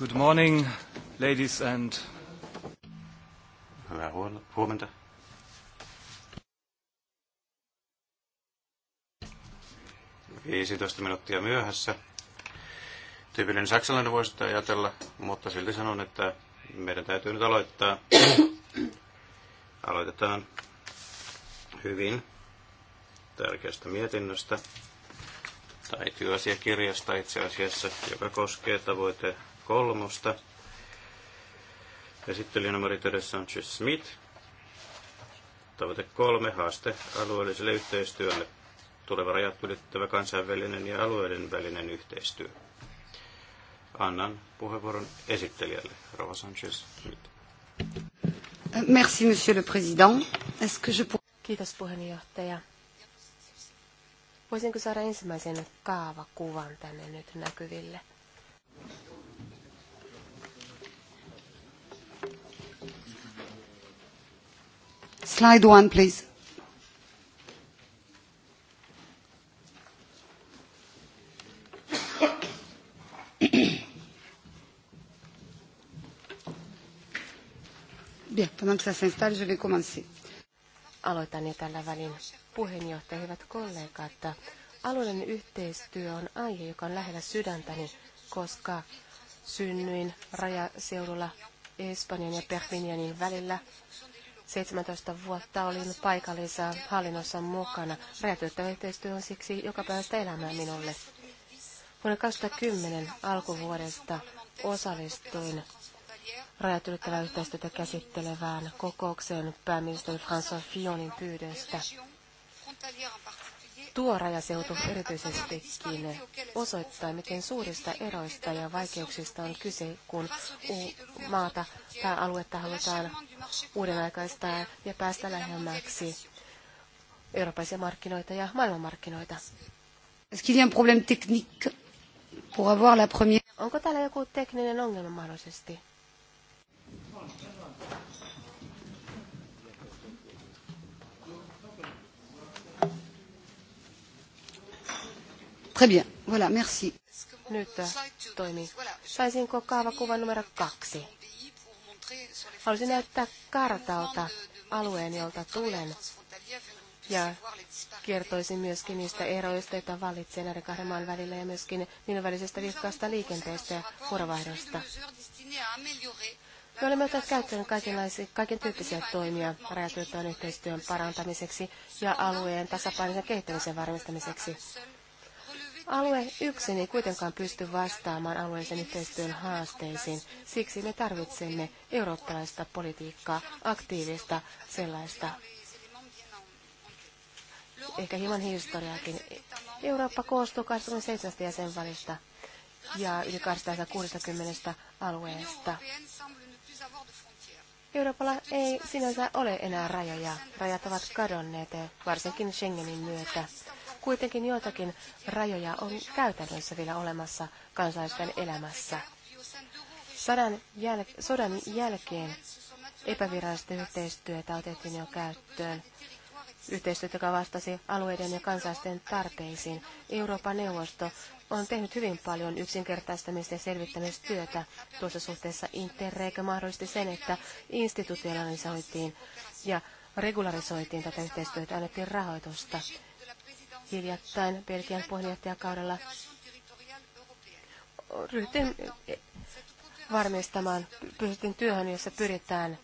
Good morning, ladies and... minuuttia myöhässä. Tyypillinen saksalainen voisi sitä ajatella, mutta silti sanon, että meidän täytyy nyt aloittaa. Aloitetaan hyvin tärkeästä mietinnöstä tai työasiakirjasta itse asiassa, joka koskee tavoite kolmosta. Esittelijänä Maritede Sanchez Smith. Tavoite kolme, haaste alueelliselle yhteistyölle. Tuleva rajat ylittävä kansainvälinen ja alueiden välinen yhteistyö. Annan puheenvuoron esittelijälle, Rova Sanchez Smith. Merci, monsieur le président. que je... Kiitos puheenjohtaja. Voisinko saada ensimmäisen kaavakuvan tänne nyt näkyville? Slide one, please. Aloitan jo tällä välin. Puheenjohtaja, hyvät kollegat, alueellinen yhteistyö on aihe, joka on lähellä sydäntäni, koska synnyin rajaseudulla Espanjan ja Perpignanin välillä 17 vuotta olin paikallisessa hallinnossa mukana. Rajatyöttävä yhteistyö on siksi joka päivästä elämää minulle. Vuonna 2010 alkuvuodesta osallistuin rajat yhteistyötä käsittelevään kokoukseen pääministeri François Fionin pyydöstä. Tuo rajaseutu erityisestikin osoittaa, miten suurista eroista ja vaikeuksista on kyse, kun maata tai aluetta halutaan uudenaikaistaa ja päästä lähemmäksi eurooppalaisia markkinoita ja maailmanmarkkinoita. Onko täällä joku tekninen ongelma mahdollisesti? Très bien. Voilà, merci. Nyt toimii. Saisinko kaavakuvan numero kaksi? Haluaisin näyttää kartalta alueen, jolta tulen. Ja kertoisin myöskin niistä eroista, joita valitsee näiden kahden maan välillä ja myöskin niiden välisestä vilkkaasta liikenteestä ja vuorovaihdosta. Me olemme ottaneet käyttöön kaikenlaisia, kaiken tyyppisiä toimia rajatyöttöön yhteistyön parantamiseksi ja alueen tasapainoisen kehittämisen varmistamiseksi. Alue yksin ei kuitenkaan pysty vastaamaan alueellisen yhteistyön haasteisiin. Siksi me tarvitsemme eurooppalaista politiikkaa, aktiivista sellaista. Ehkä hieman historiaakin. Eurooppa koostuu 27 jäsenvalista ja yli 260 alueesta. Euroopalla ei sinänsä ole enää rajoja. Rajat ovat kadonneet, varsinkin Schengenin myötä. Kuitenkin joitakin rajoja on käytännössä vielä olemassa kansalaisten elämässä. Sodan, jäl- sodan jälkeen epävirallista yhteistyötä otettiin jo käyttöön. Yhteistyötä, joka vastasi alueiden ja kansalaisten tarpeisiin. Euroopan neuvosto on tehnyt hyvin paljon yksinkertaistamista ja selvittämistyötä. Tuossa suhteessa Interreg mahdollisti sen, että institutionalisoitiin ja regularisoitiin tätä yhteistyötä, annettiin rahoitusta hiljattain Belgian puheenjohtajakaudella ryhtyin varmistamaan, pystyttiin työhön, jossa pyritään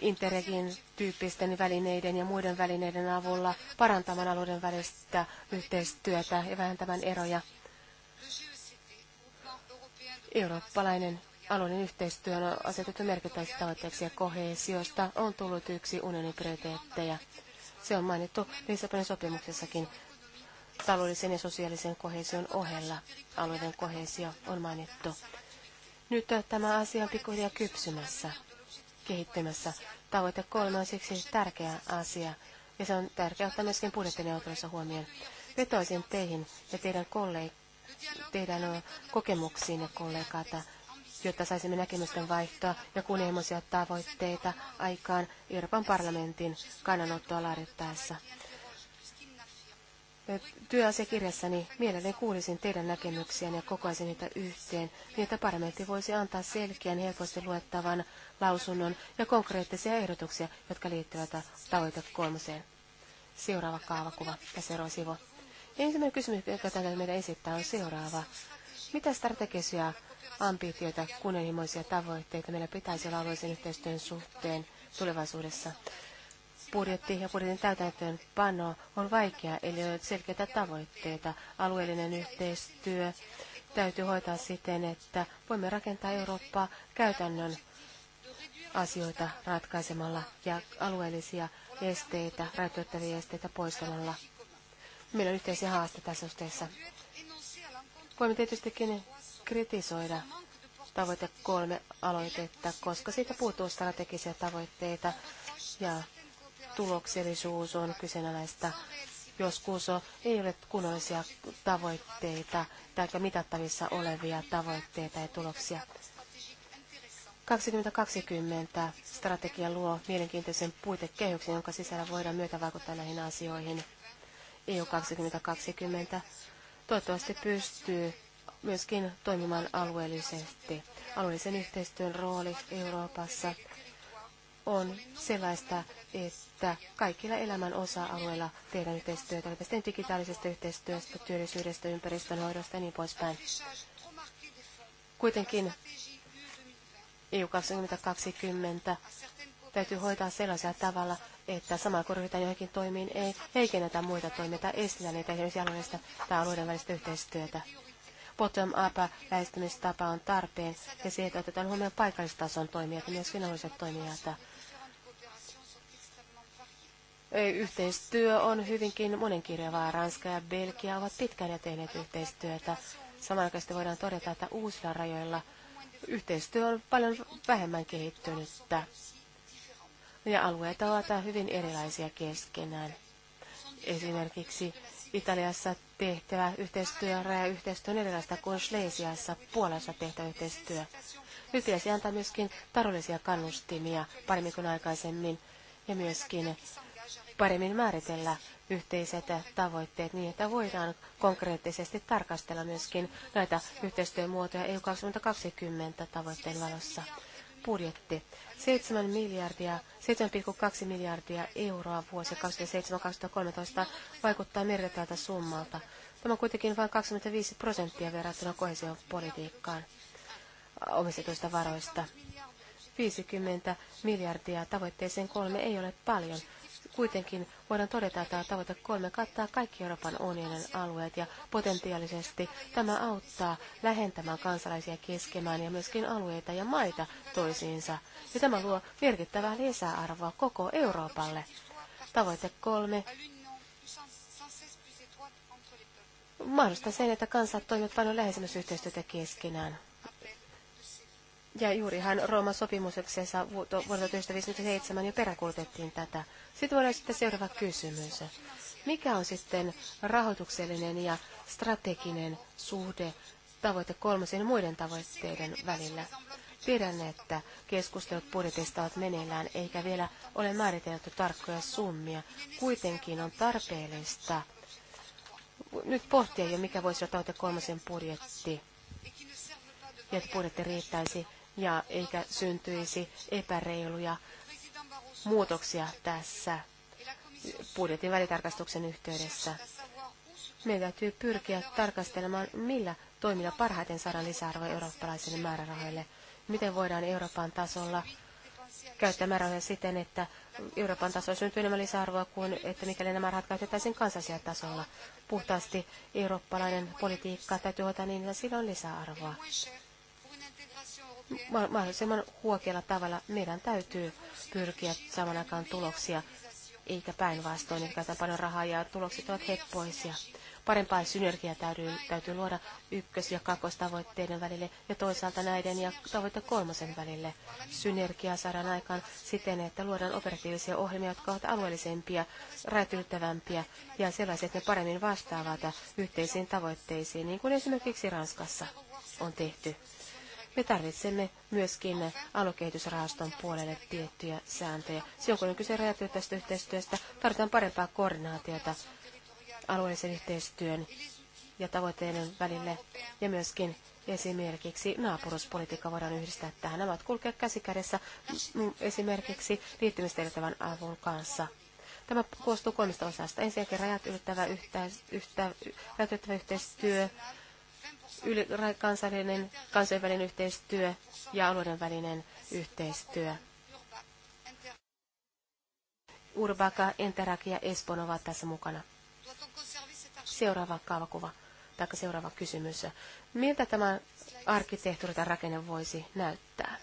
Interregin tyyppisten välineiden ja muiden välineiden avulla parantamaan alueiden välistä yhteistyötä ja vähentämään eroja. Eurooppalainen alueen yhteistyö on asetettu merkittäväksi tavoitteeksi ja kohesiosta on tullut yksi unionin prioriteetteja. Se on mainittu Lissabonin sopimuksessakin taloudellisen ja sosiaalisen kohesion ohella. Alueiden kohesio on mainittu. Nyt tämä asia on pikkuhiljaa kypsymässä, kehittymässä. Tavoite kolme on siksi tärkeä asia, ja se on tärkeää ottaa myöskin budjettineuvotteluissa huomioon. Vetoisin teihin ja teidän, kolleg- teidän kokemuksiinne kollegaata jotta saisimme näkemysten vaihtoa ja kunnianhimoisia tavoitteita aikaan Euroopan parlamentin kannanottoa laadittaessa. Työasiakirjassani mielelläni kuulisin teidän näkemyksiänne ja kokoaisin niitä yhteen, niin että parlamentti voisi antaa selkeän, helposti luettavan lausunnon ja konkreettisia ehdotuksia, jotka liittyvät tavoite kolmoseen. Seuraava kaavakuva ja seuraava sivu. Ensimmäinen kysymys, joka täytyy meidän esittää, on seuraava. Mitä strategisia ambitioita, kunnianhimoisia tavoitteita meillä pitäisi olla alueellisen yhteistyön suhteen tulevaisuudessa. Budjetti ja budjetin täytäntöön pano on vaikea, eli on selkeitä tavoitteita. Alueellinen yhteistyö täytyy hoitaa siten, että voimme rakentaa Eurooppaa käytännön asioita ratkaisemalla ja alueellisia esteitä, rajoittavia esteitä poistamalla. Meillä on yhteisiä haasteita tässä suhteessa. Voimme tietystikin kritisoida tavoite kolme aloitetta, koska siitä puuttuu strategisia tavoitteita ja tuloksellisuus on kyseenalaista. Joskus ei ole kunnollisia tavoitteita tai mitattavissa olevia tavoitteita ja tuloksia. 2020 strategia luo mielenkiintoisen puitekehyksen, jonka sisällä voidaan myötä vaikuttaa näihin asioihin. EU 2020 toivottavasti pystyy myöskin toimimaan alueellisesti. Alueellisen yhteistyön rooli Euroopassa on sellaista, että kaikilla elämän osa-alueilla tehdään yhteistyötä, olipa digitaalisesta yhteistyöstä, työllisyydestä, hoidosta ja niin poispäin. Kuitenkin EU 2020 täytyy hoitaa sellaisella tavalla, että samalla kun ryhdytään johonkin toimiin, ei heikennetä muita toimia tai estetä niitä esimerkiksi alueellista tai alueiden välistä yhteistyötä bottom-up-lähestymistapa on tarpeen ja siitä otetaan huomioon paikallistason toimijat ja myös finanssiset toimijat. Yhteistyö on hyvinkin monenkirjavaa. Ranska ja Belgia ovat pitkään ja tehneet yhteistyötä. Samanaikaisesti voidaan todeta, että uusilla rajoilla yhteistyö on paljon vähemmän kehittynyttä. Ja alueet ovat hyvin erilaisia keskenään. Esimerkiksi Italiassa tehtävä yhteistyö, rajayhteistyö on erilaista kuin Schlesiassa, Puolassa tehtävä yhteistyö. Nyt pitäisi antaa myöskin taloudellisia kannustimia paremmin kuin aikaisemmin ja myöskin paremmin määritellä yhteiset tavoitteet niin, että voidaan konkreettisesti tarkastella myöskin näitä yhteistyömuotoja EU 2020 tavoitteen valossa budjetti. 7 miljardia, 7,2 miljardia euroa vuosi 2007-2013 vaikuttaa merkittävältä summalta. Tämä on kuitenkin vain 25 prosenttia verrattuna kohesiopolitiikkaan omistetuista varoista. 50 miljardia tavoitteeseen kolme ei ole paljon, Kuitenkin voidaan todeta, että tavoite kolme kattaa kaikki Euroopan unionin alueet ja potentiaalisesti tämä auttaa lähentämään kansalaisia keskemään ja myöskin alueita ja maita toisiinsa. Ja tämä luo merkittävää lisäarvoa koko Euroopalle. Tavoite kolme mahdollistaa sen, että kansat toimivat paljon läheisemmässä yhteistyötä keskenään. Ja juurihan Rooman sopimuksessa vuodelta 1957 jo peräkultettiin tätä. Sitten voidaan sitten seuraava kysymys. Mikä on sitten rahoituksellinen ja strateginen suhde tavoite kolmosen muiden tavoitteiden välillä? Tiedän, että keskustelut budjetista ovat meneillään, eikä vielä ole määritelty tarkkoja summia. Kuitenkin on tarpeellista nyt pohtia jo, mikä voisi olla tavoite kolmosen budjetti. Ja että budjetti riittäisi ja eikä syntyisi epäreiluja muutoksia tässä budjetin välitarkastuksen yhteydessä. Meidän täytyy pyrkiä tarkastelemaan, millä toimilla parhaiten saadaan lisäarvoa eurooppalaisille määrärahoille. Miten voidaan Euroopan tasolla käyttää määrärahoja siten, että Euroopan tasolla syntyy enemmän lisäarvoa kuin että mikäli nämä rahat käytettäisiin kansallisella tasolla. Puhtaasti eurooppalainen politiikka täytyy hoitaa niin, että sillä on lisäarvoa mahdollisimman huokealla tavalla meidän täytyy pyrkiä saman aikaan tuloksia, eikä päinvastoin, eli käytetään paljon rahaa ja tulokset ovat heppoisia. Parempaa synergiaa täytyy, täytyy luoda ykkös- ja kakostavoitteiden välille ja toisaalta näiden ja tavoite kolmosen välille. Synergiaa saadaan aikaan siten, että luodaan operatiivisia ohjelmia, jotka ovat alueellisempia, räätyltävämpiä ja että ne paremmin vastaavat yhteisiin tavoitteisiin, niin kuin esimerkiksi Ranskassa on tehty. Me tarvitsemme myöskin aluekehitysrahaston puolelle tiettyjä sääntöjä. Silloin kun on kyse tästä yhteistyöstä, tarvitaan parempaa koordinaatiota alueellisen yhteistyön ja tavoitteiden välille ja myöskin Esimerkiksi naapuruspolitiikka voidaan yhdistää tähän. Nämä kulkea käsikädessä esimerkiksi liittymisteltävän avun kanssa. Tämä koostuu kolmesta osasta. Ensinnäkin rajat ylittävä yhteistyö, yli, kansallinen, kansainvälinen yhteistyö ja alueiden välinen yhteistyö. Urbaka, Enterak ja Espoon ovat tässä mukana. Seuraava kaavakuva, tai seuraava kysymys. Miltä tämä arkkitehtuuri tai rakenne voisi näyttää?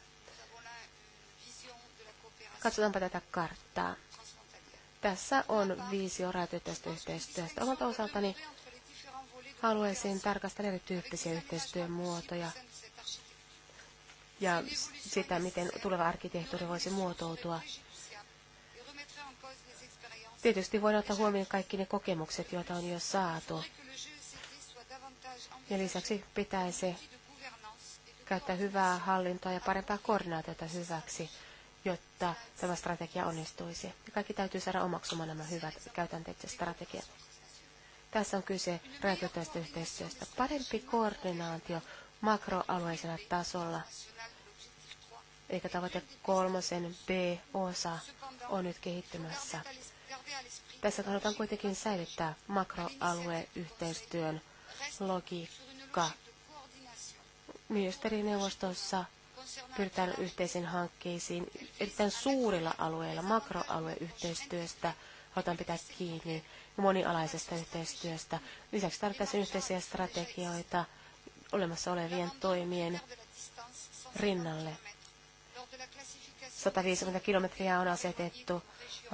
Katsotaanpa tätä karttaa. Tässä on viisi rajat yhteistyöstä. Omalta osaltani haluaisin tarkastella erityyppisiä yhteistyön muotoja ja sitä, miten tuleva arkkitehtuuri voisi muotoutua. Tietysti voidaan ottaa huomioon kaikki ne kokemukset, joita on jo saatu. Ja lisäksi pitäisi käyttää hyvää hallintoa ja parempaa koordinaatiota hyväksi, jotta tämä strategia onnistuisi. kaikki täytyy saada omaksumaan nämä hyvät käytänteet ja strategiat. Tässä on kyse rajoittavasta yhteistyöstä. Parempi koordinaatio makroalueisella tasolla. eli tavoite kolmosen B-osa on nyt kehittymässä. Tässä halutaan kuitenkin säilyttää makroalueyhteistyön logiikka. Ministerineuvostossa pyritään yhteisiin hankkeisiin erittäin suurilla alueilla makroalueyhteistyöstä. Halutaan pitää kiinni monialaisesta yhteistyöstä. Lisäksi tarvitaan yhteisiä strategioita olemassa olevien toimien rinnalle. 150 kilometriä on asetettu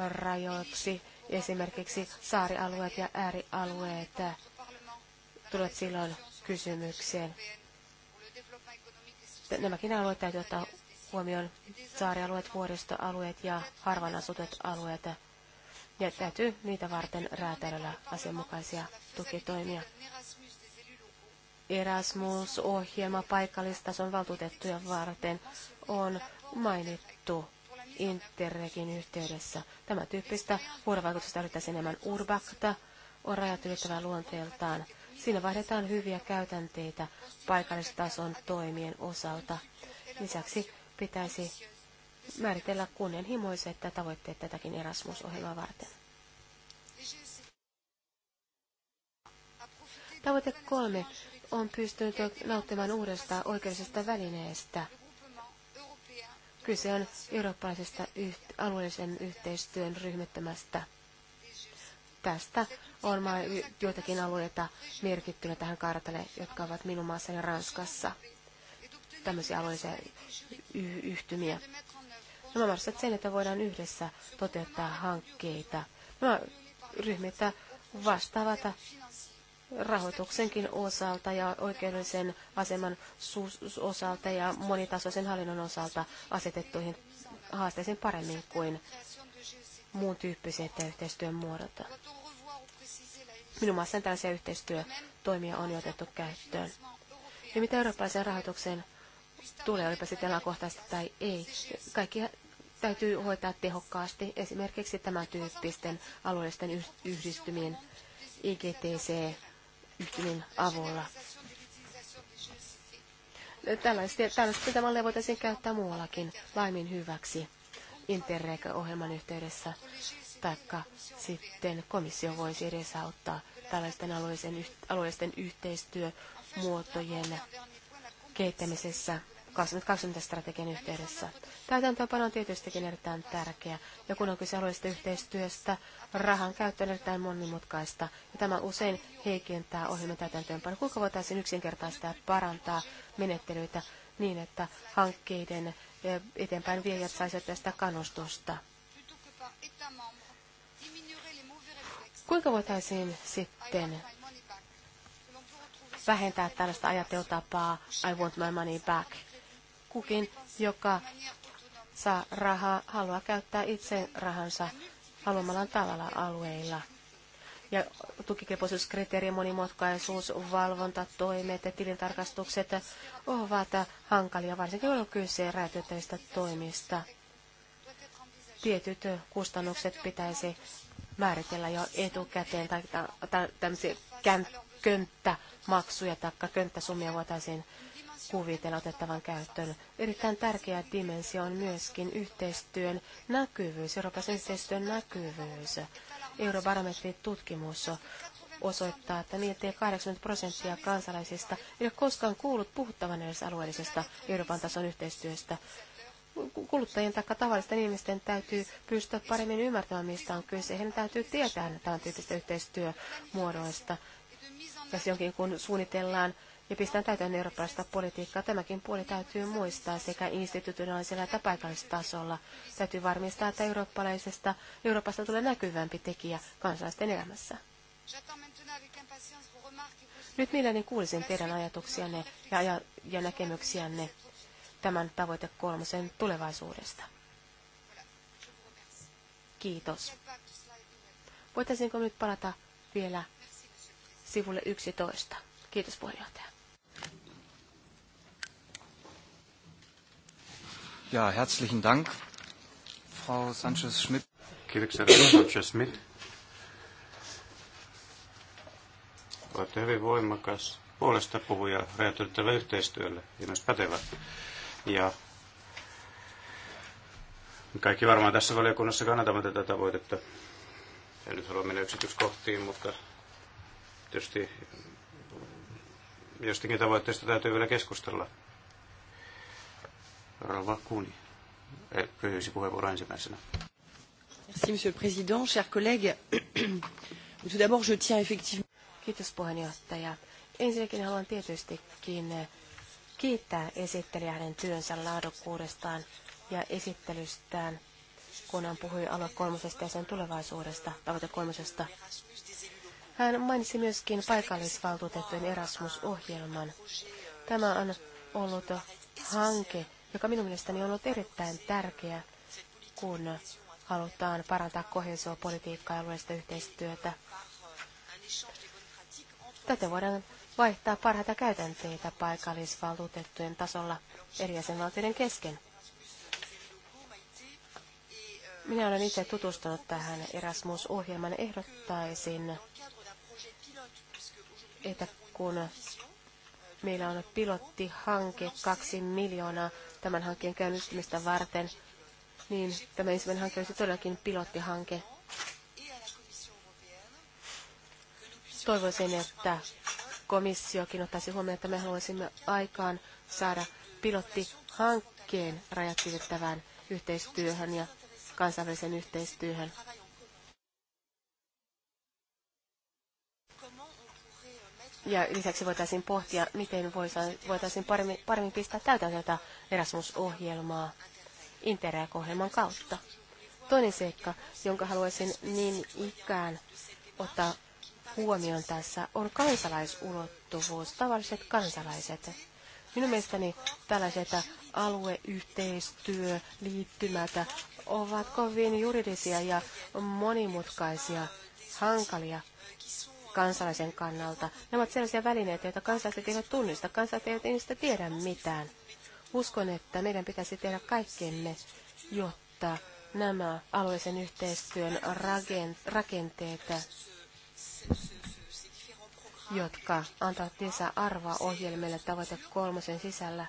rajoiksi. Esimerkiksi saarialueet ja äärialueet tulevat silloin kysymykseen. Nämäkin alueet täytyy ottaa huomioon saarialueet, vuoristoalueet ja harvan asutut alueet ja täytyy niitä varten räätälöllä asianmukaisia tukitoimia. Erasmus-ohjelma paikallistason valtuutettuja varten on mainittu Interregin yhteydessä. Tämä tyyppistä vuorovaikutusta yrittäisi enemmän Urbakta, on rajat ylittävä luonteeltaan. Siinä vaihdetaan hyviä käytänteitä paikallistason toimien osalta. Lisäksi pitäisi määritellä kunnianhimoiset tavoitteet tätäkin Erasmus-ohjelmaa varten. Tavoite kolme on pystynyt nauttimaan uudesta oikeudellisesta välineestä. Kyse on eurooppalaisesta yht- alueellisen yhteistyön ryhmittämästä. Tästä on joitakin alueita merkittynä tähän kartalle, jotka ovat minun maassani Ranskassa. Tämmöisiä alueellisia yhtymiä. Nämä mahdollistavat sen, että voidaan yhdessä toteuttaa hankkeita. Nämä ryhmät vastaavat rahoituksenkin osalta ja oikeudellisen aseman osalta ja monitasoisen hallinnon osalta asetettuihin haasteisiin paremmin kuin muun tyyppiset yhteistyön muodot. Minun mielestäni tällaisia yhteistyötoimia on jo otettu käyttöön. Ja mitä eurooppalaisen rahoituksen tulee, olipa sitten telakohtaista tai ei. Kaikki täytyy hoitaa tehokkaasti, esimerkiksi tämän tyyppisten alueellisten yhdistymien IGTC-yhtymien avulla. Tällaista, tällaista mallia voitaisiin käyttää muuallakin laimin hyväksi Interreg-ohjelman yhteydessä, taikka sitten komissio voisi edesauttaa tällaisten alueellisten, alueellisten yhteistyömuotojen kehittämisessä 2020-strategian yhteydessä. Täytäntöönpano on tietystikin erittäin tärkeä, ja kun on kyse alueellisesta yhteistyöstä, rahan käyttö on erittäin monimutkaista, ja tämä usein heikentää ohjelman täytäntöönpano. Kuinka voitaisiin yksinkertaistaa ja parantaa menettelyitä niin, että hankkeiden eh, eteenpäin viejät saisivat tästä kannustusta? Kuinka voitaisiin sitten vähentää tällaista ajattelutapaa I want my money back. Kukin, joka saa rahaa, haluaa käyttää itse rahansa haluamallaan tavalla alueilla. Ja tukikelpoisuuskriteerien monimutkaisuus, valvontatoimet ja tilintarkastukset ovat hankalia, varsinkin kun on kyse räätyttävistä toimista. Tietyt kustannukset pitäisi määritellä jo etukäteen tai tämmöisiä könttäsummia maksuja tai könttäsummia voitaisiin kuvitella otettavan käyttöön. Erittäin tärkeä dimensio on myöskin yhteistyön näkyvyys, Euroopan yhteistyön näkyvyys. tutkimus osoittaa, että miltei niin, 80 prosenttia kansalaisista ei ole koskaan kuullut puhuttavan edes alueellisesta Euroopan tason yhteistyöstä. Kuluttajien tai tavallisten ihmisten täytyy pystyä paremmin ymmärtämään, mistä on kyse. Heidän täytyy tietää tämän tyyppistä yhteistyömuodoista tässä jonkin, kun suunnitellaan ja pistetään täytäntöön eurooppalaista politiikkaa. Tämäkin puoli täytyy muistaa sekä institutionaalisella että paikallistasolla. Täytyy varmistaa, että eurooppalaisesta, Euroopasta tulee näkyvämpi tekijä kansalaisten elämässä. Nyt mielelläni kuulisin teidän ajatuksianne ja, ja, ja näkemyksiänne tämän tavoite kolmosen tulevaisuudesta. Kiitos. Voitaisiinko nyt palata vielä sivulle 11. Kiitos puheenjohtaja. Ja, herzlichen Dank, Frau Sanchez-Schmidt. Kiitoksia, Sanchez-Schmidt. Olette hyvin voimakas puolesta puhuja rajatyttävälle yhteistyölle ja myös pätevä. Ja kaikki varmaan tässä valiokunnassa kannatamme tätä tavoitetta. En nyt halua mennä yksityiskohtiin, mutta Tietysti jostakin tavoitteesta täytyy vielä keskustella. Rauva Kuni eh, pyysi puheenvuoron ensimmäisenä. Merci, Monsieur le Président, chers collègues. Tout d'abord, je tiens effectivement... Kiitos puheenjohtaja. Ensinnäkin haluan tietystikin eh, kiittää esittelijä hänen työnsä laadukkuudestaan ja esittelystään, kun hän puhui alue kolmosesta ja sen tulevaisuudesta, tavoite kolmosesta. Hän mainitsi myöskin paikallisvaltuutettujen Erasmus-ohjelman. Tämä on ollut hanke, joka minun mielestäni on ollut erittäin tärkeä, kun halutaan parantaa kohesiopolitiikkaa ja alueellista yhteistyötä. Tätä voidaan vaihtaa parhaita käytänteitä paikallisvaltuutettujen tasolla eri jäsenvaltioiden kesken. Minä olen itse tutustunut tähän Erasmus-ohjelman ehdottaisin, että kun meillä on pilottihanke, kaksi miljoonaa tämän hankkeen käynnistymistä varten, niin tämä ensimmäinen hanke olisi todellakin pilottihanke. Toivoisin, että komissiokin ottaisi huomioon, että me haluaisimme aikaan saada pilottihankkeen rajat yhteistyöhön ja kansainväliseen yhteistyöhön. Ja lisäksi voitaisiin pohtia, miten voitaisiin paremmin, paremmin pistää täytäntöön tätä Erasmus-ohjelmaa Interreg-ohjelman kautta. Toinen seikka, jonka haluaisin niin ikään ottaa huomioon tässä, on kansalaisulottuvuus, tavalliset kansalaiset. Minun mielestäni tällaiset alueyhteistyö, liittymät ovat kovin juridisia ja monimutkaisia, hankalia kansalaisen kannalta. Nämä ovat sellaisia välineitä, joita kansalaiset eivät tunnista. Kansalaiset eivät niistä tiedä mitään. Uskon, että meidän pitäisi tehdä kaikkemme, jotta nämä alueellisen yhteistyön rakenteet, jotka antavat arvoa ohjelmille tavoite kolmosen sisällä,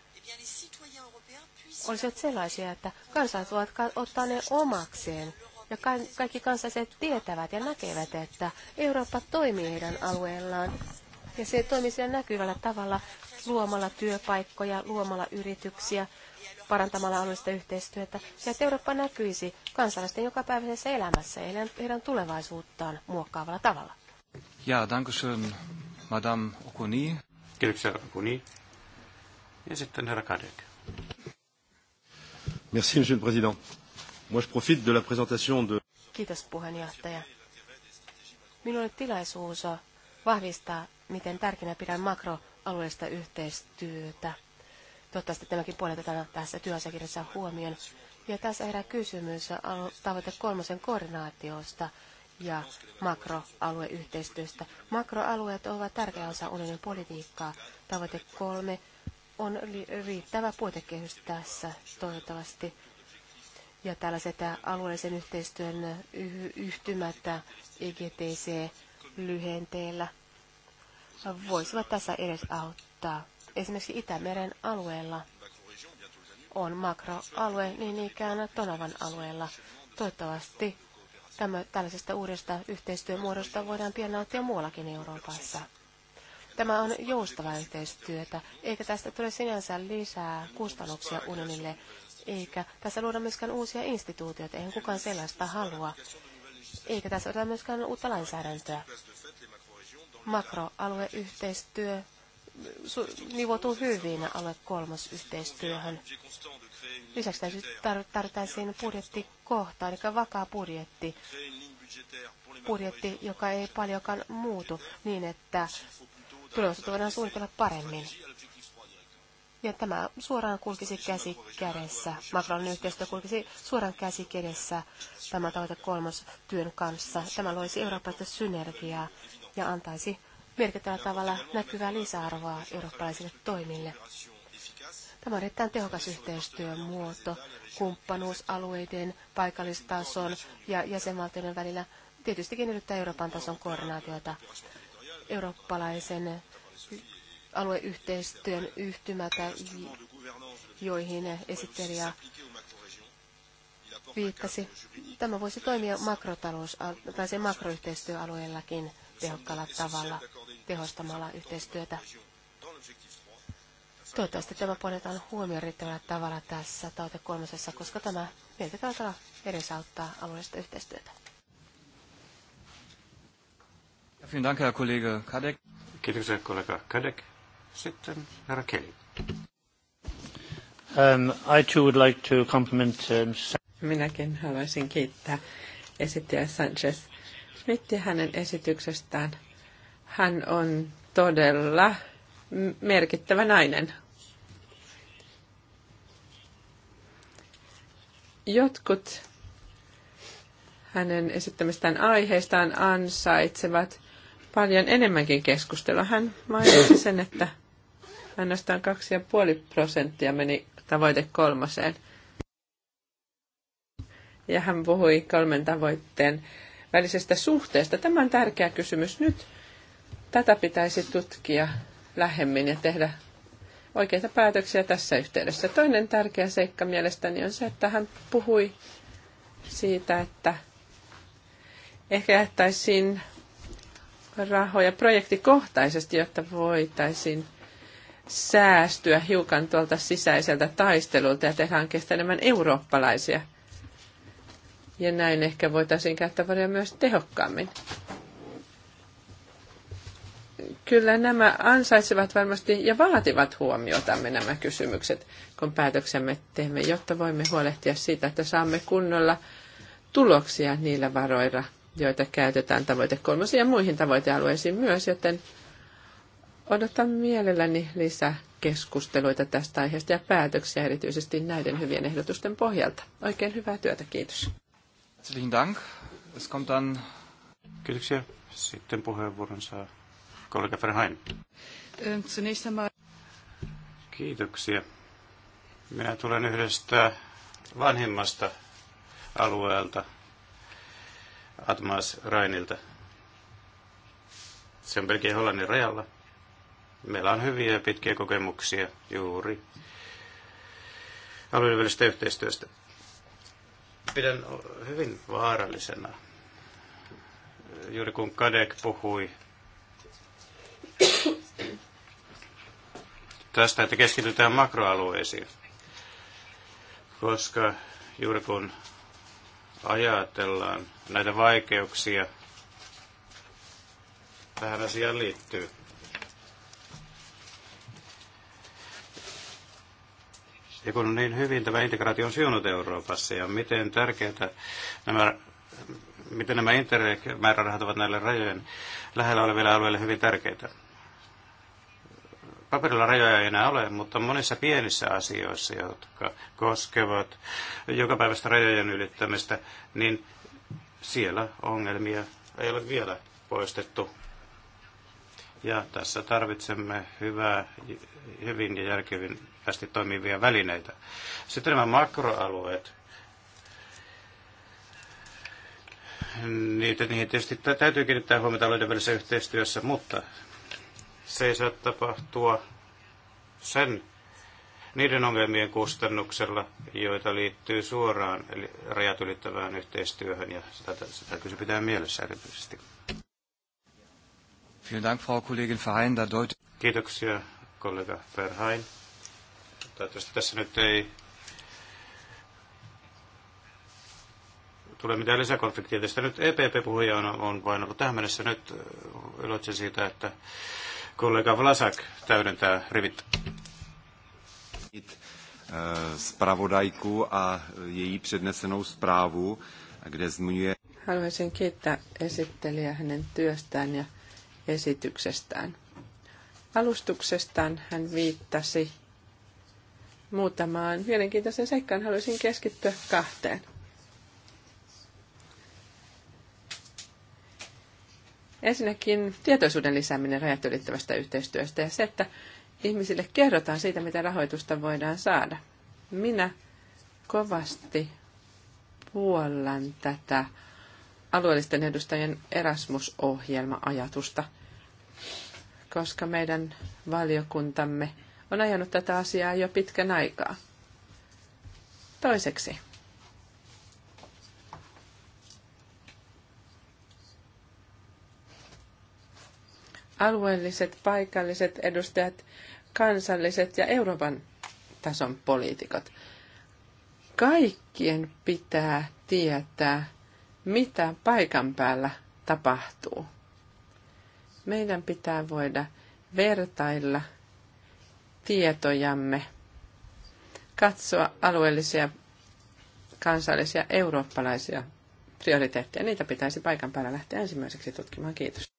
olisivat sellaisia, että kansalaiset voivat ottaa ne omakseen ja kaikki kansalaiset tietävät ja näkevät, että Eurooppa toimii heidän alueellaan. Ja se toimii siellä näkyvällä tavalla luomalla työpaikkoja, luomalla yrityksiä, parantamalla alueellista yhteistyötä, ja että Eurooppa näkyisi kansalaisten jokapäiväisessä elämässä ja heidän, heidän tulevaisuuttaan muokkaavalla tavalla. Ja, dankeschön, Madame Okuni. Kiitoksia, Okuni. Ja sitten herra Kadek. Merci, monsieur le président. Moi, je profite de la présentation de... Kiitos puheenjohtaja. Minulla oli tilaisuus vahvistaa, miten tärkeänä pidän makroalueellista yhteistyötä. Toivottavasti tämäkin puoletetaan tässä työasiakirjassa huomioon. Ja tässä herää kysymys tavoite kolmosen koordinaatiosta ja makroalueyhteistyöstä. Makroalueet ovat tärkeä osa unionin politiikkaa. Tavoite kolme on riittävä puitekehys tässä toivottavasti ja tällaiset alueellisen yhteistyön yhtymät EGTC-lyhenteellä voisivat tässä auttaa Esimerkiksi Itämeren alueella on makroalue, niin ikään Tonavan alueella. Toivottavasti tämä, tällaisesta uudesta yhteistyömuodosta voidaan pian nauttia muuallakin Euroopassa. Tämä on joustavaa yhteistyötä, eikä tästä tule sinänsä lisää kustannuksia unionille eikä tässä luoda myöskään uusia instituutioita, eihän kukaan sellaista halua. Eikä tässä oteta myöskään uutta lainsäädäntöä. Makroalueyhteistyö su- nivoutuu hyvin alue kolmas yhteistyöhön. Lisäksi täytyy tar- tarvittaisiin budjettikohta, eli vakaa budjetti. Budjetti, joka ei paljonkaan muutu niin, että tulevaisuutta voidaan suunnitella paremmin. Ja tämä suoraan kulkisi käsi kädessä. Makrollinen yhteistyö kulkisi suoraan käsi kädessä tämä tavoite kolmas työn kanssa. Tämä loisi eurooppalaista synergiaa ja antaisi merkittävällä tavalla näkyvää lisäarvoa eurooppalaisille toimille. Tämä on erittäin tehokas yhteistyön muoto, kumppanuusalueiden, paikallistason ja jäsenvaltioiden välillä tietystikin edellyttää Euroopan tason koordinaatiota eurooppalaisen alueyhteistyön yhtymätä, joihin esittelijä viittasi. Tämä voisi toimia makrotalous, tai sen makroyhteistyöalueellakin tehokkaalla tavalla tehostamalla yhteistyötä. Toivottavasti tämä puoletaan huomioon riittävällä tavalla tässä taute kolmosessa, koska tämä mietitään taitaa edesauttaa alueellista yhteistyötä. Kiitoksia kollega Kadek. Sitten herra Kelly. Um, I too would like to compliment, um, Minäkin haluaisin kiittää esittäjä Sanchez Smitti hänen esityksestään. Hän on todella merkittävä nainen. Jotkut hänen esittämistään aiheistaan ansaitsevat paljon enemmänkin keskustelua. Hän mainitsi sen, että Ainoastaan 2,5 prosenttia meni tavoite kolmoseen. Ja hän puhui kolmen tavoitteen välisestä suhteesta. Tämä on tärkeä kysymys nyt. Tätä pitäisi tutkia lähemmin ja tehdä oikeita päätöksiä tässä yhteydessä. Toinen tärkeä seikka mielestäni on se, että hän puhui siitä, että ehkä jättäisiin rahoja projektikohtaisesti, jotta voitaisiin säästyä hiukan tuolta sisäiseltä taistelulta ja tehdään kestä enemmän eurooppalaisia. Ja näin ehkä voitaisiin käyttää varoja myös tehokkaammin. Kyllä nämä ansaitsevat varmasti ja vaativat huomiotamme nämä kysymykset, kun päätöksemme teemme, jotta voimme huolehtia siitä, että saamme kunnolla tuloksia niillä varoilla, joita käytetään tavoite kolmosen ja muihin tavoitealueisiin myös, joten Odotan mielelläni lisää keskusteluita tästä aiheesta ja päätöksiä erityisesti näiden hyvien ehdotusten pohjalta. Oikein hyvää työtä, kiitos. Herzlichen Dank. Es kommt dann... Kiitoksia. Sitten puheenvuoron saa kollega Verheyen. Ähm, zunächst einmal... Kiitoksia. Minä tulen yhdestä vanhimmasta alueelta, Atmas Rainilta. Se on pelkästään Hollannin rajalla. Meillä on hyviä ja pitkiä kokemuksia juuri alueellisesta yhteistyöstä. Pidän hyvin vaarallisena, juuri kun Kadek puhui tästä, että keskitytään makroalueisiin, koska juuri kun ajatellaan näitä vaikeuksia tähän asiaan liittyy. ja kun niin hyvin tämä integraatio on sujunut Euroopassa ja miten tärkeää nämä, miten nämä Interreg-määrärahat ovat näille rajojen lähellä oleville alueille hyvin tärkeitä. Paperilla rajoja ei enää ole, mutta monissa pienissä asioissa, jotka koskevat joka päivästä rajojen ylittämistä, niin siellä ongelmia ei ole vielä poistettu ja tässä tarvitsemme hyvää, hyvin ja järkevin järkevästi toimivia välineitä. Sitten nämä makroalueet. Niitä, niihin tietysti täytyy kiinnittää huomiota alueiden välisessä yhteistyössä, mutta se ei saa tapahtua sen niiden ongelmien kustannuksella, joita liittyy suoraan eli rajat ylittävään yhteistyöhön, ja sitä, sitä kysy pitää mielessä erityisesti. Vielen Dank, Frau Kollegin Verheyen. Da deut- Kiitoksia, kollega Verheyen. Toivottavasti tässä nyt ei tule mitään lisäkonfliktia. Tästä nyt EPP-puhuja on, on vain ollut tähän mennessä. Nyt äh, iloitsen siitä, että kollega Vlasak täydentää rivit. Äh, spravodajku a její přednesenou zprávu, kde zmiňuje... Haluaisin kiittää esittelijä hänen työstään ja esityksestään. Alustuksestaan hän viittasi muutamaan mielenkiintoisen seikkaan. Haluaisin keskittyä kahteen. Ensinnäkin tietoisuuden lisääminen rajat ylittävästä yhteistyöstä ja se, että ihmisille kerrotaan siitä, mitä rahoitusta voidaan saada. Minä kovasti puollan tätä alueellisten edustajien Erasmus-ohjelma-ajatusta, koska meidän valiokuntamme on ajanut tätä asiaa jo pitkän aikaa. Toiseksi. Alueelliset, paikalliset edustajat, kansalliset ja Euroopan tason poliitikot. Kaikkien pitää tietää, mitä paikan päällä tapahtuu. Meidän pitää voida vertailla tietojamme, katsoa alueellisia, kansallisia, eurooppalaisia prioriteetteja. Niitä pitäisi paikan päällä lähteä ensimmäiseksi tutkimaan. Kiitos.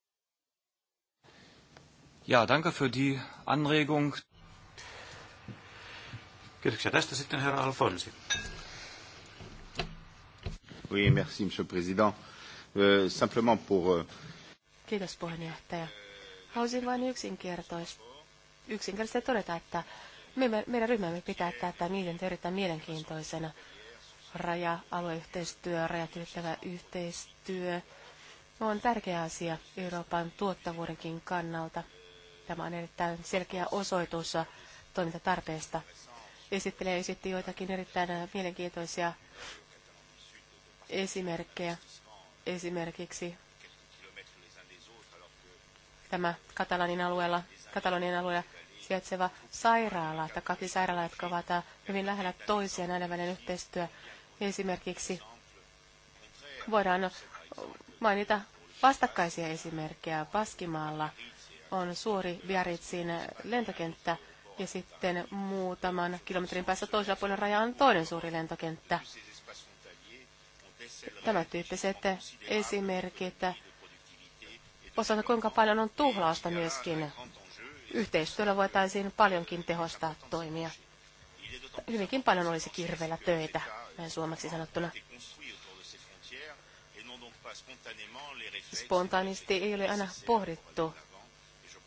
Ja, danke für die Anregung. Kiitoksia tästä sitten herra Alfonsi. Oui, merci, monsieur le président. Euh, simplement pour... Euh, Kiitos puheenjohtaja. Haluaisin vain yksinkertaista, yksinkertaisesti todeta, että me, meidän ryhmämme pitää tätä mietintöä erittäin mielenkiintoisena. Raja-alueyhteistyö, rajat ylittävä yhteistyö on tärkeä asia Euroopan tuottavuudenkin kannalta. Tämä on erittäin selkeä osoitus toimintatarpeesta. Esittelee esitti joitakin erittäin äh, mielenkiintoisia esimerkkejä. Esimerkiksi tämä Katalanin alueella, Katalonin alueella sijaitseva sairaala, tai kaksi sairaalaa, jotka ovat äh, hyvin lähellä toisiaan näiden välinen yhteistyö. Esimerkiksi voidaan mainita vastakkaisia esimerkkejä. Paskimaalla on suuri Biarritzin lentokenttä, ja sitten muutaman kilometrin päässä toisella puolella raja on toinen suuri lentokenttä. Tämän tyyppiset esimerkit osoittaa, kuinka paljon on tuhlausta myöskin. Yhteistyöllä voitaisiin paljonkin tehostaa toimia. Hyvinkin paljon olisi kirveellä töitä, näin suomeksi sanottuna. Spontaanisti ei ole aina pohdittu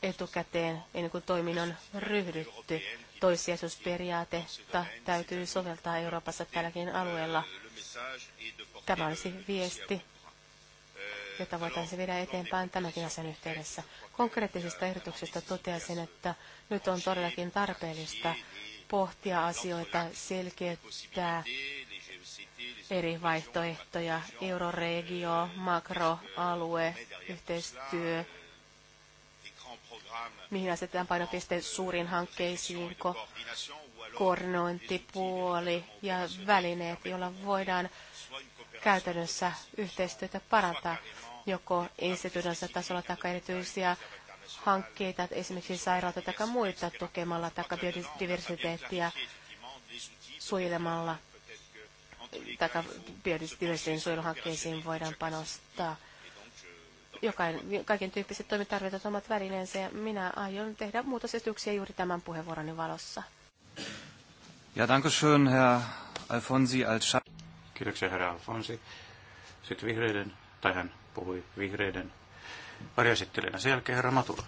etukäteen, ennen kuin toiminnon ryhdytty. Toissijaisuusperiaatetta täytyy soveltaa Euroopassa tälläkin alueella. Tämä olisi viesti, jota voitaisiin viedä eteenpäin tämänkin asian yhteydessä. Konkreettisista ehdotuksista toteaisin, että nyt on todellakin tarpeellista pohtia asioita, selkeyttää eri vaihtoehtoja, euroregio, makroalue, yhteistyö, mihin asetetaan painopiste suuriin hankkeisiin, koordinointipuoli ja välineet, joilla voidaan käytännössä yhteistyötä parantaa joko instituutioissa tasolla tai erityisiä hankkeita, esimerkiksi sairaalta tai muita tukemalla tai biodiversiteettiä suojelemalla tai biodiversiteetin suojeluhankkeisiin voidaan panostaa. Jokainen, kaiken tyyppiset toimet ovat omat välineensä ja minä aion tehdä muutosesityksiä juuri tämän puheenvuoroni valossa. Ja, danke schön, Herr Alfonsi als Kiitoksia, herra Alfonsi. Sitten vihreiden, tai hän puhui vihreiden varjoesittelijänä. Sen jälkeen herra Matula.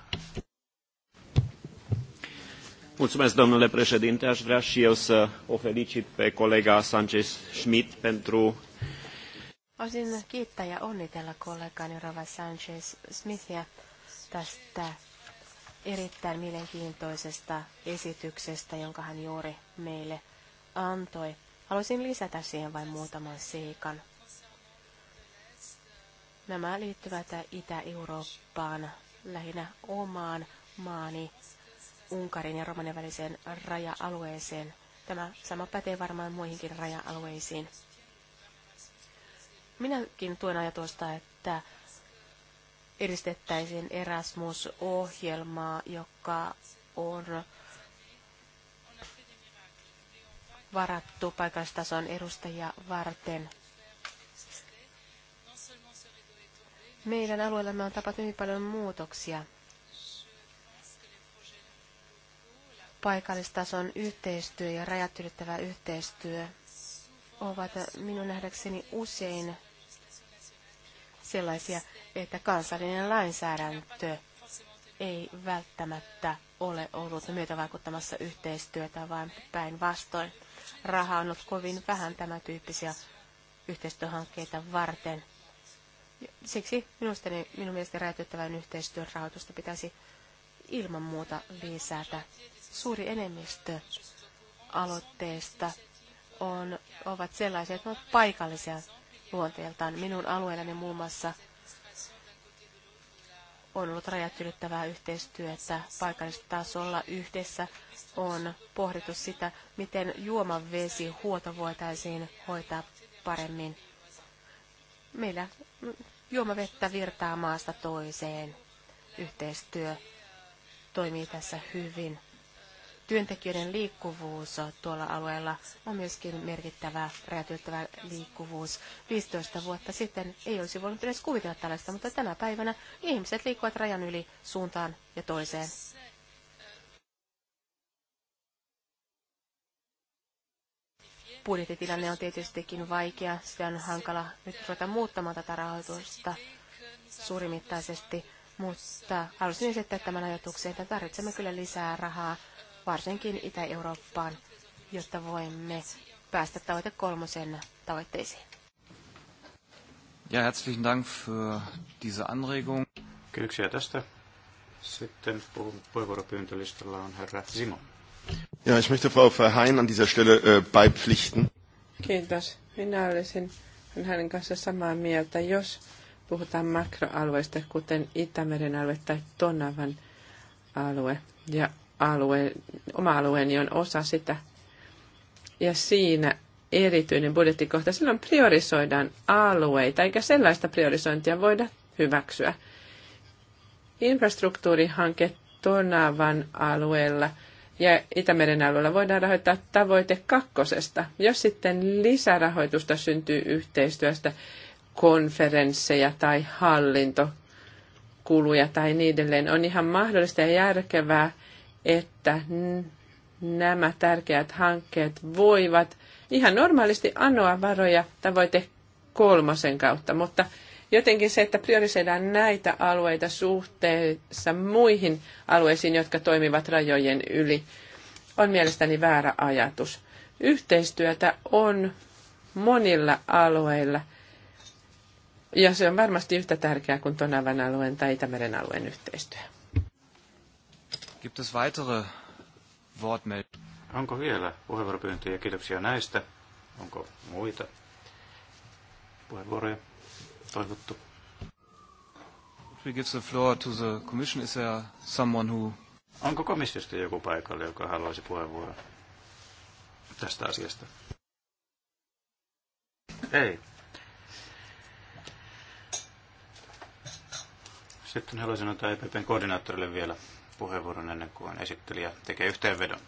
Mulțumesc, domnule președinte. Aș vrea și eu să o felicit pe colega Sanchez Schmidt pentru... Osin kiittää ja onnitella kollegani Rova Sanchez Smithia tästä erittäin mielenkiintoisesta esityksestä, jonka hän juuri meille antoi. Haluaisin lisätä siihen vain muutaman seikan. Nämä liittyvät Itä-Eurooppaan, lähinnä omaan maani, Unkarin ja Romanian väliseen raja-alueeseen. Tämä sama pätee varmaan muihinkin raja-alueisiin. Minäkin tuen ajatusta, että edistettäisiin Erasmus-ohjelmaa, joka on varattu paikallistason edustajia varten. Meidän alueellamme on tapahtunut hyvin paljon muutoksia. Paikallistason yhteistyö ja rajat ylittävä yhteistyö ovat minun nähdäkseni usein sellaisia, että kansallinen lainsäädäntö ei välttämättä ole ollut vaikuttamassa yhteistyötä, vaan päinvastoin. Raha on ollut kovin vähän tämän tyyppisiä yhteistyöhankkeita varten. Siksi minusta, niin minun mielestäni räätyttävän yhteistyön rahoitusta pitäisi ilman muuta lisätä. Suuri enemmistö aloitteista on, ovat sellaisia, että ovat paikallisia luonteeltaan. Minun alueellani muun muassa on ollut rajat ylittävää yhteistyötä paikallisella tasolla yhdessä. On pohdittu sitä, miten juomavesi huolto voitaisiin hoitaa paremmin. Meillä juomavettä virtaa maasta toiseen. Yhteistyö toimii tässä hyvin. Työntekijöiden liikkuvuus tuolla alueella on myöskin merkittävä räätyyttävä liikkuvuus. 15 vuotta sitten ei olisi voinut edes kuvitella tällaista, mutta tänä päivänä ihmiset liikkuvat rajan yli suuntaan ja toiseen. budjettitilanne on tietystikin vaikea. Sitä on hankala nyt ruveta muuttamaan tätä rahoitusta suurimittaisesti, mutta haluaisin esittää tämän ajatuksen, että tarvitsemme kyllä lisää rahaa varsinkin Itä-Eurooppaan, jotta voimme päästä tavoite kolmosen tavoitteisiin. Ja herzlichen Dank für diese Anregung. Kiitoksia tästä. Sitten puheenvuoropyyntölistalla on herra Simon. Ja, ich möchte Frau Verheyen an dieser Stelle äh, beipflichten. Kiitos. Minä olisin hänen kanssa samaa mieltä, jos puhutaan makroalueista, kuten Itämeren alue tai Tonavan alue ja alue, oma alueeni on osa sitä. Ja siinä erityinen budjettikohta, silloin priorisoidaan alueita, eikä sellaista priorisointia voida hyväksyä. Infrastruktuurihanke Tonavan alueella ja Itämeren alueella voidaan rahoittaa tavoite kakkosesta. Jos sitten lisärahoitusta syntyy yhteistyöstä, konferensseja tai hallintokuluja tai niin edelleen, on ihan mahdollista ja järkevää – että nämä tärkeät hankkeet voivat ihan normaalisti anoa varoja tavoite kolmosen kautta, mutta jotenkin se, että priorisoidaan näitä alueita suhteessa muihin alueisiin, jotka toimivat rajojen yli, on mielestäni väärä ajatus. Yhteistyötä on monilla alueilla, ja se on varmasti yhtä tärkeää kuin Tonavan alueen tai Itämeren alueen yhteistyö. Gibt es weitere Wortmeldungen? Onko vielä puheenvuoropyyntöjä? Kiitoksia näistä. Onko muita puheenvuoroja toivottu? We give the floor to the commission. Is there someone who... Onko komissiosta joku paikalla, joka haluaisi puheenvuoron tästä asiasta? Ei. Sitten haluaisin antaa EPPn koordinaattorille vielä puheenvuoron ennen kuin esittelijä tekee yhteenvedon.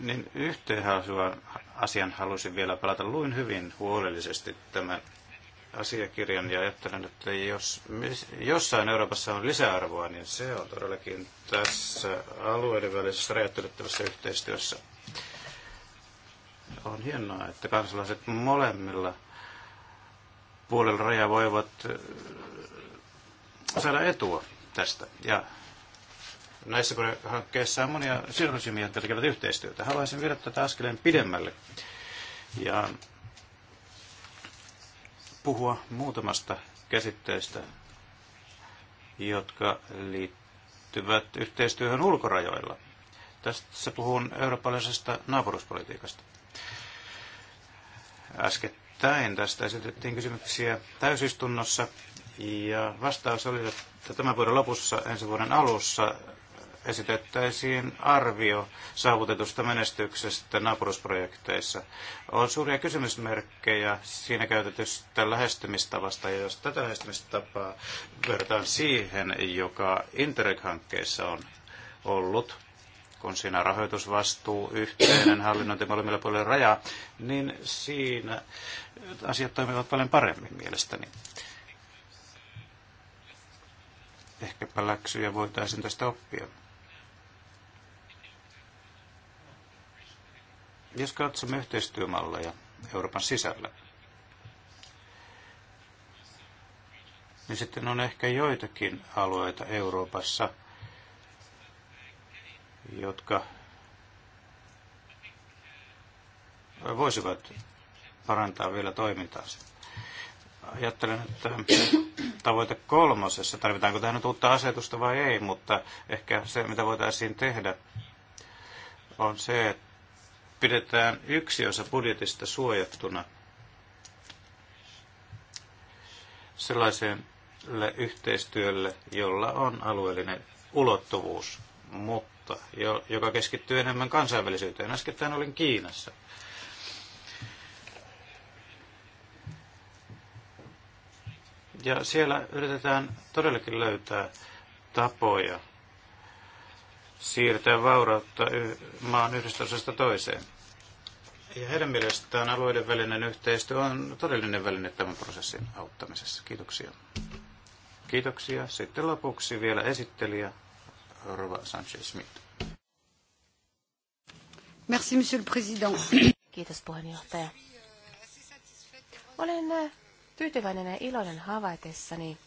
niin yhteen asian halusin vielä palata. Luin hyvin huolellisesti tämän asiakirjan ja ajattelen, että jos jossain Euroopassa on lisäarvoa, niin se on todellakin tässä alueiden välisessä rajattelettavassa yhteistyössä. On hienoa, että kansalaiset molemmilla puolella rajaa voivat saada etua tästä. Ja näissä hankkeissa on monia sidosryhmiä, jotka tekevät yhteistyötä. Haluaisin viedä tätä askeleen pidemmälle ja puhua muutamasta käsitteestä, jotka liittyvät yhteistyöhön ulkorajoilla. Tässä puhun eurooppalaisesta naapuruspolitiikasta. Äsken Päivittäin tästä esitettiin kysymyksiä täysistunnossa ja vastaus oli, että tämän vuoden lopussa, ensi vuoden alussa esitettäisiin arvio saavutetusta menestyksestä naapurusprojekteissa. On suuria kysymysmerkkejä siinä käytetystä lähestymistavasta, ja jos tätä lähestymistapaa vertaan siihen, joka Interreg-hankkeessa on ollut, kun siinä on rahoitusvastuu, yhteinen hallinnointi molemmilla puolilla rajaa, niin siinä asiat toimivat paljon paremmin mielestäni. Ehkäpä läksyjä voitaisiin tästä oppia. Jos katsomme yhteistyömalleja Euroopan sisällä, niin sitten on ehkä joitakin alueita Euroopassa – jotka voisivat parantaa vielä toimintaansa. Ajattelen, että tavoite kolmosessa, tarvitaanko tähän nyt uutta asetusta vai ei, mutta ehkä se, mitä voitaisiin tehdä, on se, että pidetään yksi osa budjetista suojattuna sellaiseen yhteistyölle, jolla on alueellinen ulottuvuus, mutta kautta, joka keskittyy enemmän kansainvälisyyteen. Äskettäin olin Kiinassa. Ja siellä yritetään todellakin löytää tapoja siirtää vaurautta maan yhdestä osasta toiseen. Ja heidän mielestään alueiden välinen yhteistyö on todellinen väline tämän prosessin auttamisessa. Kiitoksia. Kiitoksia. Sitten lopuksi vielä esittelijä Rova Sanchez-Smith. Merci, monsieur le président. Kiitos puheenjohtaja. Olen äh, tyytyväinen ja iloinen havaitessani,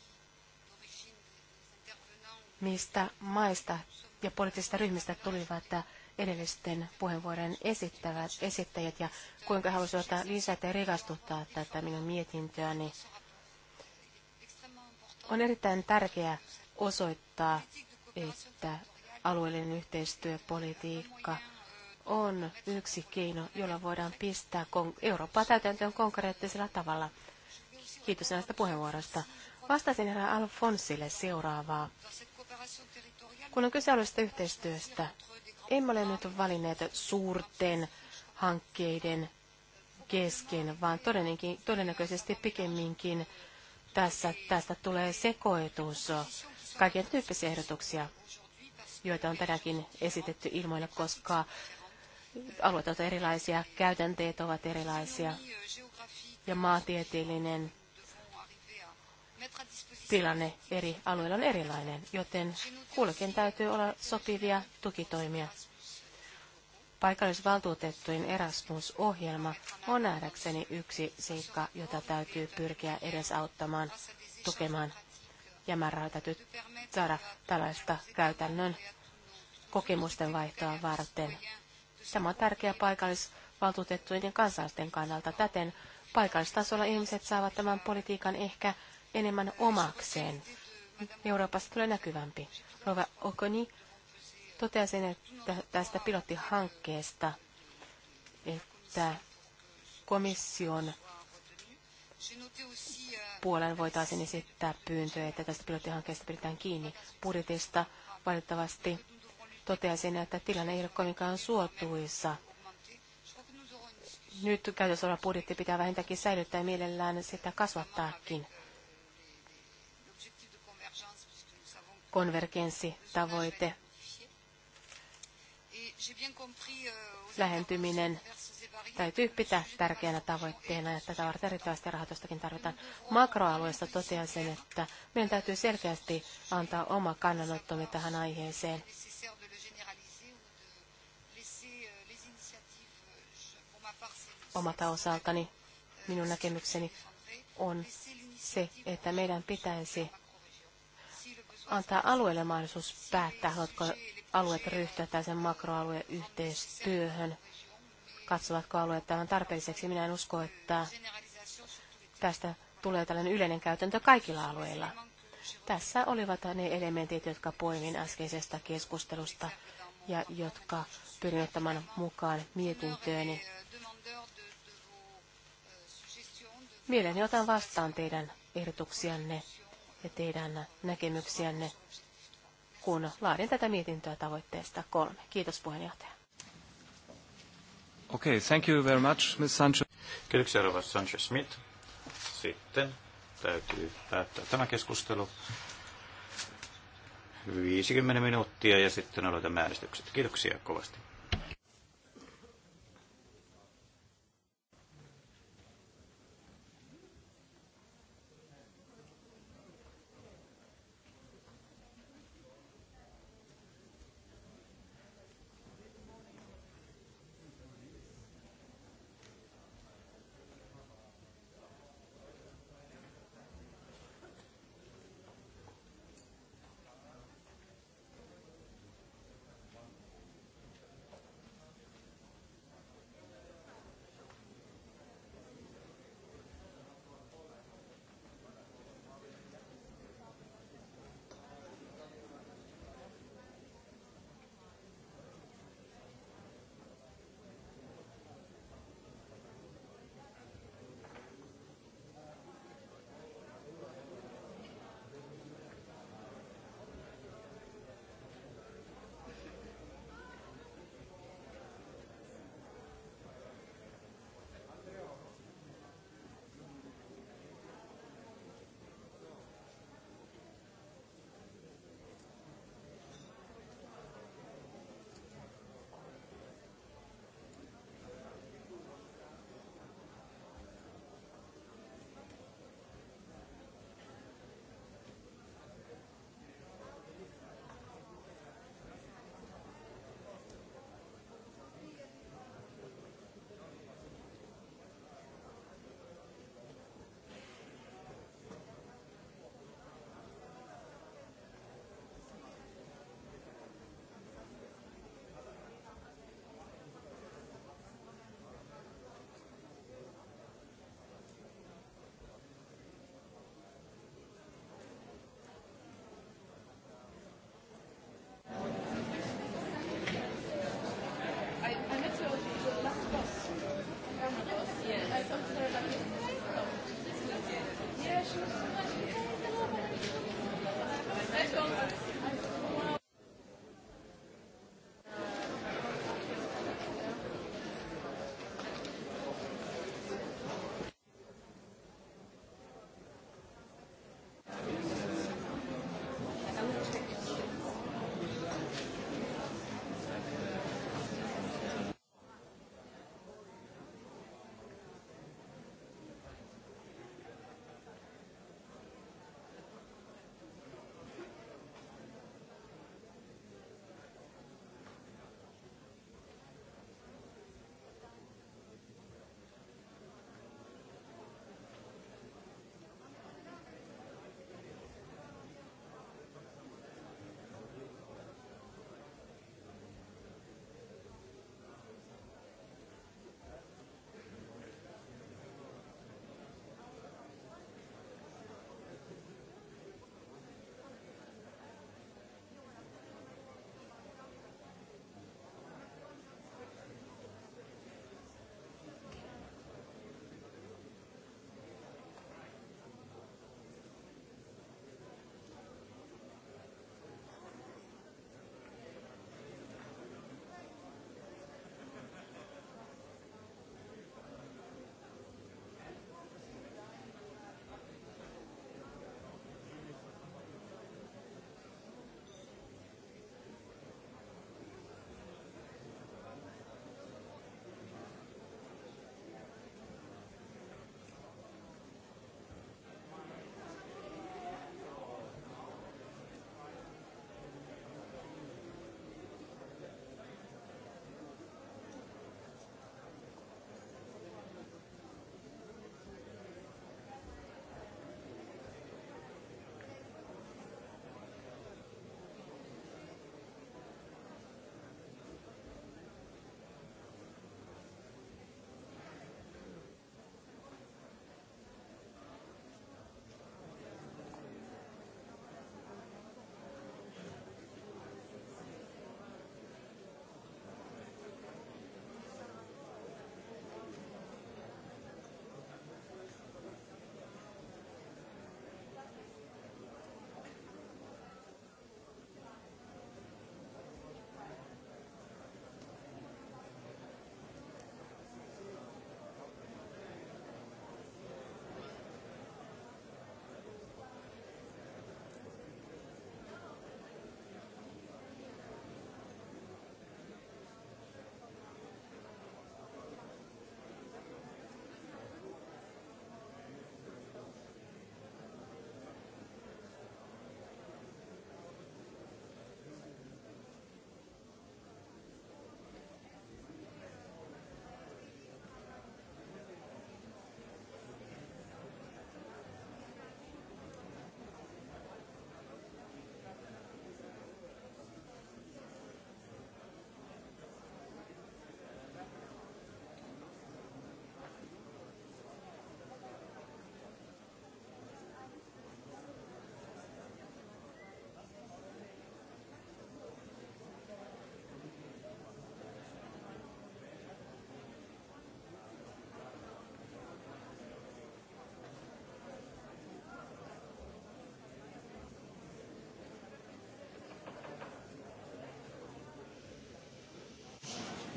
mistä maista ja poliittisista ryhmistä tulivat äh, edellisten puheenvuorojen esittävät, esittäjät ja kuinka halusivat lisätä ja rikastuttaa tätä minun mietintöäni. On erittäin tärkeää osoittaa että alueellinen yhteistyöpolitiikka on yksi keino, jolla voidaan pistää Eurooppaa täytäntöön konkreettisella tavalla. Kiitos näistä puheenvuorosta. Vastasin herra Alfonsille seuraavaa. Kun on kyse alueellisesta yhteistyöstä, emme ole nyt valinneet suurten hankkeiden kesken, vaan todennäköisesti pikemminkin tässä, tästä tulee sekoitus kaiken tyyppisiä ehdotuksia, joita on tänäkin esitetty ilmoille, koska alueet ovat erilaisia, käytänteet ovat erilaisia ja maantieteellinen tilanne eri alueilla on erilainen, joten kullekin täytyy olla sopivia tukitoimia. Paikallisvaltuutettujen Erasmus-ohjelma on nähdäkseni yksi seikka, jota täytyy pyrkiä edesauttamaan, tukemaan ja saada tällaista käytännön kokemusten vaihtoa varten. Tämä on tärkeä paikallisvaltuutettujen ja kansalaisten kannalta. Täten paikallistasolla ihmiset saavat tämän politiikan ehkä enemmän omakseen. Euroopasta tulee näkyvämpi. Rova Okoni totesin, että tästä pilottihankkeesta, että komission puolen voitaisiin esittää pyyntöä, että tästä pilottihankkeesta pidetään kiinni budjetista. Valitettavasti toteaisin, että tilanne ei ole kovinkaan suotuissa. Nyt käytössä oleva budjetti pitää vähintäänkin säilyttää mielellään sitä kasvattaakin. Konvergenssitavoite, euh, lähentyminen täytyy pitää tärkeänä tavoitteena ja tätä varten riittävästi rahoitustakin tarvitaan. Makroalueesta totean sen, että meidän täytyy selkeästi antaa oma kannanottomme tähän aiheeseen. Omalta osaltani minun näkemykseni on se, että meidän pitäisi antaa alueelle mahdollisuus päättää, haluatko alueet ryhtyä tällaisen makroalueyhteistyöhön katsovatko alueet tämän tarpeelliseksi. Minä en usko, että tästä tulee tällainen yleinen käytäntö kaikilla alueilla. Tässä olivat ne elementit, jotka poimin äskeisestä keskustelusta ja jotka pyrin ottamaan mukaan mietintööni. Mielelläni otan vastaan teidän ehdotuksianne ja teidän näkemyksiänne, kun laadin tätä mietintöä tavoitteesta kolme. Kiitos puheenjohtaja. Okei, Okay, thank you very much, Ms. Sanchez. Kiitoksia, Rova Sanchez-Smith. Sitten täytyy päättää tämä keskustelu. 50 minuuttia ja sitten aloitamme äänestykset. Kiitoksia kovasti.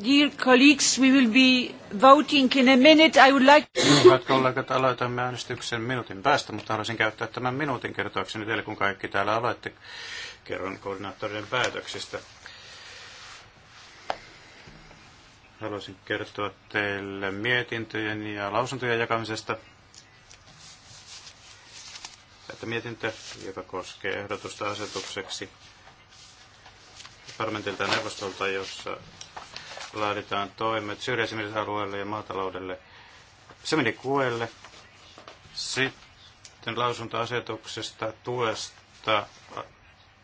Dear colleagues, we will be voting in a minute. I would like... Hyvät kollegat, aloitamme äänestyksen minuutin päästä, mutta haluaisin käyttää tämän minuutin kertoakseni teille, kun kaikki täällä aloitte. Kerron koordinaattorien päätöksistä. Haluaisin kertoa teille mietintöjen ja lausuntojen jakamisesta että mietintö, joka koskee ehdotusta asetukseksi parlamentilta ja neuvostolta, jossa laaditaan toimet syrjäisimmille ja maataloudelle. Se meni kuelle. Sitten lausuntoasetuksesta tuesta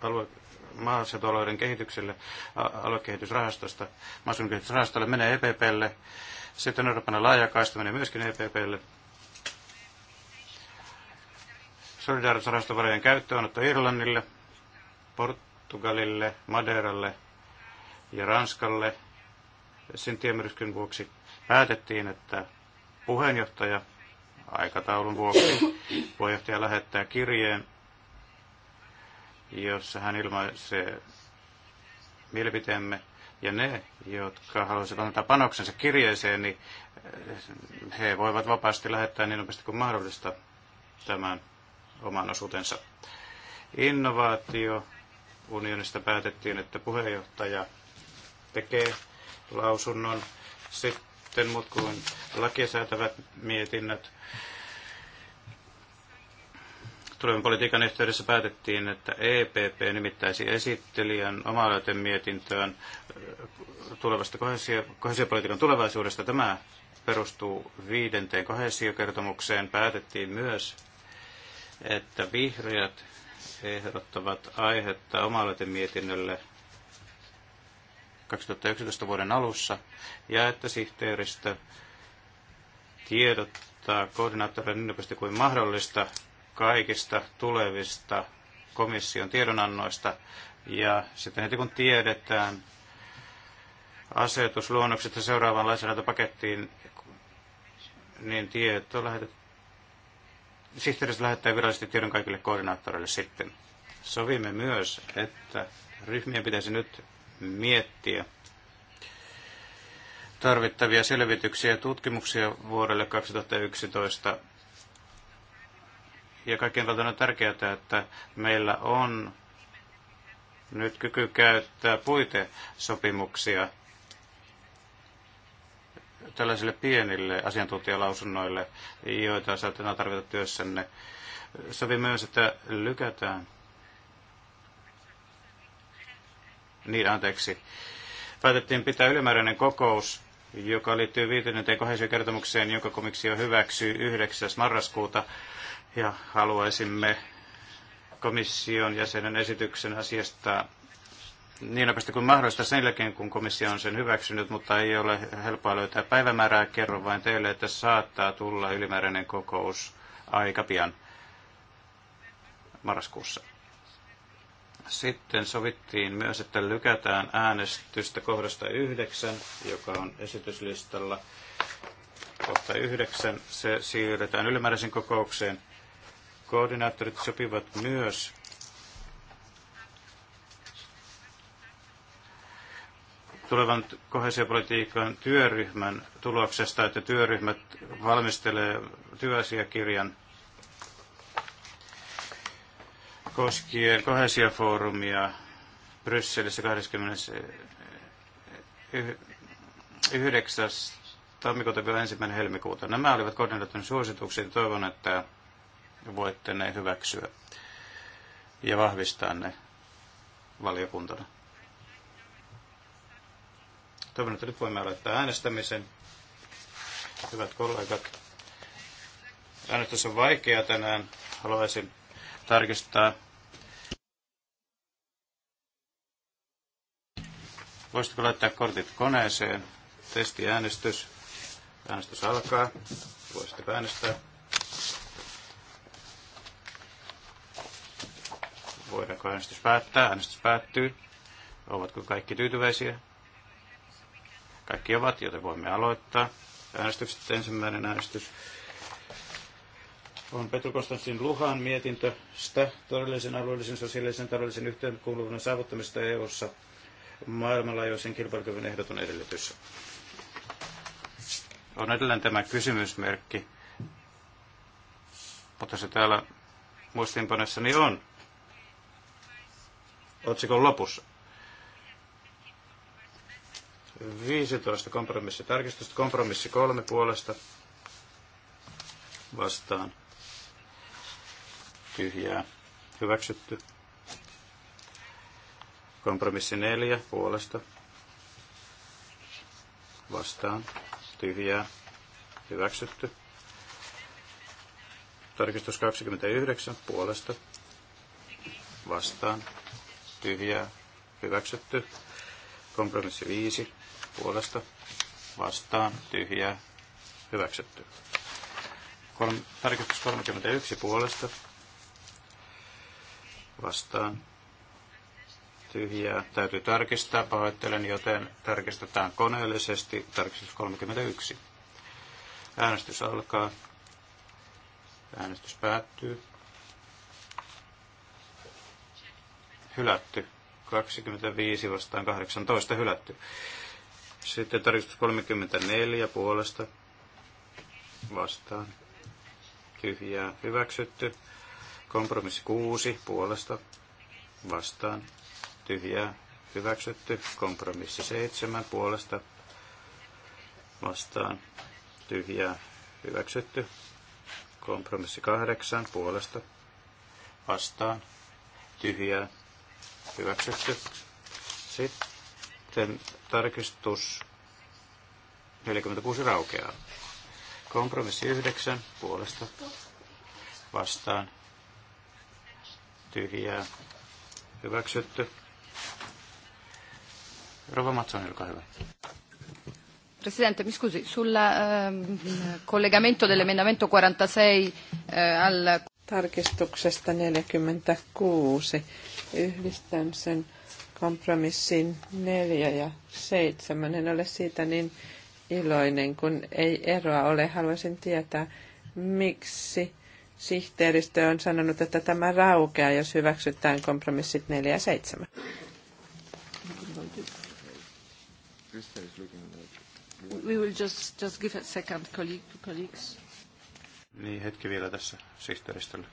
alue, maaseutualueiden kehitykselle, aluekehitysrahastosta, maaseutualueiden menee EPPlle. Sitten Euroopan laajakaista menee myöskin EPPlle. Solidaarisuusrahastovarojen käyttöönotto Irlannille, Portugalille, Madeiralle ja Ranskalle Sintiemyrskyn vuoksi päätettiin, että puheenjohtaja aikataulun vuoksi puheenjohtaja lähettää kirjeen, jossa hän ilmaisee mielipiteemme. Ja ne, jotka haluaisivat antaa panoksensa kirjeeseen, niin eh, he voivat vapaasti lähettää niin nopeasti kuin mahdollista tämän oman osuutensa. Innovaatio unionista päätettiin, että puheenjohtaja tekee lausunnon, sitten muut kuin lakisäätävät mietinnöt. Tulevan politiikan yhteydessä päätettiin, että EPP nimittäisi esittelijän oma mietintöön tulevasta kohesiopolitiikan tulevaisuudesta. Tämä perustuu viidenteen kohesiokertomukseen. Päätettiin myös, että vihreät ehdottavat aihetta oma mietinnölle 2011 vuoden alussa ja että sihteeristö tiedottaa koordinaattorille niin nopeasti kuin mahdollista kaikista tulevista komission tiedonannoista ja sitten heti kun tiedetään asetusluonnoksesta seuraavaan lainsäädäntöpakettiin, niin tieto lähetetään sihteeristö lähettää virallisesti tiedon kaikille koordinaattoreille sitten. Sovimme myös, että ryhmien pitäisi nyt miettiä tarvittavia selvityksiä ja tutkimuksia vuodelle 2011. Ja kaikkien on tärkeää, että meillä on nyt kyky käyttää puitesopimuksia tällaisille pienille asiantuntijalausunnoille, joita saatetaan tarvita työssänne. Sovi myös, että lykätään niin anteeksi, päätettiin pitää ylimääräinen kokous, joka liittyy viitenneteen kohesiokertomukseen, jonka komissio hyväksyy 9. marraskuuta. Ja haluaisimme komission jäsenen esityksen asiasta niin nopeasti kuin mahdollista sen jälkeen, kun komissio on sen hyväksynyt, mutta ei ole helppoa löytää päivämäärää. Kerron vain teille, että saattaa tulla ylimääräinen kokous aika pian marraskuussa. Sitten sovittiin myös, että lykätään äänestystä kohdasta 9, joka on esityslistalla. Kohta 9 se siirretään ylimääräisen kokoukseen. Koordinaattorit sopivat myös tulevan kohesiopolitiikan työryhmän tuloksesta, että työryhmät valmistelee työasiakirjan koskien kohesiofoorumia Brysselissä 29. tammikuuta ensimmäinen helmikuuta. Nämä olivat koordinaattorin suositukset toivon, että voitte ne hyväksyä ja vahvistaa ne valiokuntana. Toivon, että nyt voimme aloittaa äänestämisen. Hyvät kollegat, äänestys on vaikea tänään. Haluaisin tarkistaa Voisitko laittaa kortit koneeseen? Testi Äänestys äänestys alkaa. Voisitte äänestää? Voidaanko äänestys päättää? Äänestys päättyy. Ovatko kaikki tyytyväisiä? Kaikki ovat, joten voimme aloittaa. Äänestykset ensimmäinen äänestys on Petru Konstantin Luhan mietintö todellisen alueellisen sosiaalisen taloudellisen yhteenkuuluvuuden saavuttamista EU-ssa maailmanlaajuisen kilpailukyvyn ehdoton edellytys. On edelleen tämä kysymysmerkki, mutta se täällä muistiinpanessani on otsikon lopussa. 15 tarkistusta. kompromissi kolme puolesta vastaan tyhjää hyväksytty. Kompromissi neljä puolesta. Vastaan. Tyhjää. Hyväksytty. Tarkistus 29 puolesta. Vastaan. Tyhjää. Hyväksytty. Kompromissi 5 puolesta. Vastaan. Tyhjää. Hyväksytty. Kolm, tarkistus 31 puolesta. Vastaan tyhjää. Täytyy tarkistaa, pahoittelen, joten tarkistetaan koneellisesti. Tarkistus 31. Äänestys alkaa. Äänestys päättyy. Hylätty. 25 vastaan 18 hylätty. Sitten tarkistus 34 puolesta vastaan. Tyhjää hyväksytty. Kompromissi 6 puolesta vastaan tyhjää hyväksytty. Kompromissi seitsemän puolesta vastaan tyhjää hyväksytty. Kompromissi kahdeksan puolesta vastaan tyhjää hyväksytty. Sitten tarkistus 46 raukeaa. Kompromissi 9 puolesta vastaan tyhjää hyväksytty. Rova Mazzoni, olkaa hyvä. Presidente, mi scusi, sul ähm, collegamento dell'emendamento 46 äh, eh, al... Tarkistuksesta 46 yhdistän sen kompromissin 4 ja 7. En ole siitä niin iloinen, kun ei eroa ole. Haluaisin tietää, miksi sihteeristö on sanonut, että tämä raukeaa, jos hyväksytään kompromissit 4 ja 7. Krista is looking at... We will just, just give a second colleague to colleagues. Niin, hetki vielä tässä sihteeristölle.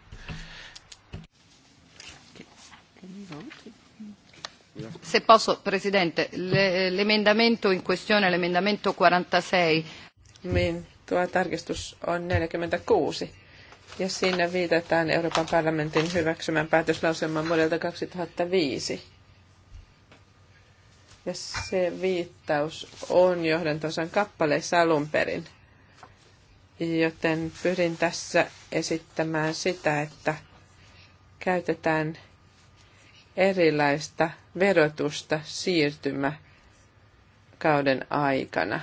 Se posso, Presidente, l'emendamento in questione, l'emendamento 46. Niin, tuo tarkistus on 46 ja siinä viitataan Euroopan parlamentin hyväksymän päätöslauselman vuodelta 2005. Ja se viittaus on johdantosan kappaleissa alun perin. Joten pyrin tässä esittämään sitä, että käytetään erilaista verotusta siirtymäkauden aikana.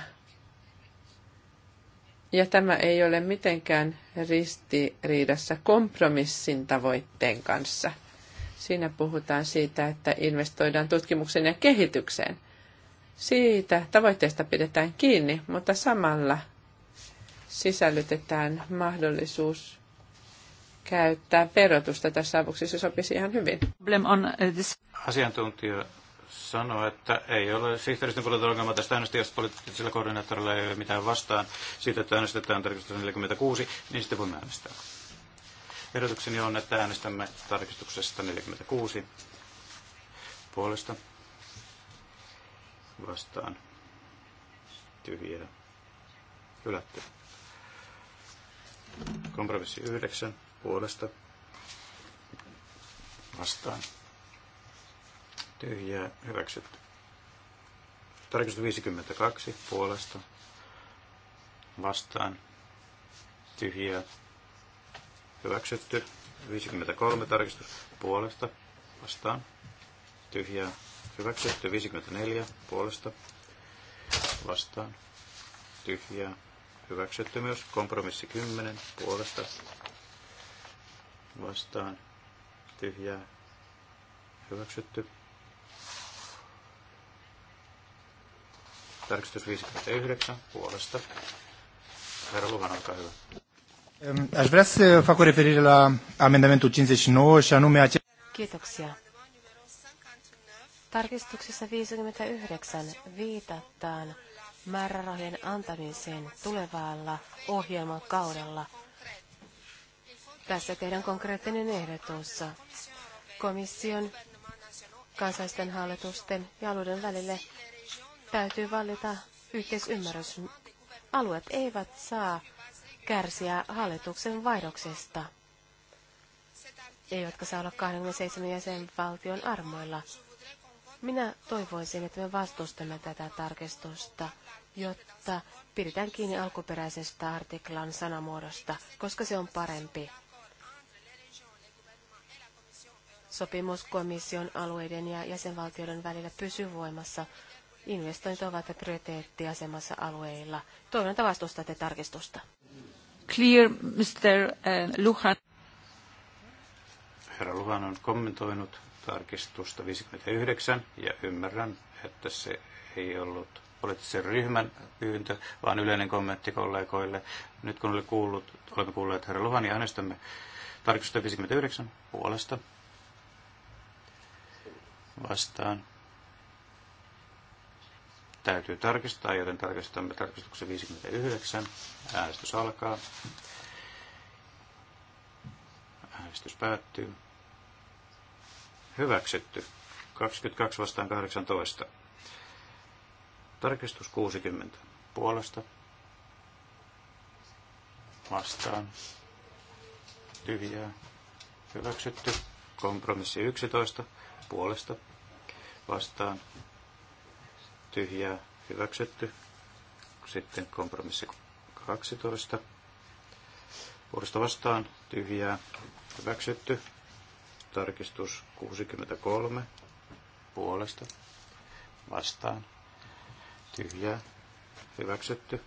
Ja tämä ei ole mitenkään ristiriidassa kompromissin tavoitteen kanssa – Siinä puhutaan siitä, että investoidaan tutkimukseen ja kehitykseen. Siitä tavoitteesta pidetään kiinni, mutta samalla sisällytetään mahdollisuus käyttää verotusta tässä avuksi. Se sopisi ihan hyvin. Eh, Asiantuntija sanoi, että ei ole sihteeristön puolelta ongelma tästä äänestä, jos poliittisella koordinaattorilla ei ole mitään vastaan siitä, että äänestetään tarkistus 46, niin sitten voimme äänestää. Ehdotukseni on, että äänestämme tarkistuksesta 46 puolesta vastaan tyhjää hylätty. Kompromissi 9 puolesta vastaan tyhjää hyväksytty. Tarkistus 52 puolesta vastaan tyhjää Hyväksytty. 53 tarkistus puolesta vastaan. Tyhjää. Hyväksytty. 54 puolesta vastaan. Tyhjää. Hyväksytty myös. Kompromissi 10 puolesta vastaan. Tyhjää. Hyväksytty. Tarkistus 59 puolesta. Herra Luhan, olkaa hyvä. Aș vrea să fac o referire la amendamentul 59 și anume acest... Kiitoksia. Tarkistuksessa 59 viitataan määrärahojen antamiseen tulevalla kaudella. Tässä tehdään konkreettinen ehdotus komission, kansallisten hallitusten ja alueiden välille täytyy valita yhteisymmärrys. Alueet eivät saa kärsiä hallituksen vaihdoksesta, eivätkä saa olla 27 jäsenvaltion armoilla. Minä toivoisin, että me vastustamme tätä tarkistusta, jotta pidetään kiinni alkuperäisestä artiklan sanamuodosta, koska se on parempi. Sopimus komission alueiden ja jäsenvaltioiden välillä pysyy voimassa. Investoinnit ovat prioriteettiasemassa alueilla. Toivon, että vastustatte tarkistusta clear, Mr. Uh, Luhan. Herra Luhan on kommentoinut tarkistusta 59 ja ymmärrän, että se ei ollut poliittisen ryhmän pyyntö, vaan yleinen kommentti kollegoille. Nyt kun olemme kuulleet, olemme kuulleet herra Luhan ja äänestämme tarkistusta 59 puolesta vastaan täytyy tarkistaa, joten tarkistamme tarkistuksen 59. Äänestys alkaa. Äänestys päättyy. Hyväksytty. 22 vastaan 18. Tarkistus 60. Puolesta. Vastaan. Tyhjää. Hyväksytty. Kompromissi 11. Puolesta. Vastaan tyhjää hyväksytty. Sitten kompromissi 12 puolesta vastaan tyhjää hyväksytty. Tarkistus 63 puolesta vastaan tyhjää hyväksytty.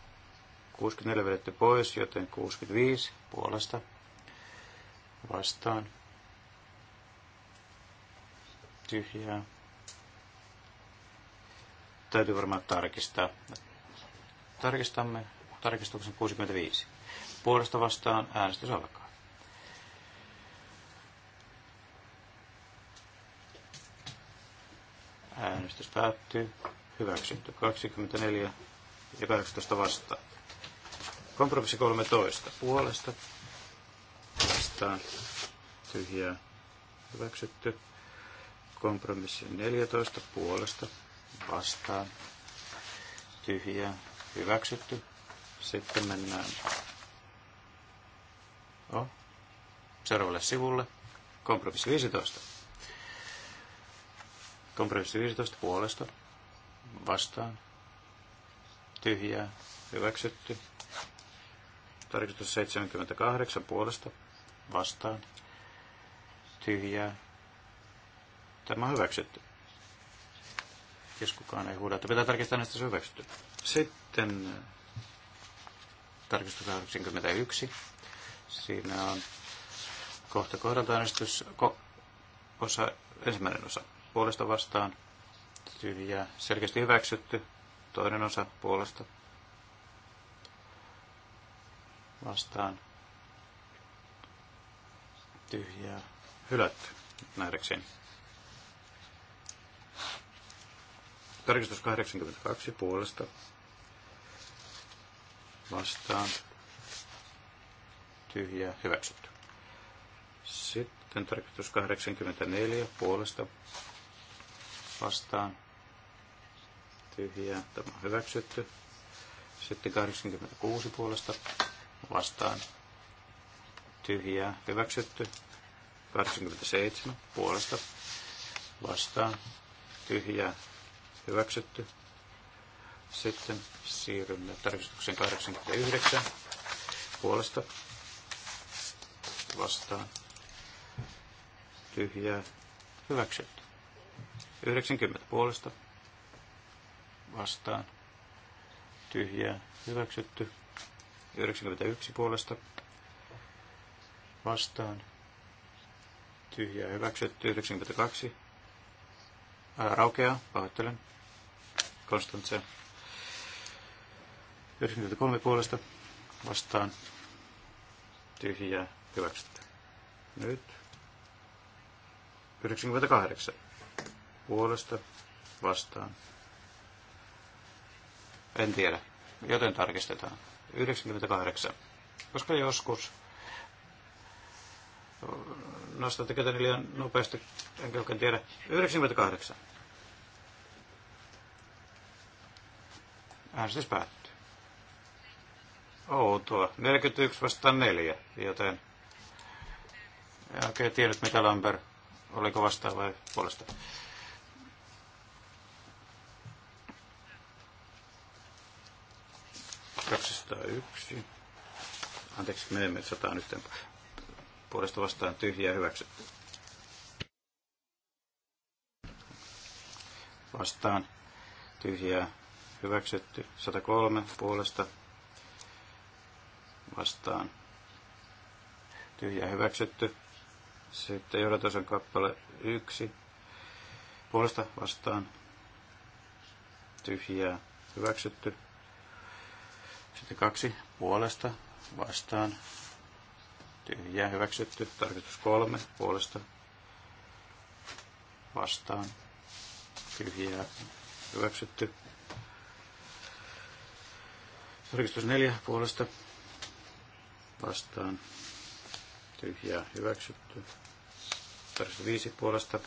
64 vedetty pois, joten 65 puolesta vastaan tyhjää Täytyy varmaan tarkistaa. Tarkistamme tarkistuksen 65. Puolesta vastaan äänestys alkaa. Äänestys päättyy. Hyväksytty 24 ja 18 vastaan. Kompromissi 13. Puolesta vastaan tyhjää hyväksytty. Kompromissi 14 puolesta vastaan tyhjää hyväksytty. Sitten mennään oh. seuraavalle sivulle. Kompromissi 15. Kompromissi 15 puolesta vastaan tyhjää hyväksytty. Tarkistus 78 puolesta vastaan tyhjää. Tämä on hyväksytty jos kukaan ei huuda, että pitää tarkistaa näistä niin se hyväksytty. Sitten tarkistus 81. Siinä on kohta kohdalta äänestys ko- osa, ensimmäinen osa puolesta vastaan. Tyhjää selkeästi hyväksytty. Toinen osa puolesta vastaan. Tyhjää hylätty nähdäkseni. Tarkistus 82 puolesta vastaan. Tyhjää hyväksytty. Sitten tarkistus 84 puolesta vastaan. Tyhjää. Tämä on hyväksytty. Sitten 86 puolesta vastaan. Tyhjää. Hyväksytty. 87 puolesta vastaan. Tyhjää hyväksytty. Sitten siirrymme tarkistukseen 89 puolesta vastaan tyhjää hyväksytty. 90 puolesta vastaan tyhjää hyväksytty. 91 puolesta vastaan tyhjää hyväksytty. 92 raukeaa, pahoittelen. Konstantse. 93 puolesta vastaan tyhjää hyväksytty. Nyt 98 puolesta vastaan. En tiedä, joten tarkistetaan. 98, koska joskus nostatte käteni liian nopeasti, enkä oikein tiedä. 98. Äänestys päättyy. Outoa. 41 vastaan 4, joten en oikein tiennyt mitä Lambert, oliko vastaan vai puolesta. yksi. Anteeksi, me emme 101 puolesta vastaan tyhjää hyväksytty. Vastaan tyhjää hyväksytty. 103 puolesta vastaan tyhjiä hyväksytty. Sitten johdatosan kappale 1 puolesta vastaan tyhjää hyväksytty. Sitten kaksi puolesta vastaan tyhjää hyväksytty. Tarkistus kolme puolesta vastaan tyhjää hyväksytty. Tarkistus neljä puolesta vastaan tyhjää hyväksytty. Tarkistus viisi puolesta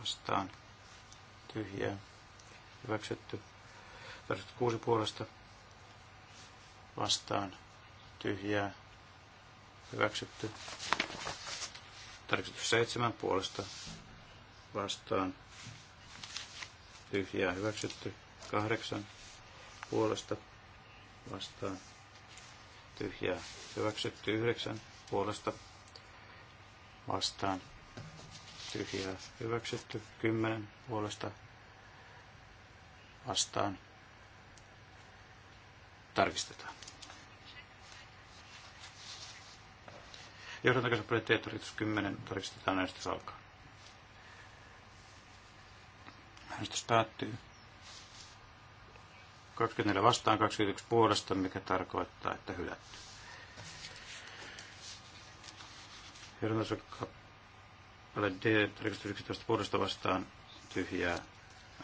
vastaan tyhjää hyväksytty. Tarkistus kuusi puolesta vastaan tyhjää hyväksytty. Tarkistus 7 puolesta vastaan tyhjää hyväksytty. 8 puolesta vastaan tyhjää hyväksytty. 9 puolesta vastaan tyhjää hyväksytty. 10 puolesta vastaan tarkistetaan. Johdantakasvapuolen teettoritus 10 tarkistetaan äänestys alkaa. Äänestys päättyy. 24 vastaan 21 puolesta, mikä tarkoittaa, että hylätty. Johdantakasvapuolen D tarkistus 11 puolesta vastaan tyhjää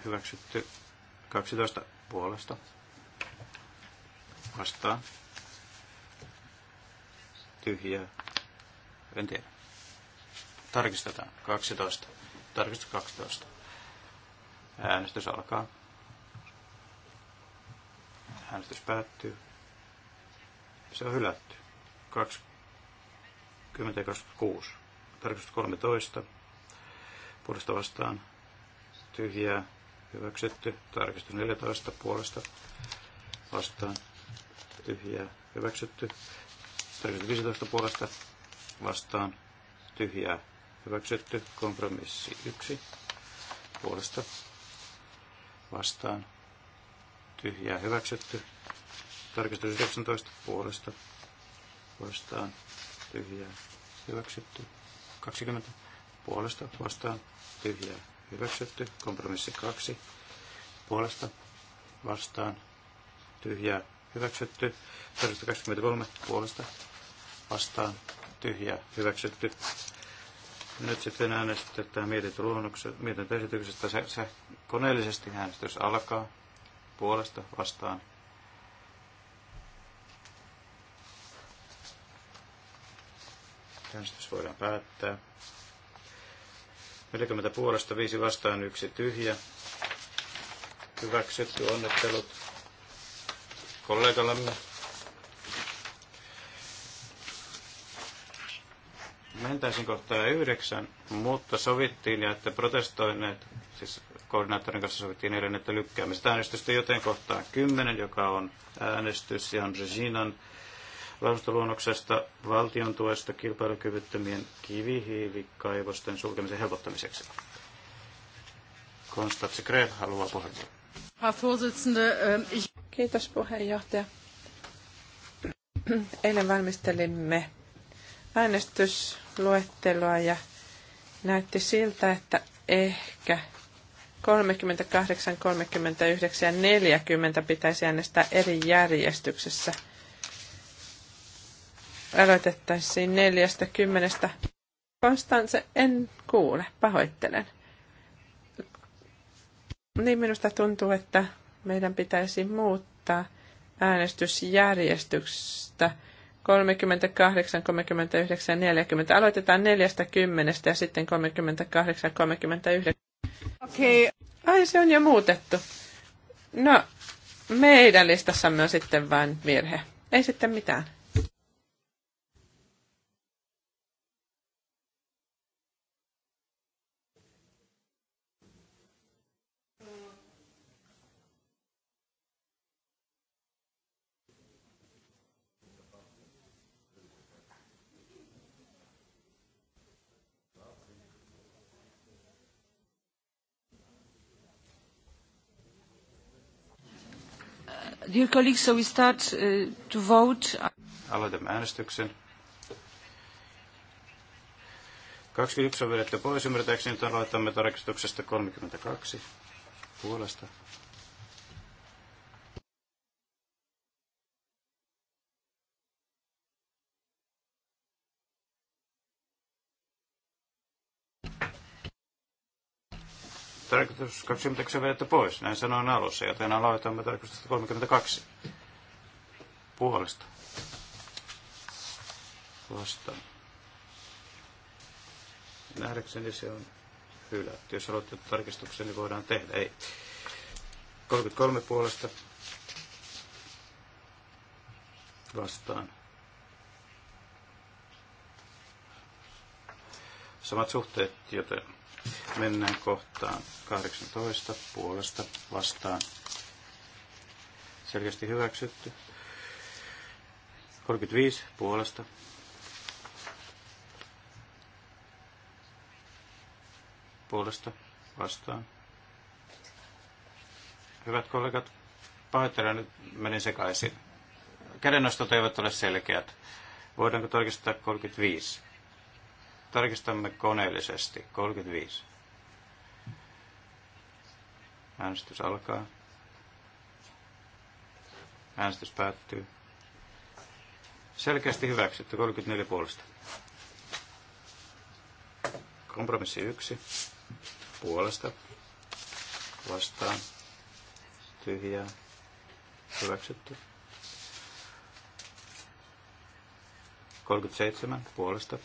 hyväksytty 12 puolesta vastaan tyhjää en tiedä. Tarkistetaan. 12. Tarkista 12. Äänestys alkaa. Äänestys päättyy. Se on hylätty. 20 ja 26. Tarkistus 13. Puolesta vastaan. Tyhjää. Hyväksytty. Tarkistus 14. Puolesta vastaan. Tyhjää. Hyväksytty. Tarkistus 15 puolesta vastaan tyhjää hyväksytty. Kompromissi 1 puolesta vastaan tyhjää hyväksytty. Tarkistus 19 puolesta vastaan tyhjää hyväksytty. 20 puolesta vastaan tyhjää hyväksytty. Kompromissi 2 puolesta vastaan tyhjää hyväksytty. 23 puolesta vastaan tyhjä, hyväksytty. Nyt sitten äänestetään mietintö mietintöesityksestä. Se, se koneellisesti äänestys alkaa puolesta vastaan. Äänestys voidaan päättää. 40 puolesta, 5 vastaan, 1 tyhjä. Hyväksytty onnittelut kollegallamme. mentäisiin kohtaa yhdeksän, mutta sovittiin, ja että protestoineet, siis koordinaattorin kanssa sovittiin eilen, että lykkäämistä äänestystä joten kohtaan kymmenen, joka on äänestys Jan Reginan lausuntoluonnoksesta valtion tuesta kilpailukyvyttömien kivihiilikaivosten sulkemisen helpottamiseksi. Konstantse Greb haluaa puheenvuoron. Ähm, Kiitos puheenjohtaja. Eilen valmistelimme äänestysluetteloa ja näytti siltä, että ehkä 38, 39 ja 40 pitäisi äänestää eri järjestyksessä. Aloitettaisiin neljästä kymmenestä. Konstanse, en kuule, pahoittelen. Niin minusta tuntuu, että meidän pitäisi muuttaa äänestysjärjestyksestä 38, 39 40. Aloitetaan 40 ja sitten 38, 39. Okei. Okay. Ai, se on jo muutettu. No, meidän listassamme on sitten vain virhe. Ei sitten mitään. Dear colleagues, so we start uh, to vote. Aloitamme äänestyksen. 21 on vedetty pois, ymmärtääkseni, että aloitamme tarkistuksesta 32 puolesta tarkistus 21 vedetty pois, näin sanoin alussa, joten aloitamme tarkistusta 32 puolesta. Vastaan. Nähdäkseni se on hylätty. Jos haluatte tarkistuksen, niin voidaan tehdä. Ei. 33 puolesta vastaan. Samat suhteet, joten Mennään kohtaan 18 puolesta vastaan. Selkeästi hyväksytty. 35 puolesta puolesta vastaan. Hyvät kollegat, pahoittelen, nyt menin sekaisin. Kädennostot eivät ole selkeät. Voidaanko tarkistaa 35? Tarkistamme koneellisesti. 35. Äänestys alkaa. Äänestys päättyy. Selkeästi hyväksytty 34 puolesta. Kompromissi 1 puolesta vastaan tyhjää hyväksytty. 37 puolesta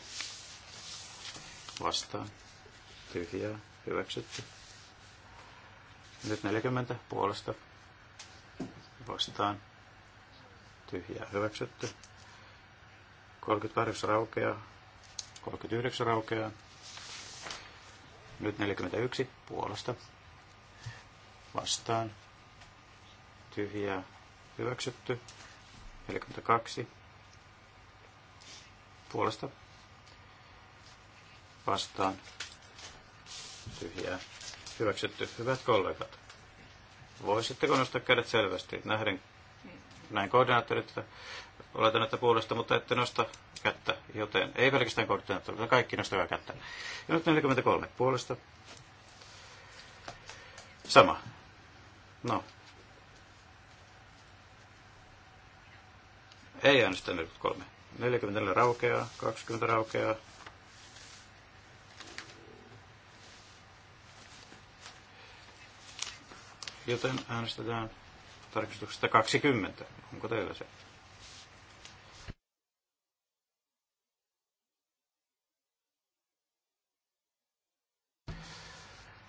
vastaan tyhjää hyväksytty. Nyt 40 puolesta vastaan. Tyhjää hyväksytty. 38 raukeaa. 39 raukeaa. Nyt 41 puolesta vastaan. Tyhjää hyväksytty. 42 puolesta vastaan. Tyhjää Hyväksytty. Hyvät kollegat, voisitteko nostaa kädet selvästi? Nähden, näin koordinaattorit, oletan, että puolesta, mutta ette nosta kättä, joten ei pelkästään koordinaattorit, vaan kaikki nostakaa kättä. Ja nyt 43 puolesta. Sama. No. Ei äänestä 43. 44 raukeaa, 20 raukeaa, Joten äänestetään tarkistuksesta 20. Onko teillä se?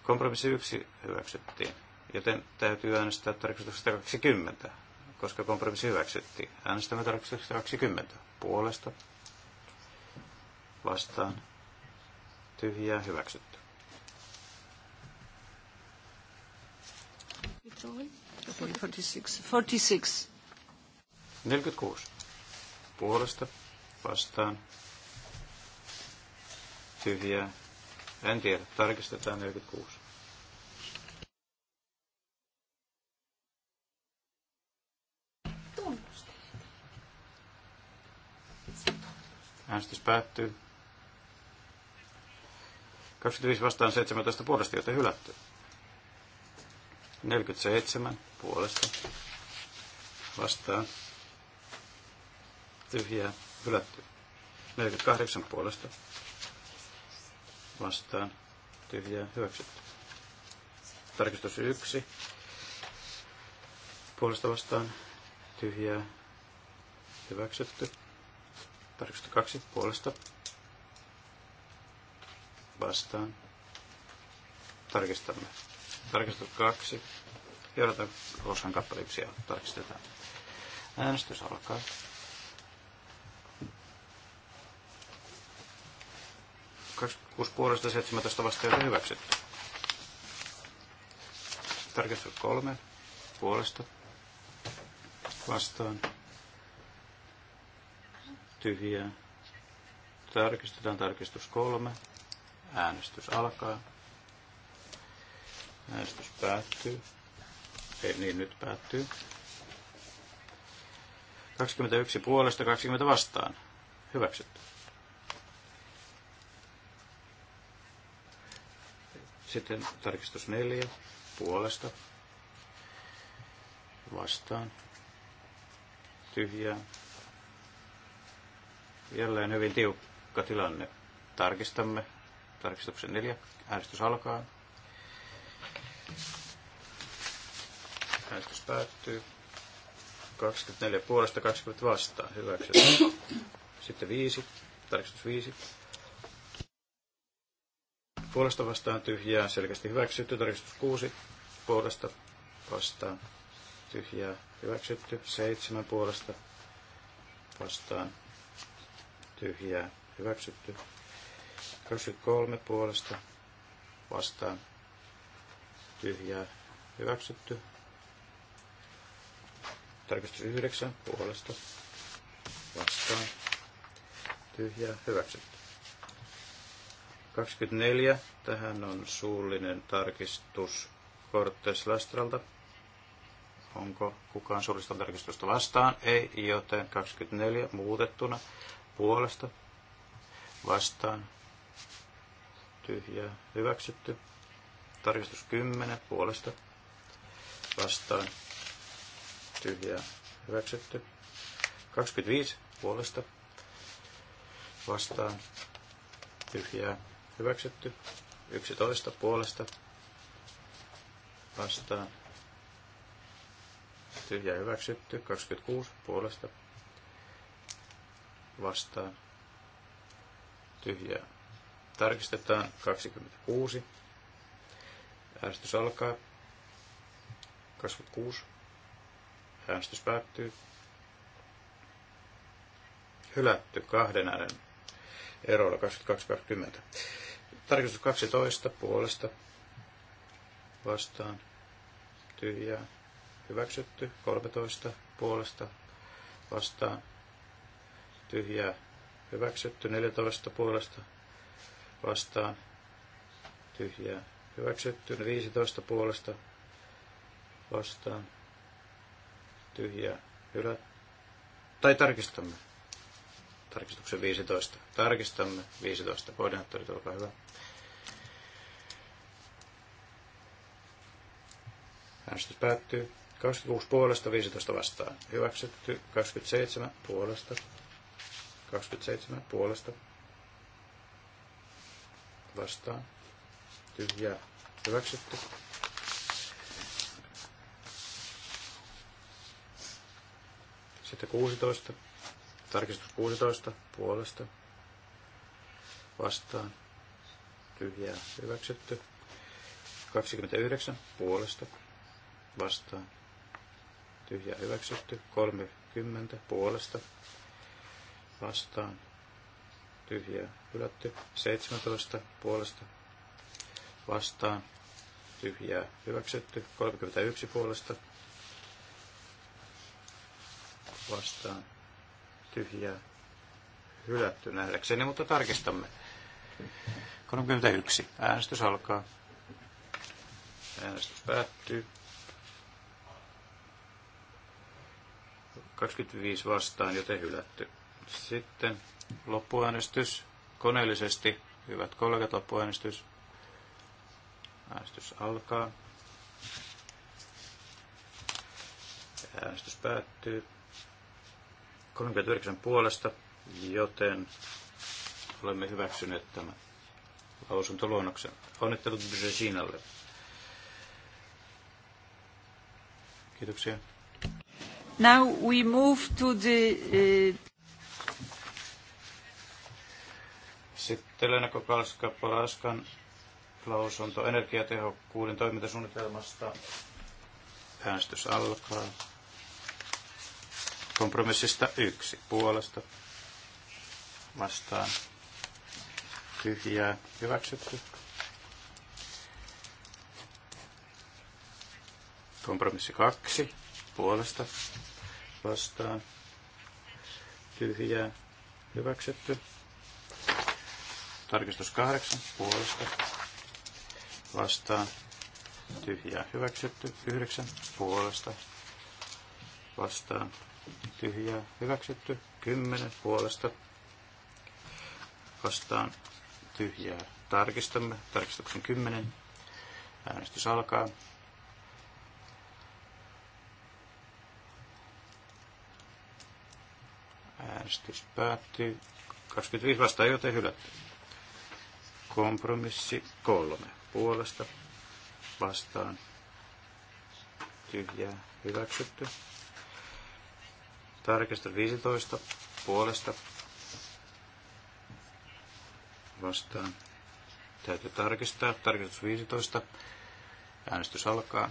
Kompromissi 1 hyväksyttiin, joten täytyy äänestää tarkistuksesta 20, koska kompromissi hyväksyttiin. Äänestämme tarkistuksesta 20 puolesta vastaan tyhjää hyväksyttiin. 46. 46. 46. Puolesta vastaan. Tyhjää. En tiedä. Tarkistetaan 46. Äänestys päättyy. 25 vastaan 17 puolesta, joten hylättyy. 47 puolesta vastaan tyhjää hylätty. 48 puolesta vastaan tyhjää hyväksytty. Tarkistus 1 puolesta vastaan tyhjää hyväksytty. Tarkistus 2 puolesta vastaan tarkistamme. Tarkistus kaksi. Johdataan osan kappaleiksi ja tarkistetaan. Äänestys alkaa. Kuusi puolesta 17 vastaan hyväksytty. Tarkistus kolme puolesta vastaan tyhjää. Tarkistetaan tarkistus kolme. Äänestys alkaa. Äänestys päättyy. Ei, niin nyt päättyy. 21 puolesta 20 vastaan. Hyväksytty. Sitten tarkistus 4 puolesta vastaan. Tyhjää. Jälleen hyvin tiukka tilanne. Tarkistamme. Tarkistuksen 4. Äänestys alkaa. Äänestys päättyy. 24 puolesta 20 vastaan. Hyväksytään. Sitten 5. Tarkistus 5. Puolesta vastaan tyhjää. Selkeästi hyväksytty. Tarkistus 6. Puolesta vastaan tyhjää. Hyväksytty. 7 puolesta vastaan tyhjää. Hyväksytty. 23 puolesta vastaan tyhjää hyväksytty. Tarkistus 9 puolesta vastaan tyhjää hyväksytty. 24. Tähän on suullinen tarkistus Cortes Lastralta. Onko kukaan suullista tarkistusta vastaan? Ei, joten 24 muutettuna puolesta vastaan tyhjää hyväksytty. Tarkistus 10 puolesta vastaan tyhjää hyväksytty. 25 puolesta vastaan tyhjää hyväksytty. 11 puolesta vastaan tyhjää hyväksytty. 26 puolesta vastaan tyhjää tarkistetaan 26 Äänestys alkaa. 26. Äänestys päättyy. Hylätty kahden äänen erolla 22.20. Tarkistus 12 puolesta vastaan tyhjää. Hyväksytty 13 puolesta vastaan tyhjää. Hyväksytty 14 puolesta vastaan tyhjää hyväksytty, 15 puolesta vastaan, tyhjä, hylä, tai tarkistamme. Tarkistuksen 15. Tarkistamme 15. Koordinaattorit, olkaa hyvä. Äänestys päättyy. 26 puolesta, 15 vastaan. Hyväksytty 27 puolesta. 27 puolesta. Vastaan tyhjää hyväksytty. Sitten 16. Tarkistus 16 puolesta vastaan tyhjää hyväksytty. 29 puolesta vastaan tyhjää hyväksytty. 30 puolesta vastaan tyhjää hylätty. 17 puolesta vastaan tyhjää hyväksytty. 31 puolesta vastaan tyhjää hylätty nähdäkseni, mutta tarkistamme. 31. Äänestys alkaa. Äänestys päättyy. 25 vastaan, joten hylätty. Sitten loppuäänestys koneellisesti. Hyvät kollegat, loppuäänestys. Äänestys alkaa. Äänestys päättyy. 39 puolesta, joten olemme hyväksyneet tämän lausuntoluonnoksen. Onnittelut Brzezinalle. Kiitoksia. Now we move to the... Uh... Sitten Lena Kokalska-Palaskan lausunto energiatehokkuuden toimintasuunnitelmasta. Äänestys alkaa. Kompromissista yksi puolesta vastaan tyhjää hyväksytty. Kompromissi kaksi puolesta vastaan tyhjää hyväksytty. Tarkistus kahdeksan puolesta vastaan tyhjää hyväksytty. Yhdeksän puolesta vastaan tyhjää hyväksytty. kymmenen puolesta vastaan tyhjää tarkistamme. Tarkistuksen kymmenen Äänestys alkaa. Äänestys päättyy. 25 vastaan, joten hylätty. Kompromissi kolme puolesta vastaan tyhjää hyväksytty. Tarkistus 15 puolesta vastaan. Täytyy tarkistaa. Tarkistus 15. Äänestys alkaa.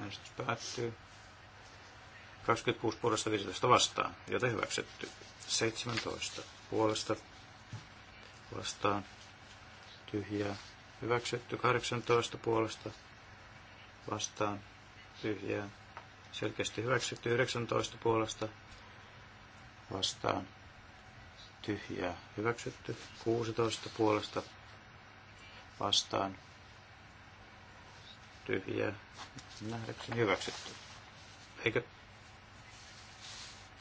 Äänestys päättyy. 26 puolesta 15 vastaan, joten hyväksytty. 17 puolesta vastaan tyhjää hyväksytty. 18 puolesta vastaan tyhjää selkeästi hyväksytty. 19 puolesta vastaan tyhjää hyväksytty. 16 puolesta vastaan tyhjää nähdäkseni hyväksytty. Eikö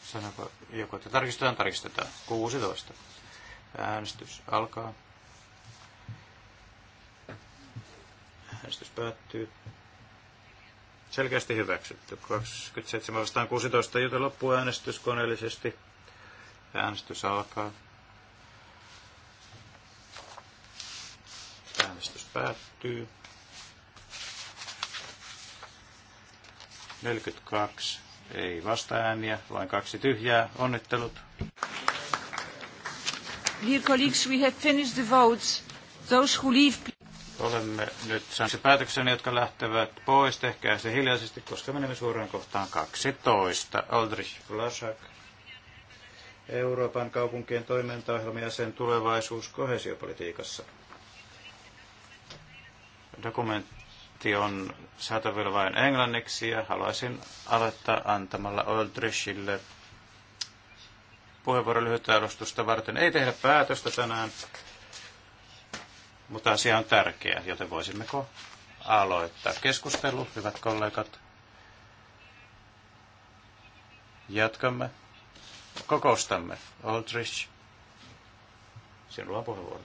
sanoko joku, että tarkistetaan, tarkistetaan. 16. Äänestys alkaa. Äänestys päättyy. Selkeästi hyväksytty. 27 vastaan 16, joten äänestys koneellisesti. Äänestys alkaa. Äänestys päättyy. 42 ei vasta ääniä, vain kaksi tyhjää. Onnittelut. Dear colleagues, we have finished the votes. Those who leave... Olemme nyt saaneet päätöksen, jotka lähtevät pois. Tehkää se hiljaisesti, koska menemme suoraan kohtaan 12. Aldrich Vlasak. Euroopan kaupunkien toimintaohjelma ja sen tulevaisuus kohesiopolitiikassa. Dokumentti on saatavilla vain englanniksi ja haluaisin aloittaa antamalla Oldrichille puheenvuoro lyhyttä arvostusta varten. Ei tehdä päätöstä tänään, mutta asia on tärkeä, joten voisimmeko aloittaa keskustelu, hyvät kollegat. Jatkamme kokoustamme. Aldrich, sinulla on puheenvuoro.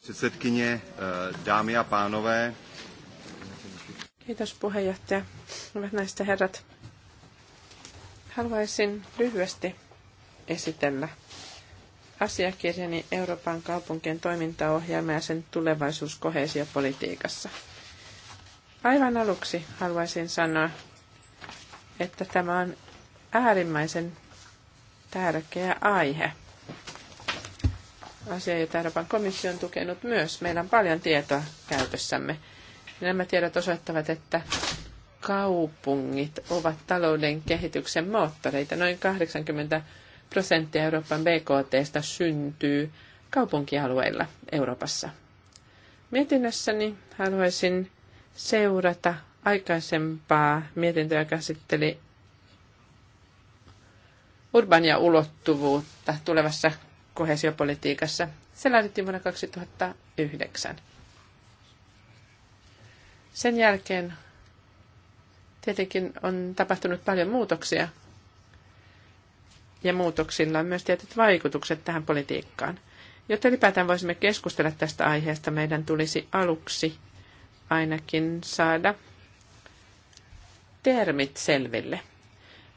Předsedkyně, dámy a pánové. Kiitos puheenjohtaja. Hyvät naiset ja herrat. Haluaisin lyhyesti esitellä asiakirjani Euroopan kaupunkien toimintaohjelma ja sen tulevaisuus kohesiopolitiikassa. Aivan aluksi haluaisin sanoa, että tämä on äärimmäisen tärkeä aihe. Asia, jota Euroopan komissio on tukenut myös. Meillä on paljon tietoa käytössämme. Nämä tiedot osoittavat, että kaupungit ovat talouden kehityksen moottoreita. Noin 80 prosenttia Euroopan BKTstä syntyy kaupunkialueilla Euroopassa. Mietinnössäni haluaisin seurata aikaisempaa mietintöä käsitteli urbania ulottuvuutta tulevassa kohesiopolitiikassa. Se laadittiin vuonna 2009. Sen jälkeen Tietenkin on tapahtunut paljon muutoksia ja muutoksilla on myös tietyt vaikutukset tähän politiikkaan. Jotta ylipäätään voisimme keskustella tästä aiheesta, meidän tulisi aluksi ainakin saada termit selville.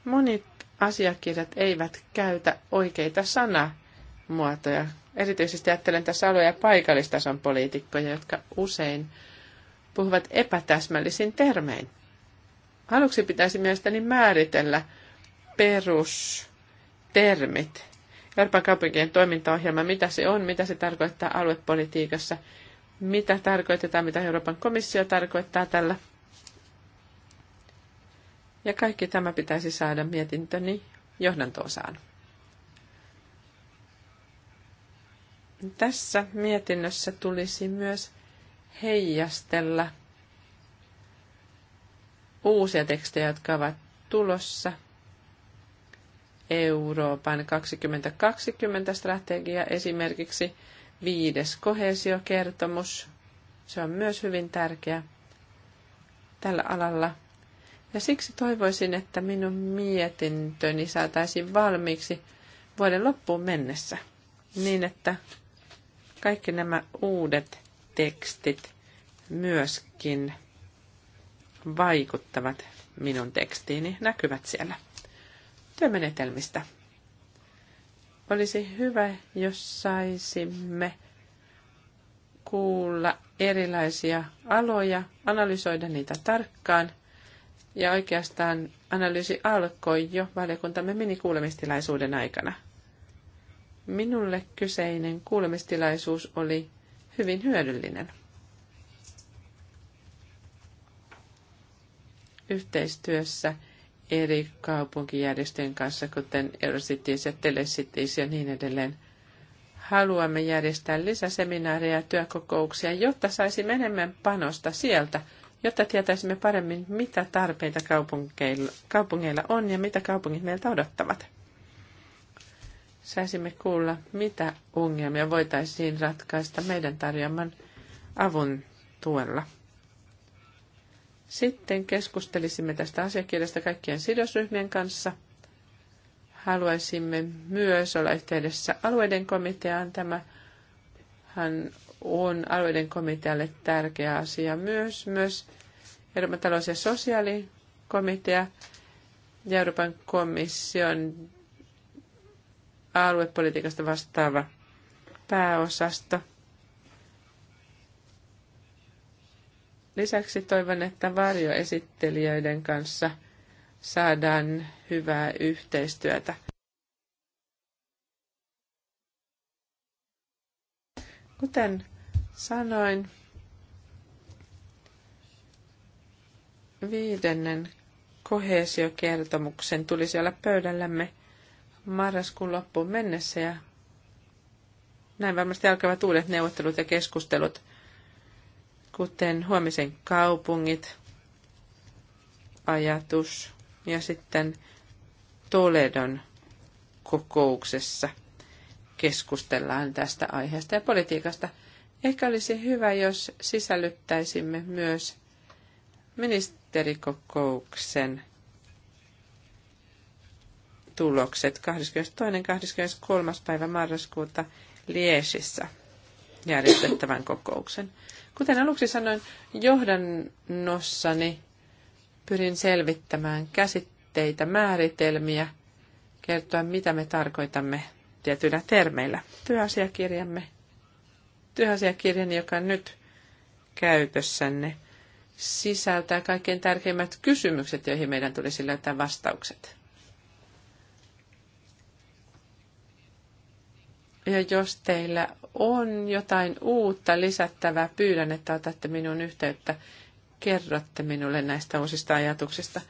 Monet asiakirjat eivät käytä oikeita sanamuotoja. Erityisesti ajattelen tässä alue- ja paikallistason poliitikkoja, jotka usein puhuvat epätäsmällisin termein. Aluksi pitäisi mielestäni määritellä perustermit. Euroopan kaupunkien toimintaohjelma, mitä se on, mitä se tarkoittaa aluepolitiikassa, mitä tarkoitetaan, mitä Euroopan komissio tarkoittaa tällä. Ja kaikki tämä pitäisi saada mietintöni johdantoosaan. Tässä mietinnössä tulisi myös heijastella – uusia tekstejä, jotka ovat tulossa. Euroopan 2020-strategia esimerkiksi, viides kohesiokertomus, se on myös hyvin tärkeä tällä alalla. Ja siksi toivoisin, että minun mietintöni saataisiin valmiiksi vuoden loppuun mennessä, niin että kaikki nämä uudet tekstit myöskin – vaikuttavat minun tekstiini, näkyvät siellä työmenetelmistä. Olisi hyvä, jos saisimme kuulla erilaisia aloja, analysoida niitä tarkkaan. Ja oikeastaan analyysi alkoi jo valiokuntamme minikuulemistilaisuuden aikana. Minulle kyseinen kuulemistilaisuus oli hyvin hyödyllinen. yhteistyössä eri kaupunkijärjestöjen kanssa, kuten Eurocities ja Telecities ja niin edelleen. Haluamme järjestää lisäseminaareja ja työkokouksia, jotta saisimme enemmän panosta sieltä, jotta tietäisimme paremmin, mitä tarpeita kaupungeilla on ja mitä kaupungit meiltä odottavat. Saisimme kuulla, mitä ongelmia voitaisiin ratkaista meidän tarjoaman avun tuella. Sitten keskustelisimme tästä asiakirjasta kaikkien sidosryhmien kanssa. Haluaisimme myös olla yhteydessä alueiden komiteaan. Tämähän on alueiden komitealle tärkeä asia myös. Myös Euroopan talous- ja sosiaalikomitea ja Euroopan komission aluepolitiikasta vastaava pääosasto – Lisäksi toivon, että varjoesittelijöiden kanssa saadaan hyvää yhteistyötä. Kuten sanoin, viidennen kohesiokertomuksen tulisi olla pöydällämme marraskuun loppuun mennessä ja näin varmasti alkavat uudet neuvottelut ja keskustelut – kuten huomisen kaupungit, ajatus ja sitten Toledon kokouksessa keskustellaan tästä aiheesta ja politiikasta. Ehkä olisi hyvä, jos sisällyttäisimme myös ministerikokouksen tulokset 22. 23. päivä marraskuuta Liesissä järjestettävän kokouksen. Kuten aluksi sanoin, johdannossani pyrin selvittämään käsitteitä, määritelmiä, kertoa mitä me tarkoitamme tietyillä termeillä. Työasiakirjamme, työasiakirjani, joka on nyt käytössänne, sisältää kaikkein tärkeimmät kysymykset, joihin meidän tulisi löytää vastaukset. Ja jos teillä on jotain uutta lisättävää, pyydän, että otatte minun yhteyttä. Kerrotte minulle näistä uusista ajatuksista.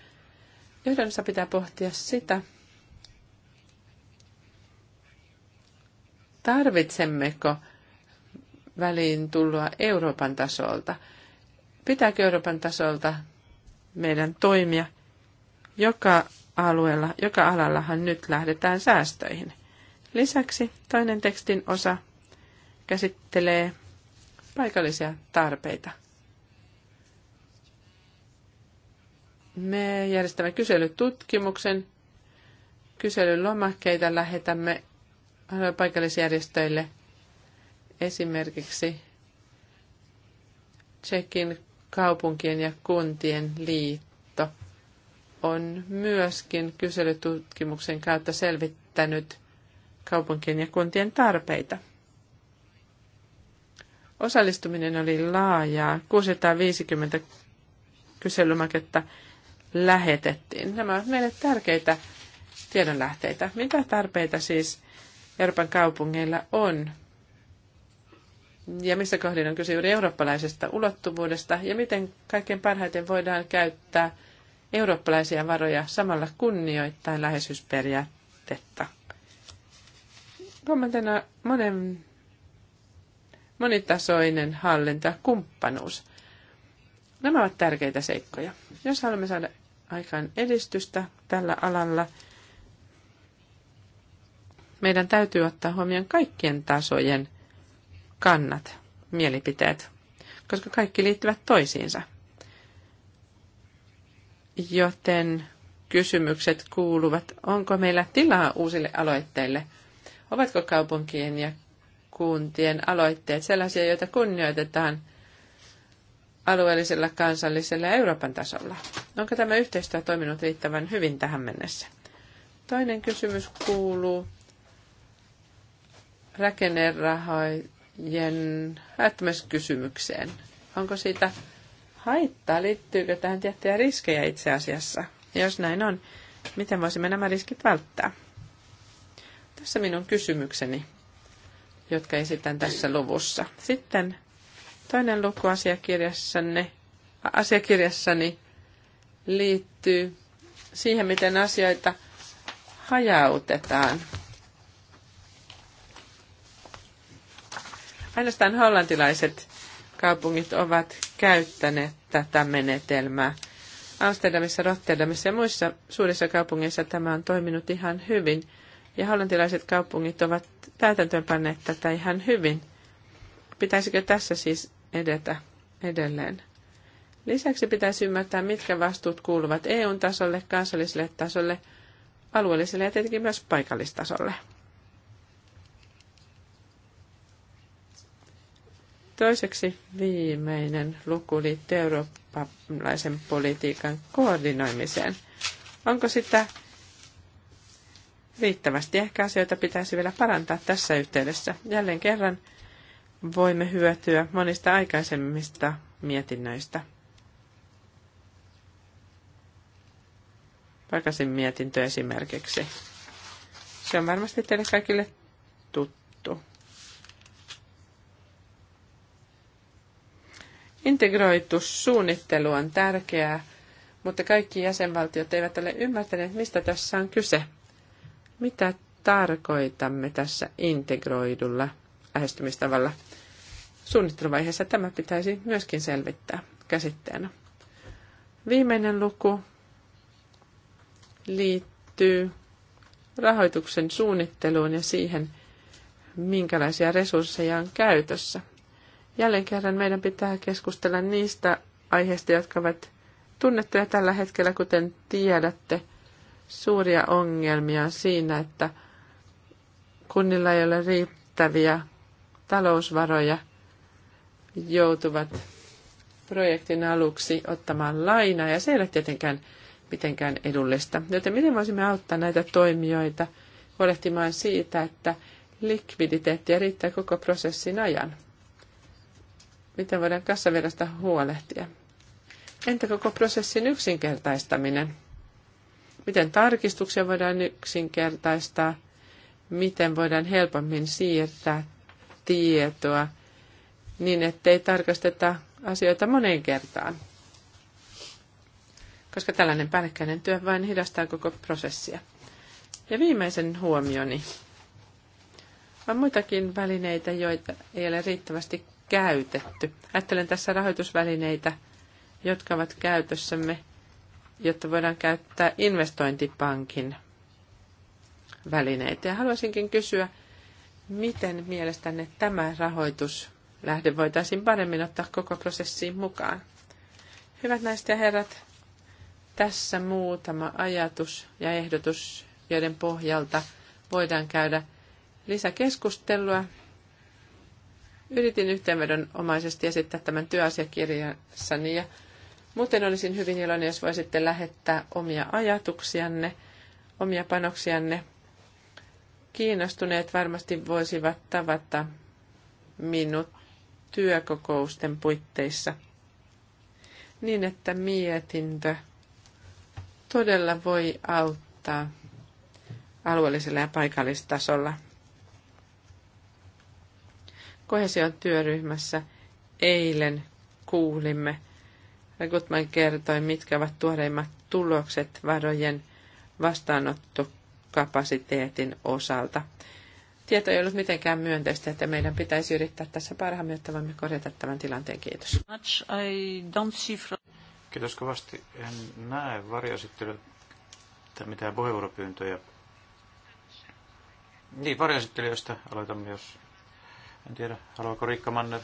Yhdessä pitää pohtia sitä, tarvitsemmeko väliin tulla Euroopan tasolta. Pitääkö Euroopan tasolta meidän toimia? Joka alueella, joka alallahan nyt lähdetään säästöihin – Lisäksi toinen tekstin osa käsittelee paikallisia tarpeita. Me järjestämme kyselytutkimuksen, kyselylomakkeita lähetämme paikallisjärjestöille esimerkiksi Tsekin kaupunkien ja kuntien liitto on myöskin kyselytutkimuksen kautta selvittänyt kaupunkien ja kuntien tarpeita. Osallistuminen oli laajaa. 650 kyselymaketta lähetettiin. Nämä ovat meille tärkeitä tiedonlähteitä. Mitä tarpeita siis Euroopan kaupungeilla on? Ja missä kohdin on kyse juuri eurooppalaisesta ulottuvuudesta? Ja miten kaikkein parhaiten voidaan käyttää eurooppalaisia varoja samalla kunnioittain läheisyysperiaatetta? Kolmantena monen, monitasoinen hallinta, kumppanuus. Nämä ovat tärkeitä seikkoja. Jos haluamme saada aikaan edistystä tällä alalla, meidän täytyy ottaa huomioon kaikkien tasojen kannat, mielipiteet, koska kaikki liittyvät toisiinsa. Joten kysymykset kuuluvat, onko meillä tilaa uusille aloitteille – Ovatko kaupunkien ja kuntien aloitteet sellaisia, joita kunnioitetaan alueellisella, kansallisella ja Euroopan tasolla? Onko tämä yhteistyö toiminut riittävän hyvin tähän mennessä? Toinen kysymys kuuluu rakennerahojen kysymykseen. Onko siitä haittaa? Liittyykö tähän tiettyjä riskejä itse asiassa? Jos näin on, miten voisimme nämä riskit välttää? Tässä minun kysymykseni, jotka esitän tässä luvussa. Sitten toinen luku asiakirjassanne, asiakirjassani liittyy siihen, miten asioita hajautetaan. Ainoastaan hollantilaiset kaupungit ovat käyttäneet tätä menetelmää. Amsterdamissa, Rotterdamissa ja muissa suurissa kaupungeissa tämä on toiminut ihan hyvin. Ja hollantilaiset kaupungit ovat täytäntöönpanneet tätä ihan hyvin. Pitäisikö tässä siis edetä edelleen? Lisäksi pitäisi ymmärtää, mitkä vastuut kuuluvat EU-tasolle, kansalliselle tasolle, alueelliselle ja tietenkin myös paikallistasolle. Toiseksi viimeinen luku liittyy eurooppalaisen politiikan koordinoimiseen. Onko sitä riittävästi. Ehkä asioita pitäisi vielä parantaa tässä yhteydessä. Jälleen kerran voimme hyötyä monista aikaisemmista mietinnöistä. Pakasin mietintö esimerkiksi. Se on varmasti teille kaikille tuttu. Integroitu suunnittelu on tärkeää, mutta kaikki jäsenvaltiot eivät ole ymmärtäneet, mistä tässä on kyse – mitä tarkoitamme tässä integroidulla lähestymistavalla. Suunnitteluvaiheessa tämä pitäisi myöskin selvittää käsitteenä. Viimeinen luku liittyy rahoituksen suunnitteluun ja siihen, minkälaisia resursseja on käytössä. Jälleen kerran meidän pitää keskustella niistä aiheista, jotka ovat tunnettuja tällä hetkellä, kuten tiedätte – suuria ongelmia siinä, että kunnilla ei ole riittäviä talousvaroja, joutuvat projektin aluksi ottamaan lainaa, ja se ei ole tietenkään mitenkään edullista. Joten miten voisimme auttaa näitä toimijoita huolehtimaan siitä, että likviditeettiä riittää koko prosessin ajan? Miten voidaan kassavirrasta huolehtia? Entä koko prosessin yksinkertaistaminen? miten tarkistuksia voidaan yksinkertaistaa, miten voidaan helpommin siirtää tietoa niin, ettei tarkasteta asioita moneen kertaan. Koska tällainen päällekkäinen työ vain hidastaa koko prosessia. Ja viimeisen huomioni on muitakin välineitä, joita ei ole riittävästi käytetty. Ajattelen tässä rahoitusvälineitä, jotka ovat käytössämme jotta voidaan käyttää investointipankin välineitä. Ja haluaisinkin kysyä, miten mielestänne tämä rahoituslähde voitaisiin paremmin ottaa koko prosessiin mukaan? Hyvät naiset ja herrat, tässä muutama ajatus ja ehdotus, joiden pohjalta voidaan käydä lisäkeskustelua. Yritin yhteenvedonomaisesti esittää tämän työasiakirjassani ja Muuten olisin hyvin iloinen, jos voisitte lähettää omia ajatuksianne, omia panoksianne. Kiinnostuneet varmasti voisivat tavata minut työkokousten puitteissa niin, että mietintö todella voi auttaa alueellisella ja paikallistasolla. Kohesion työryhmässä eilen kuulimme Gutman kertoi, mitkä ovat tuoreimmat tulokset varojen vastaanottokapasiteetin osalta. Tieto ei ollut mitenkään myönteistä, että meidän pitäisi yrittää tässä parhaamme, jotta voimme korjata tämän tilanteen. Kiitos. Kiitos kovasti. En näe varjoesittelyä tai mitään puheenvuoropyyntöjä. Niin, varjoesittelijöistä aloitamme, jos en tiedä, haluaako Riikka Manner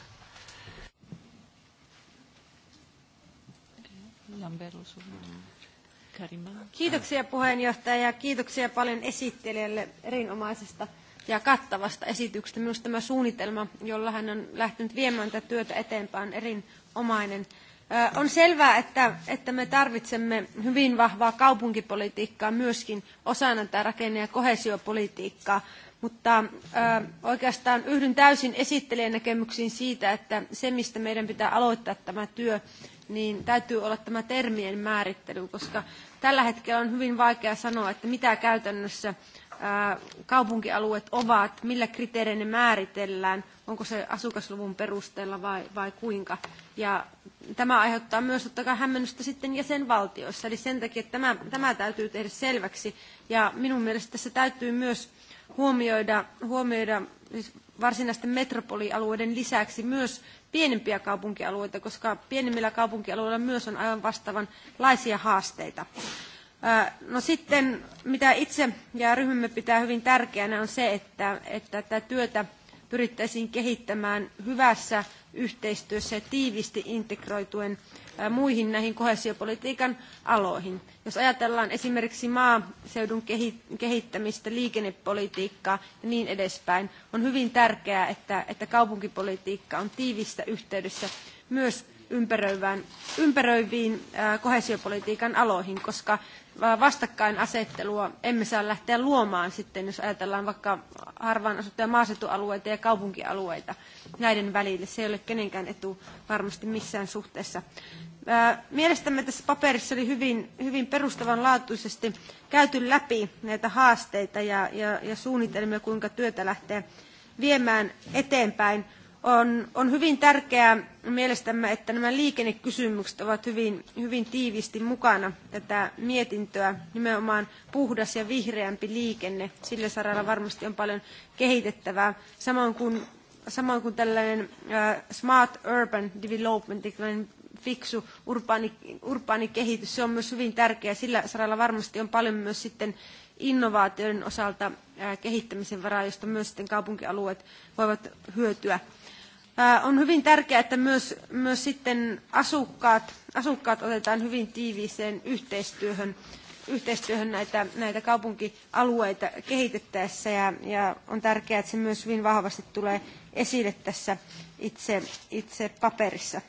Mm. Kiitoksia puheenjohtaja ja kiitoksia paljon esittelijälle erinomaisesta ja kattavasta esityksestä. Minusta tämä suunnitelma, jolla hän on lähtenyt viemään tätä työtä eteenpäin, on erinomainen. On selvää, että, että me tarvitsemme hyvin vahvaa kaupunkipolitiikkaa myöskin osana tätä rakenne- ja kohesiopolitiikkaa, mutta ö, oikeastaan yhdyn täysin esittelijän näkemyksiin siitä, että se, mistä meidän pitää aloittaa tämä työ, niin täytyy olla tämä termien määrittely, koska tällä hetkellä on hyvin vaikea sanoa, että mitä käytännössä kaupunkialueet ovat, millä kriteerein ne määritellään, onko se asukasluvun perusteella vai, vai kuinka. Ja tämä aiheuttaa myös totta kai hämmennystä sitten jäsenvaltioissa, eli sen takia että tämä, tämä täytyy tehdä selväksi. Ja minun mielestä tässä täytyy myös huomioida, huomioida siis varsinaisten metropolialueiden lisäksi myös pienempiä kaupunkialueita, koska pienemmillä kaupunkialueilla myös on aivan vastaavanlaisia haasteita. No sitten, mitä itse ja ryhmämme pitää hyvin tärkeänä, on se, että, että tätä työtä pyrittäisiin kehittämään hyvässä yhteistyössä ja tiiviisti integroituen muihin näihin kohesiopolitiikan aloihin. Jos ajatellaan esimerkiksi maaseudun kehittämistä, liikennepolitiikkaa ja niin edespäin, on hyvin tärkeää, että, että kaupunkipolitiikka on tiivistä yhteydessä myös ympäröiviin kohesiopolitiikan aloihin, koska vastakkainasettelua emme saa lähteä luomaan sitten, jos ajatellaan vaikka harvaan asuttuja maaseutualueita ja kaupunkialueita näiden välille. Se ei ole kenenkään etu varmasti missään suhteessa. Mielestämme tässä paperissa oli hyvin, hyvin perustavanlaatuisesti käyty läpi näitä haasteita ja, ja, ja suunnitelmia, kuinka työtä lähtee viemään eteenpäin. On, on hyvin tärkeää mielestämme, että nämä liikennekysymykset ovat hyvin, hyvin tiiviisti mukana tätä mietintöä, nimenomaan puhdas ja vihreämpi liikenne. Sillä saralla varmasti on paljon kehitettävää, samoin kuin, samoin kuin tällainen uh, smart urban development, tällainen fiksu urbaani, urbaani kehitys, se on myös hyvin tärkeää. Sillä saralla varmasti on paljon myös sitten innovaatioiden osalta kehittämisen varaa, josta myös sitten kaupunkialueet voivat hyötyä. On hyvin tärkeää, että myös, myös sitten asukkaat, asukkaat otetaan hyvin tiiviiseen yhteistyöhön, yhteistyöhön näitä, näitä kaupunkialueita kehitettäessä ja, ja on tärkeää, että se myös hyvin vahvasti tulee esille tässä itse, itse paperissa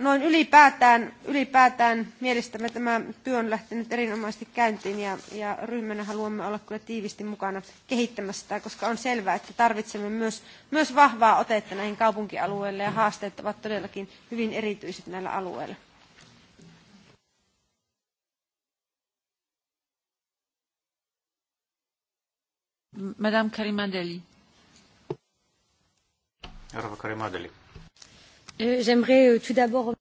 noin ylipäätään, ylipäätään mielestämme tämä työ on lähtenyt erinomaisesti käyntiin ja, ja ryhmänä haluamme olla kyllä tiivisti mukana kehittämässä sitä, koska on selvää, että tarvitsemme myös, myös vahvaa otetta näihin kaupunkialueille ja haasteet ovat todellakin hyvin erityiset näillä alueilla. Madame Karimadeli. Arvo Karimadeli. Euh,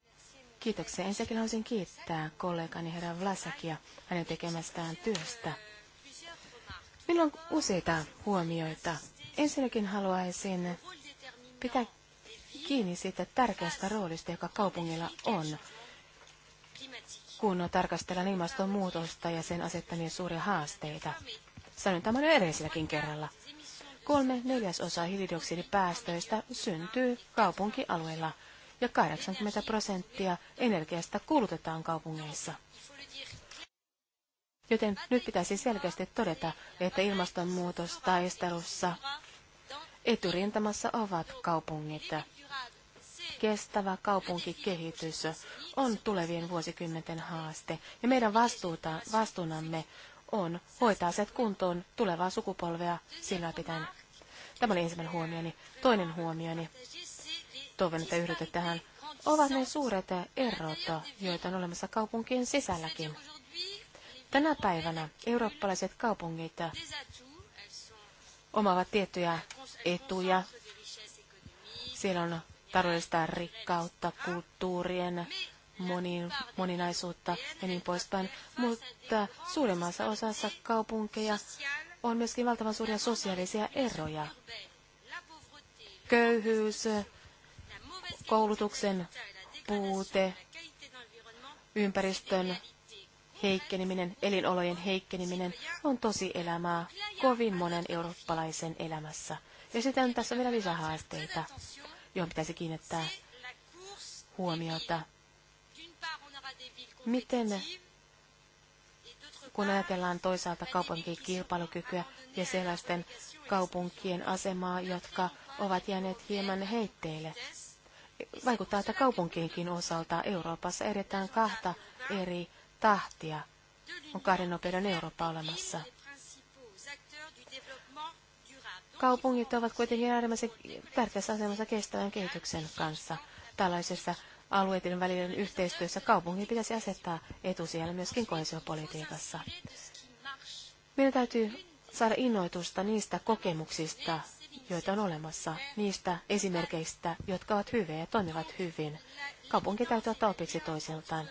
Kiitoksia. Ensinnäkin haluaisin kiittää kollegani herra Vlasakia hänen tekemästään työstä. Minulla on useita huomioita. Ensinnäkin haluaisin pitää kiinni siitä tärkeästä roolista, joka kaupungilla on, kun tarkastellaan ilmastonmuutosta ja sen asettamia suuria haasteita. Sanoin tämän jo edelliselläkin kerralla. Kolme neljäsosaa hiilidioksidipäästöistä syntyy kaupunkialueilla – ja 80 prosenttia energiasta kulutetaan kaupungeissa. Joten nyt pitäisi selkeästi todeta, että ilmastonmuutostaistelussa eturintamassa ovat kaupungit. Kestävä kaupunkikehitys on tulevien vuosikymmenten haaste, ja meidän vastuuta, vastuunamme on hoitaa se kuntoon tulevaa sukupolvea sillä pitäen. Tämä oli ensimmäinen huomioni. Toinen huomioni toivon, että yhdytte tähän, ovat ne suuret erot, joita on olemassa kaupunkien sisälläkin. Tänä päivänä eurooppalaiset kaupungit omaavat tiettyjä etuja. Siellä on taloudellista rikkautta, kulttuurien monin, moninaisuutta ja niin poispäin, mutta suurimmassa osassa kaupunkeja on myöskin valtavan suuria sosiaalisia eroja. Köyhyys, koulutuksen puute, ympäristön heikkeneminen, elinolojen heikkeneminen on tosi elämää kovin monen eurooppalaisen elämässä. Ja sitten on tässä vielä lisähaasteita, johon pitäisi kiinnittää huomiota. Miten, kun ajatellaan toisaalta kaupunkien kilpailukykyä ja sellaisten kaupunkien asemaa, jotka ovat jääneet hieman heitteille vaikuttaa, että kaupunkienkin osalta Euroopassa edetään kahta eri tahtia. On kahden nopeuden Eurooppa olemassa. Kaupungit ovat kuitenkin äärimmäisen tärkeässä asemassa kestävän kehityksen kanssa. Tällaisessa alueiden välinen yhteistyössä kaupungin pitäisi asettaa etusijalle myöskin koesiopolitiikassa. Meidän täytyy saada innoitusta niistä kokemuksista, joita on olemassa, niistä esimerkkeistä, jotka ovat hyviä ja toimivat hyvin. Kaupunki täytyy ottaa opiksi toisiltaan.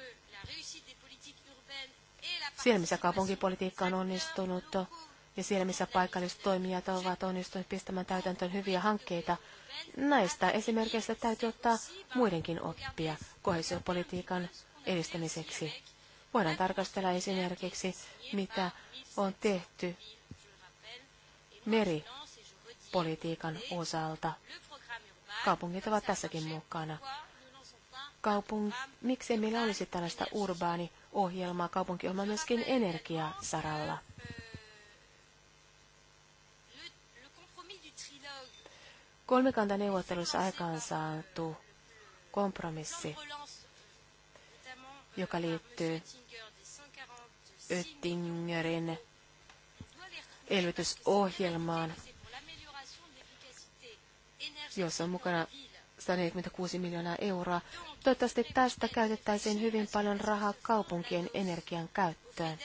Siellä, missä kaupunkipolitiikka on onnistunut ja siellä, missä paikalliset toimijat ovat onnistuneet pistämään täytäntöön hyviä hankkeita, näistä esimerkkeistä täytyy ottaa muidenkin oppia kohesiopolitiikan edistämiseksi. Voidaan tarkastella esimerkiksi, mitä on tehty meri politiikan osalta. Kaupungit ovat tässäkin mukana. Kaupung... Miksi meillä olisi tällaista urbaaniohjelmaa, kaupunkiohjelmaa myöskin energiasaralla? aikaan saatu kompromissi, joka liittyy Oettingerin elvytysohjelmaan jossa on mukana 146 miljoonaa euroa. Toivottavasti tästä käytettäisiin hyvin paljon rahaa kaupunkien energian käyttöön.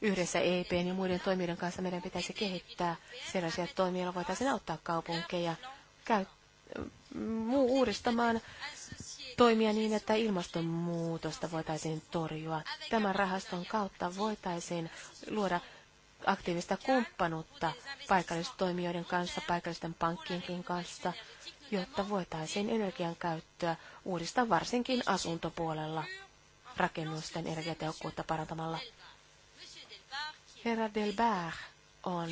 Yhdessä EIP ja muiden toimijoiden kanssa meidän pitäisi kehittää sellaisia toimia, joilla voitaisiin auttaa kaupunkeja käy, muu uudistamaan toimia niin, että ilmastonmuutosta voitaisiin torjua. Tämän rahaston kautta voitaisiin luoda aktiivista kumppanuutta paikallistoimijoiden kanssa, paikallisten pankkienkin kanssa, jotta voitaisiin energian käyttöä uudistaa varsinkin asuntopuolella rakennusten energiatehokkuutta parantamalla. Herra Delbert on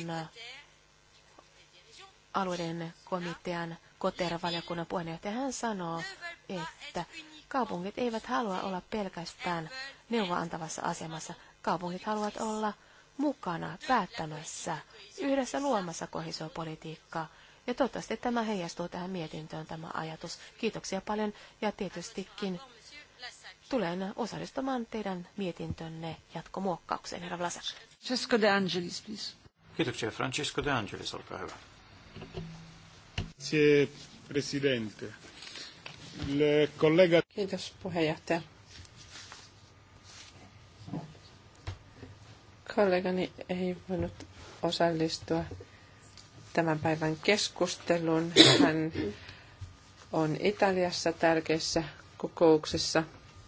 alueiden komitean koteravaliokunnan puheenjohtaja. Hän sanoo, että kaupungit eivät halua olla pelkästään neuvoa antavassa asemassa. Kaupungit haluavat olla mukana päättämässä, yhdessä luomassa kohisopolitiikkaa. Ja toivottavasti tämä heijastuu tähän mietintöön tämä ajatus. Kiitoksia paljon ja tietystikin tulen osallistumaan teidän mietintönne jatkomuokkaukseen, herra Vlasak. Francesco de Angelis, please. Kiitoksia. Francesco de Angelis, olkaa hyvä. Kiitos, presidente. Kiitos puheenjohtaja. Kollegani ei voinut osallistua tämän päivän keskusteluun. Hän on Italiassa tärkeissä kokouksissa.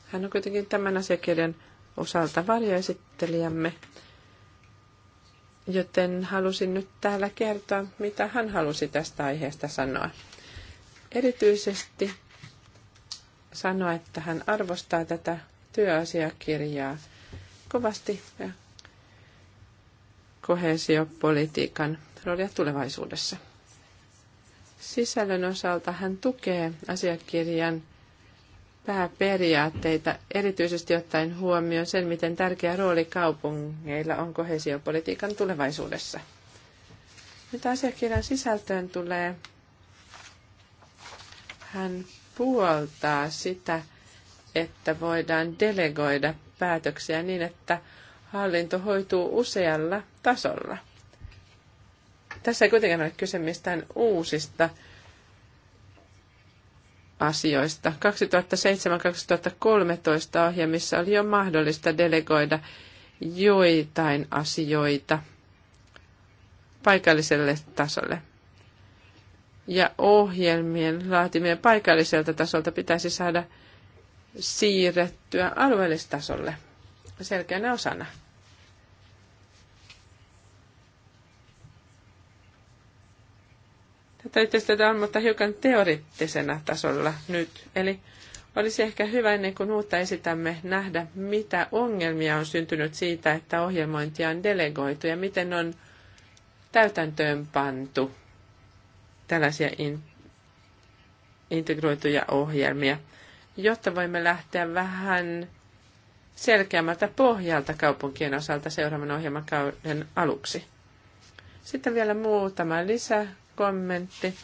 Hän on kuitenkin tämän asiakirjan osalta varjoesittelijämme, joten halusin nyt täällä kertoa, mitä hän halusi tästä aiheesta sanoa. Erityisesti sanoa, että hän arvostaa tätä työasiakirjaa kovasti ja Koheesiopolitiikan roolia tulevaisuudessa. Sisällön osalta hän tukee asiakirjan pääperiaatteita, erityisesti ottaen huomioon sen, miten tärkeä rooli kaupungeilla on kohesiopolitiikan tulevaisuudessa. Mitä asiakirjan sisältöön tulee, hän puoltaa sitä, että voidaan delegoida päätöksiä niin, että hallinto hoituu usealla tasolla. Tässä ei kuitenkaan ole kyse mistään uusista asioista. 2007-2013 ohjelmissa oli jo mahdollista delegoida joitain asioita paikalliselle tasolle. Ja ohjelmien laatiminen paikalliselta tasolta pitäisi saada siirrettyä alueellistasolle selkeänä osana. Tätä yhteistyötä on, mutta hiukan teoreettisena tasolla nyt. Eli olisi ehkä hyvä ennen kuin uutta esitämme nähdä, mitä ongelmia on syntynyt siitä, että ohjelmointia on delegoitu ja miten on täytäntöön pantu tällaisia in, integroituja ohjelmia, jotta voimme lähteä vähän selkeämmältä pohjalta kaupunkien osalta seuraavan ohjelmakauden aluksi. Sitten vielä muutama lisä kommentti,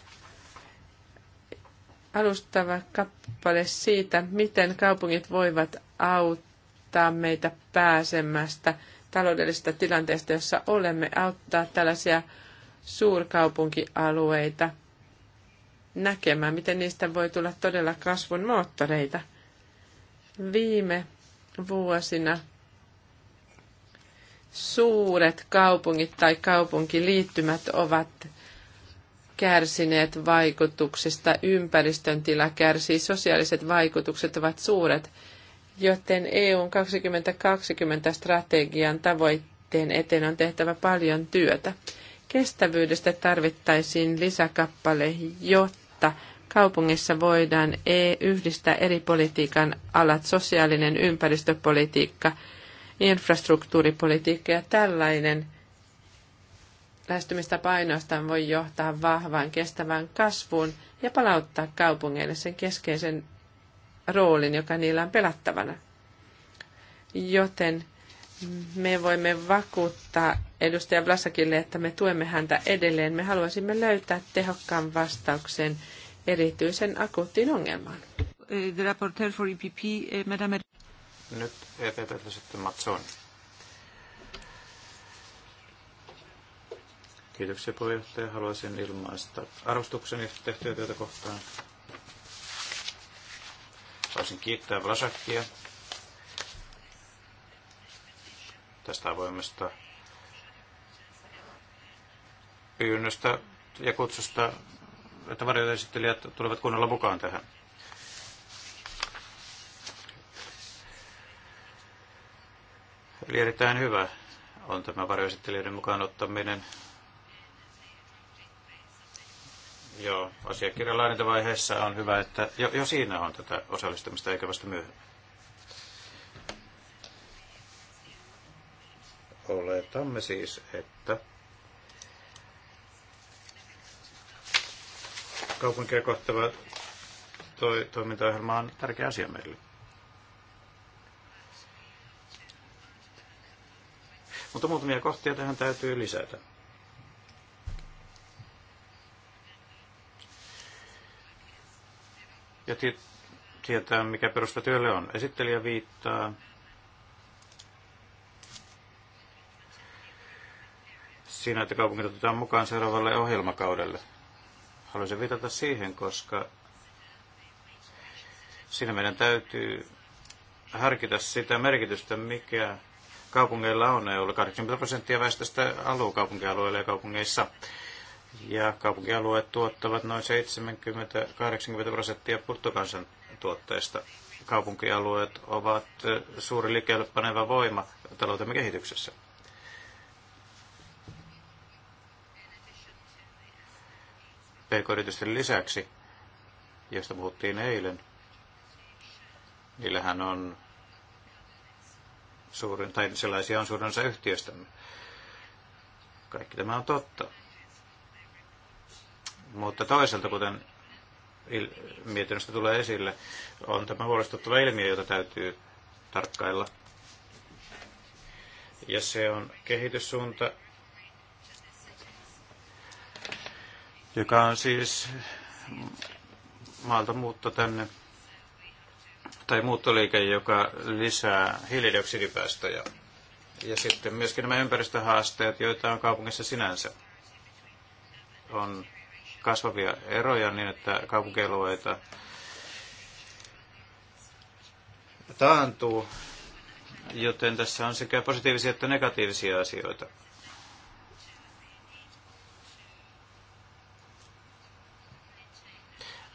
alustava kappale siitä, miten kaupungit voivat auttaa meitä pääsemästä taloudellisesta tilanteesta, jossa olemme, auttaa tällaisia suurkaupunkialueita näkemään, miten niistä voi tulla todella kasvun moottoreita. Viime vuosina suuret kaupungit tai kaupunkiliittymät ovat kärsineet vaikutuksista, ympäristön tila kärsii, sosiaaliset vaikutukset ovat suuret, joten EUn 2020-strategian tavoitteen eteen on tehtävä paljon työtä. Kestävyydestä tarvittaisiin lisäkappale, jotta kaupungissa voidaan e yhdistää eri politiikan alat, sosiaalinen ympäristöpolitiikka, infrastruktuuripolitiikka ja tällainen – lähestymistä painoistaan voi johtaa vahvaan kestävään kasvuun ja palauttaa kaupungeille sen keskeisen roolin, joka niillä on pelattavana. Joten me voimme vakuuttaa edustaja Vlasakille, että me tuemme häntä edelleen. Me haluaisimme löytää tehokkaan vastauksen erityisen akuuttiin ongelmaan. Eh, the rapporteur for EPP, eh, Madame... Nyt EPP sitten Kiitoksia puheenjohtaja. Haluaisin ilmaista arvostukseni tehtyä työtä kohtaan. Haluaisin kiittää Vlasakia tästä avoimesta pyynnöstä ja kutsusta, että varjoesittelijät tulevat kunnolla mukaan tähän. Eli erittäin hyvä on tämä varjoesittelijöiden mukaan ottaminen Joo, asiakirjan laadintavaiheessa on hyvä, että jo, jo siinä on tätä osallistumista eikä vasta myöhemmin. Oletamme siis, että kaupunkia kohtava toi, toimintaohjelma on tärkeä asia meille. Mutta muutamia kohtia tähän täytyy lisätä. ja tietää, mikä perusta työlle on. Esittelijä viittaa siinä, että kaupungit otetaan mukaan seuraavalle ohjelmakaudelle. Haluaisin viitata siihen, koska siinä meidän täytyy harkita sitä merkitystä, mikä kaupungeilla on ollut 80 prosenttia väestöstä aluu kaupunkialueilla ja kaupungeissa ja kaupunkialueet tuottavat noin 70-80 prosenttia bruttokansantuotteesta. Kaupunkialueet ovat suuri liikkeelle paneva voima taloutemme kehityksessä. PK-yritysten lisäksi, josta puhuttiin eilen, niillähän on suurin, tai sellaisia on suurin osa yhtiöstämme. Kaikki tämä on totta. Mutta toisaalta, kuten mietinnöstä tulee esille, on tämä huolestuttava ilmiö, jota täytyy tarkkailla. Ja se on kehityssuunta, joka on siis maalta muutto tänne, tai muuttoliike, joka lisää hiilidioksidipäästöjä. Ja sitten myöskin nämä ympäristöhaasteet, joita on kaupungissa sinänsä, on kasvavia eroja niin, että kaupunkialueita taantuu, joten tässä on sekä positiivisia että negatiivisia asioita.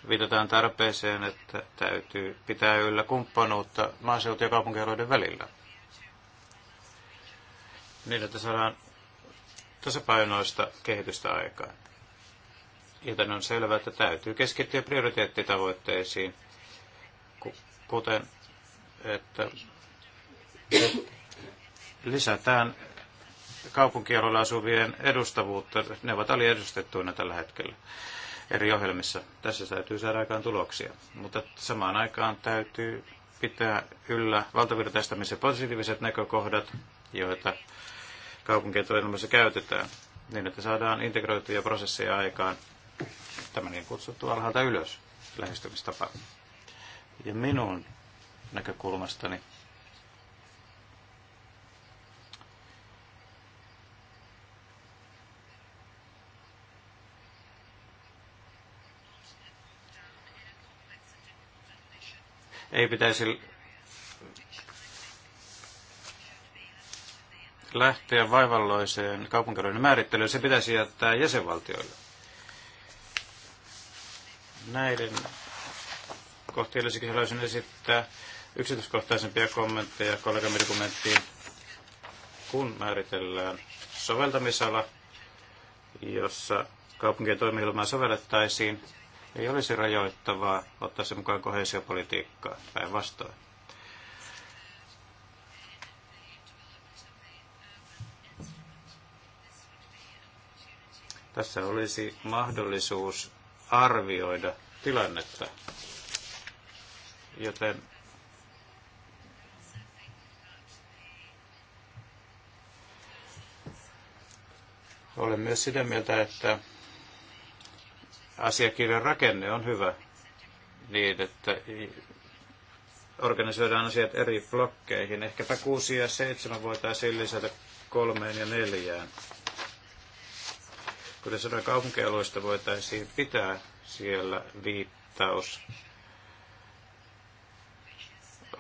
Viitataan tarpeeseen, että täytyy pitää yllä kumppanuutta maaseutu- ja kaupunkialueiden välillä. Niin, että saadaan tasapainoista kehitystä aikaan joten on selvää, että täytyy keskittyä prioriteettitavoitteisiin, kuten että lisätään kaupunkialueella asuvien edustavuutta. Ne ovat aliedustettuina tällä hetkellä eri ohjelmissa. Tässä täytyy saada aikaan tuloksia, mutta samaan aikaan täytyy pitää yllä valtavirtaistamisen positiiviset näkökohdat, joita kaupunkien toimimassa käytetään, niin että saadaan integroituja prosesseja aikaan tämä niin kutsuttu alhaalta ylös lähestymistapa. Ja minun näkökulmastani ei pitäisi lähteä vaivalloiseen kaupunkialueiden määrittelyyn. Se pitäisi jättää jäsenvaltioille. Näiden kohti olisikin haluaisin esittää yksityiskohtaisempia kommentteja kollegamme dokumenttiin, kun määritellään soveltamisala, jossa kaupunkien toimihilmaa sovellettaisiin, ei olisi rajoittavaa ottaa se mukaan kohesiopolitiikkaa päinvastoin. Tässä olisi mahdollisuus arvioida tilannetta. Joten olen myös sitä mieltä, että asiakirjan rakenne on hyvä niin, että organisoidaan asiat eri blokkeihin. Ehkäpä kuusi ja seitsemän voitaisiin lisätä kolmeen ja neljään. Kuten sanoin, kaupunkialueista voitaisiin pitää siellä viittaus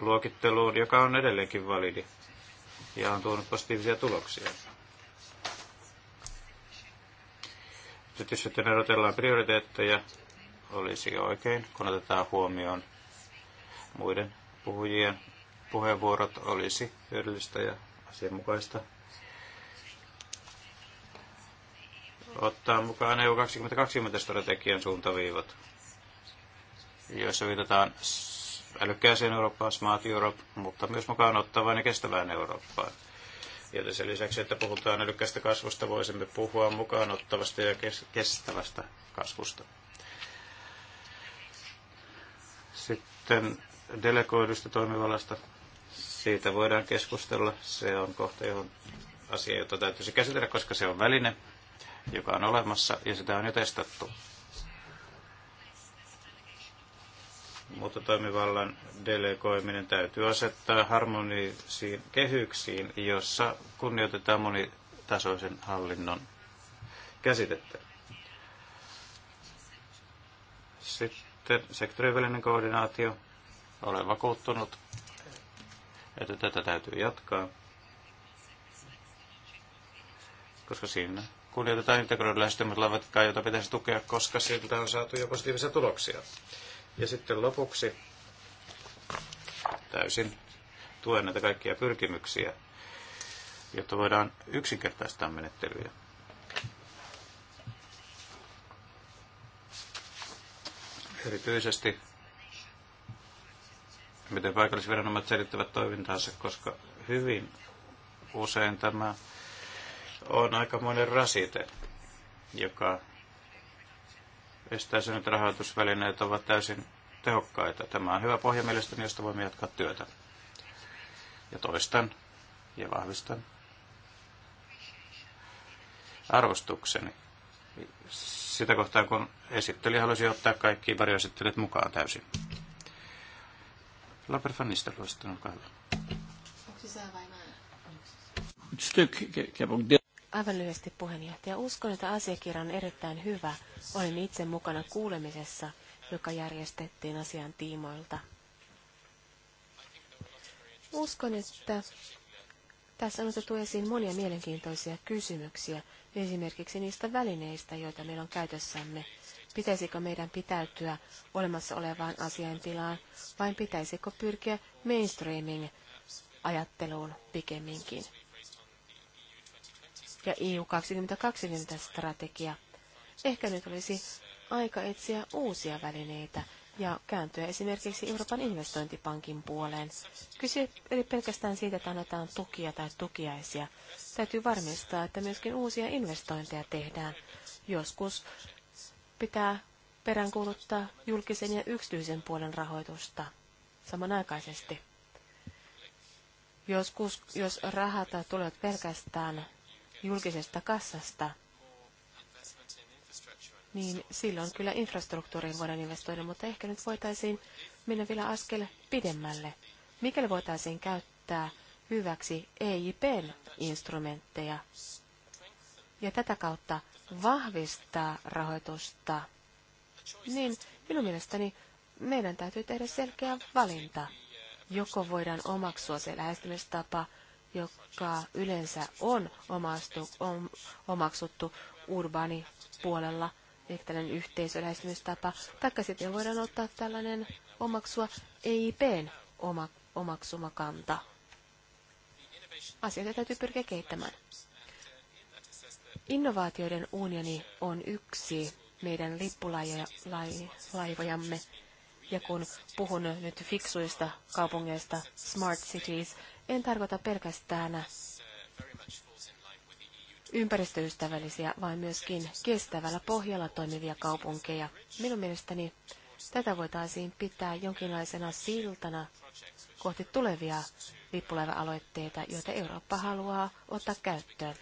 luokitteluun, joka on edelleenkin validi ja on tuonut positiivisia tuloksia. Nyt jos sitten erotellaan prioriteetteja, olisi oikein, kun otetaan huomioon muiden puhujien puheenvuorot, olisi hyödyllistä ja asianmukaista. ottaa mukaan EU 2020 strategian suuntaviivat, joissa viitataan älykkääseen Eurooppaan, Smart Europe, mutta myös mukaan ottavaan ja kestävään Eurooppaan. Joten sen lisäksi, että puhutaan älykkäästä kasvusta, voisimme puhua mukaan ottavasta ja kestävästä kasvusta. Sitten delegoidusta toimivallasta. Siitä voidaan keskustella. Se on kohta, johon asia, jota täytyisi käsitellä, koska se on väline, joka on olemassa ja sitä on jo testattu. Mutta toimivallan delegoiminen täytyy asettaa harmonisiin kehyksiin, jossa kunnioitetaan monitasoisen hallinnon käsitettä. Sitten sektorivälinen koordinaatio. Olen vakuuttunut, että tätä täytyy jatkaa, koska siinä kuljetetaan integroidun lähestymislavakkaa, jota pitäisi tukea, koska siltä on saatu jo positiivisia tuloksia. Ja sitten lopuksi täysin tuen näitä kaikkia pyrkimyksiä, jotta voidaan yksinkertaistaa menettelyjä. Erityisesti miten paikallisviranomaiset selittävät toimintaansa, koska hyvin usein tämä on aikamoinen rasite, joka estää sen, että rahoitusvälineet ovat täysin tehokkaita. Tämä on hyvä pohja mielestäni, josta voimme jatkaa työtä. Ja toistan ja vahvistan arvostukseni sitä kohtaa, kun esitteli halusi ottaa kaikki varjoesittelijät mukaan täysin. Laper van Nistelrooy, olkaa hyvä. Stuk, ik heb kevon Aivan lyhyesti puheenjohtaja. Uskon, että asiakirja on erittäin hyvä. Olin itse mukana kuulemisessa, joka järjestettiin asian tiimoilta. Uskon, että tässä on otettu esiin monia mielenkiintoisia kysymyksiä, esimerkiksi niistä välineistä, joita meillä on käytössämme. Pitäisikö meidän pitäytyä olemassa olevaan asiantilaan, vai pitäisikö pyrkiä mainstreaming-ajatteluun pikemminkin? ja EU 2020 strategia. Ehkä nyt olisi aika etsiä uusia välineitä ja kääntyä esimerkiksi Euroopan investointipankin puoleen. Kyse ei pelkästään siitä, että annetaan tukia tai tukiaisia. Täytyy varmistaa, että myöskin uusia investointeja tehdään. Joskus pitää peräänkuuluttaa julkisen ja yksityisen puolen rahoitusta samanaikaisesti. Joskus, jos rahat tulevat pelkästään julkisesta kassasta, niin silloin kyllä infrastruktuuriin voidaan investoida, mutta ehkä nyt voitaisiin mennä vielä askel pidemmälle. Mikäli voitaisiin käyttää hyväksi EIPn instrumentteja ja tätä kautta vahvistaa rahoitusta, niin minun mielestäni meidän täytyy tehdä selkeä valinta. Joko voidaan omaksua se lähestymistapa, joka yleensä on omastu, on, omaksuttu urbaanipuolella, eli tällainen yhteisöläistymistapa, taikka sitten voidaan ottaa tällainen omaksua EIPn oma, omaksuma Asioita täytyy pyrkiä kehittämään. Innovaatioiden unioni on yksi meidän lippulaivojamme. Ja kun puhun nyt fiksuista kaupungeista, smart cities, en tarkoita pelkästään ympäristöystävällisiä, vaan myöskin kestävällä pohjalla toimivia kaupunkeja. Minun mielestäni tätä voitaisiin pitää jonkinlaisena siltana kohti tulevia lippulaiva-aloitteita, joita Eurooppa haluaa ottaa käyttöön.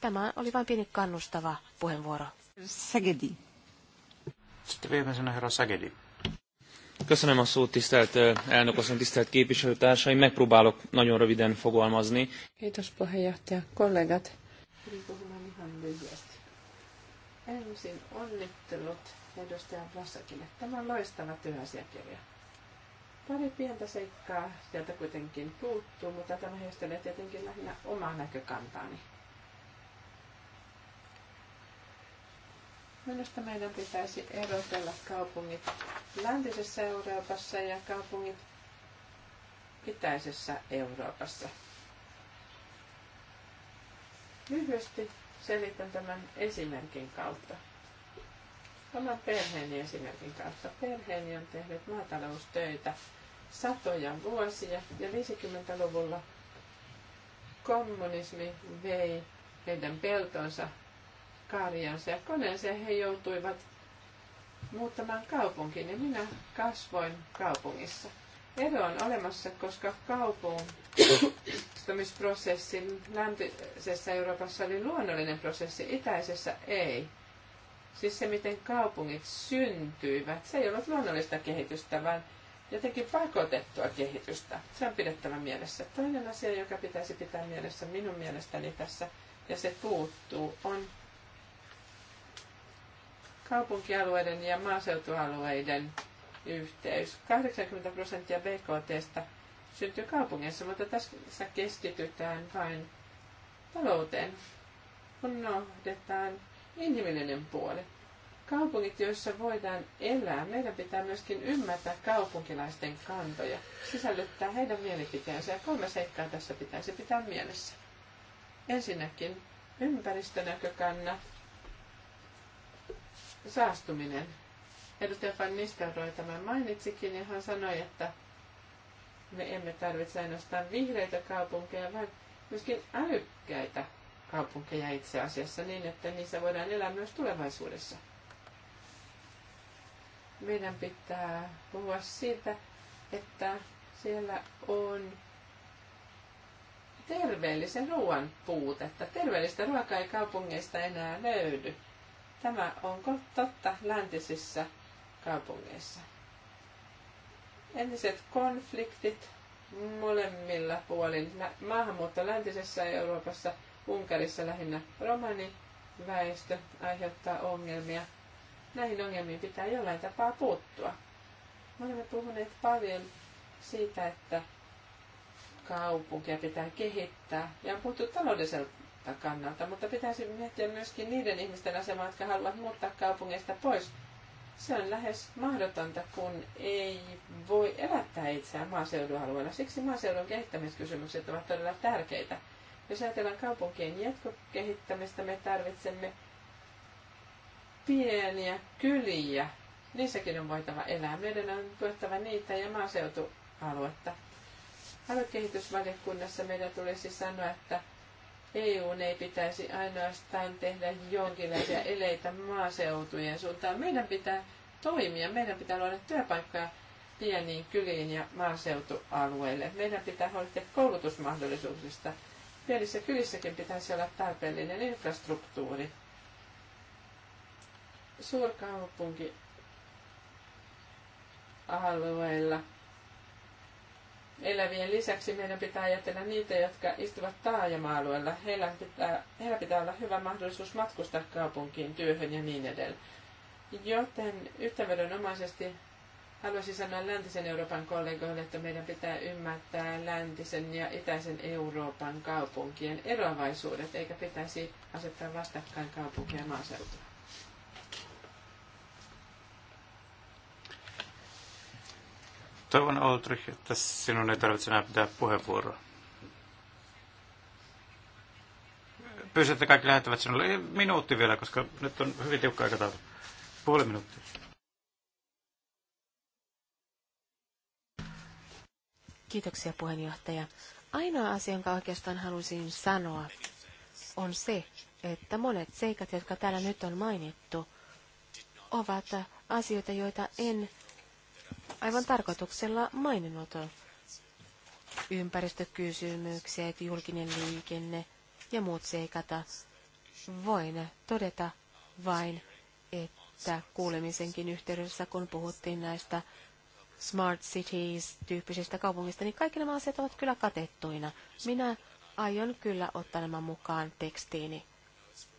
Tämä oli vain pieni kannustava puheenvuoro. Sagedi. Sitten viimeisenä herra Sagedi. Köszönöm a szót, tisztelt elnök asszony, tisztelt képviselőtársaim. Megpróbálok nagyon röviden fogalmazni. Kiitos puheenjohtaja. Kollegat, puhumaan ihan lyhyesti. Ensin onnittelut edustaja Vlasakille. Tämä on loistava työasiakirja. Pari pientä seikkaa sieltä kuitenkin puuttuu, mutta tämä heistelee tietenkin lähinnä omaa näkökantaani. Minusta meidän pitäisi erotella kaupungit läntisessä Euroopassa ja kaupungit itäisessä Euroopassa. Lyhyesti selitän tämän esimerkin kautta. Oman perheeni esimerkin kautta. Perheeni on tehnyt maataloustöitä satoja vuosia ja 50-luvulla kommunismi vei heidän peltonsa karjansa ja koneensa ja he joutuivat muuttamaan kaupunkiin ja niin minä kasvoin kaupungissa. Ero on olemassa, koska kaupungistumisprosessin läntisessä Euroopassa oli luonnollinen prosessi, itäisessä ei. Siis se, miten kaupungit syntyivät, se ei ollut luonnollista kehitystä, vaan jotenkin pakotettua kehitystä. Se on pidettävä mielessä. Toinen asia, joka pitäisi pitää mielessä minun mielestäni tässä, ja se puuttuu, on kaupunkialueiden ja maaseutualueiden yhteys. 80 prosenttia BKTstä syntyy kaupungeissa, mutta tässä keskitytään vain talouteen. Unohdetaan inhimillinen puoli. Kaupungit, joissa voidaan elää, meidän pitää myöskin ymmärtää kaupunkilaisten kantoja, sisällyttää heidän mielipiteensä ja kolme seikkaa tässä pitäisi pitää mielessä. Ensinnäkin ympäristönäkökannat, saastuminen. Edustaja Van Nistelrooy tämän mainitsikin ja hän sanoi, että me emme tarvitse ainoastaan vihreitä kaupunkeja, vaan myöskin älykkäitä kaupunkeja itse asiassa niin, että niissä voidaan elää myös tulevaisuudessa. Meidän pitää puhua siitä, että siellä on terveellisen ruoan puutetta. Terveellistä ruokaa ei kaupungeista enää löydy. Tämä onko totta läntisissä kaupungeissa? Entiset konfliktit molemmilla puolin. Maahanmuutto läntisessä Euroopassa, Unkarissa lähinnä romani väestö aiheuttaa ongelmia. Näihin ongelmiin pitää jollain tapaa puuttua. Me olemme puhuneet paljon siitä, että kaupunkia pitää kehittää ja on puhuttu kannalta, mutta pitäisi miettiä myöskin niiden ihmisten asemaa, jotka haluavat muuttaa kaupungeista pois. Se on lähes mahdotonta, kun ei voi elättää itseään maaseudualueella. Siksi maaseudun kehittämiskysymykset ovat todella tärkeitä. Jos ajatellaan kaupunkien jatkokehittämistä, me tarvitsemme pieniä kyliä. Niissäkin on voitava elää. Meidän on tuettava niitä ja maaseutualuetta. Aluekehitysvaliokunnassa meidän tulisi sanoa, että EU ei pitäisi ainoastaan tehdä jonkinlaisia eleitä maaseutujen suuntaan. Meidän pitää toimia, meidän pitää luoda työpaikkoja pieniin kyliin ja maaseutualueille. Meidän pitää huolehtia koulutusmahdollisuuksista. Pienissä kylissäkin pitäisi olla tarpeellinen infrastruktuuri. Suurkaupunkialueilla elävien lisäksi meidän pitää ajatella niitä, jotka istuvat taajama-alueella. Heillä pitää, heillä pitää olla hyvä mahdollisuus matkustaa kaupunkiin, työhön ja niin edelleen. Joten yhtävedonomaisesti haluaisin sanoa läntisen Euroopan kollegoille, että meidän pitää ymmärtää läntisen ja itäisen Euroopan kaupunkien eroavaisuudet, eikä pitäisi asettaa vastakkain kaupunkia maaseutua. Toivon, Oltrich, että sinun ei tarvitse enää pitää puheenvuoroa. Pyysin, että kaikki lähettävät sinulle minuutti vielä, koska nyt on hyvin tiukka aikataulu. Puoli minuuttia. Kiitoksia puheenjohtaja. Ainoa asia, jonka oikeastaan haluaisin sanoa, on se, että monet seikat, jotka täällä nyt on mainittu, ovat asioita, joita en aivan tarkoituksella maininnut ympäristökysymykset, julkinen liikenne ja muut seikat. Voin todeta vain, että kuulemisenkin yhteydessä, kun puhuttiin näistä smart cities-tyyppisistä kaupungista, niin kaikki nämä asiat ovat kyllä katettuina. Minä aion kyllä ottaa nämä mukaan tekstiini.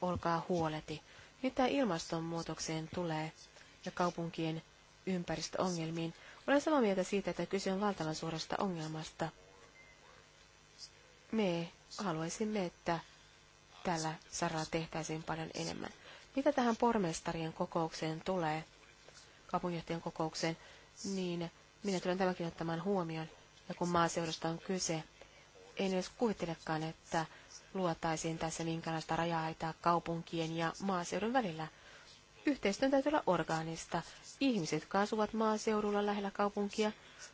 Olkaa huoleti. Mitä ilmastonmuutokseen tulee ja kaupunkien ympäristöongelmiin, olen samaa mieltä siitä, että kyse on valtavan suuresta ongelmasta. Me haluaisimme, että tällä saralla tehtäisiin paljon enemmän. Mitä tähän pormestarien kokoukseen tulee, kaupunginjohtajan kokoukseen, niin minä tulen tämänkin ottamaan huomioon. Ja kun maaseudusta on kyse, en edes kuvittelekaan, että luotaisiin tässä minkälaista rajaa kaupunkien ja maaseudun välillä – Yhteistyön täytyy olla orgaanista. Ihmiset, jotka asuvat maaseudulla lähellä kaupunkia,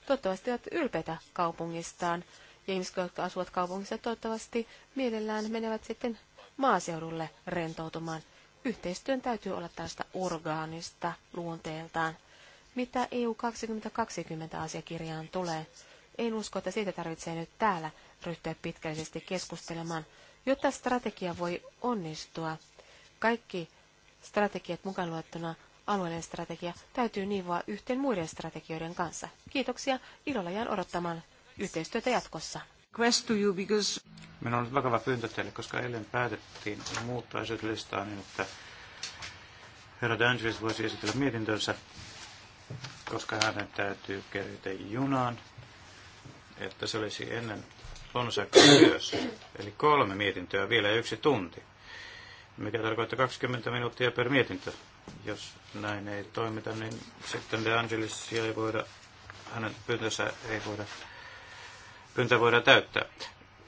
toivottavasti ovat ylpeitä kaupungistaan. Ja ihmiset, jotka asuvat kaupungissa, toivottavasti mielellään menevät sitten maaseudulle rentoutumaan. Yhteistyön täytyy olla tästä orgaanista luonteeltaan. Mitä EU 2020 asiakirjaan tulee? En usko, että siitä tarvitsee nyt täällä ryhtyä pitkällisesti keskustelemaan. Jotta strategia voi onnistua, kaikki strategiat mukaan luettuna alueellinen strategia täytyy niivoa yhteen muiden strategioiden kanssa. Kiitoksia. Ilolla jään odottamaan yhteistyötä jatkossa. Minulla on nyt vakava pyyntö teille, koska eilen päätettiin muuttaa esityslistaa niin, että herra D'Angelis voisi esitellä mietintönsä, koska hänen täytyy kerätä junaan, että se olisi ennen Fonseca myös. Eli kolme mietintöä vielä yksi tunti mikä tarkoittaa 20 minuuttia per mietintö. Jos näin ei toimita, niin sitten De Angelisia ei voida, hänen pyyntönsä ei voida, pyyntö voida täyttää.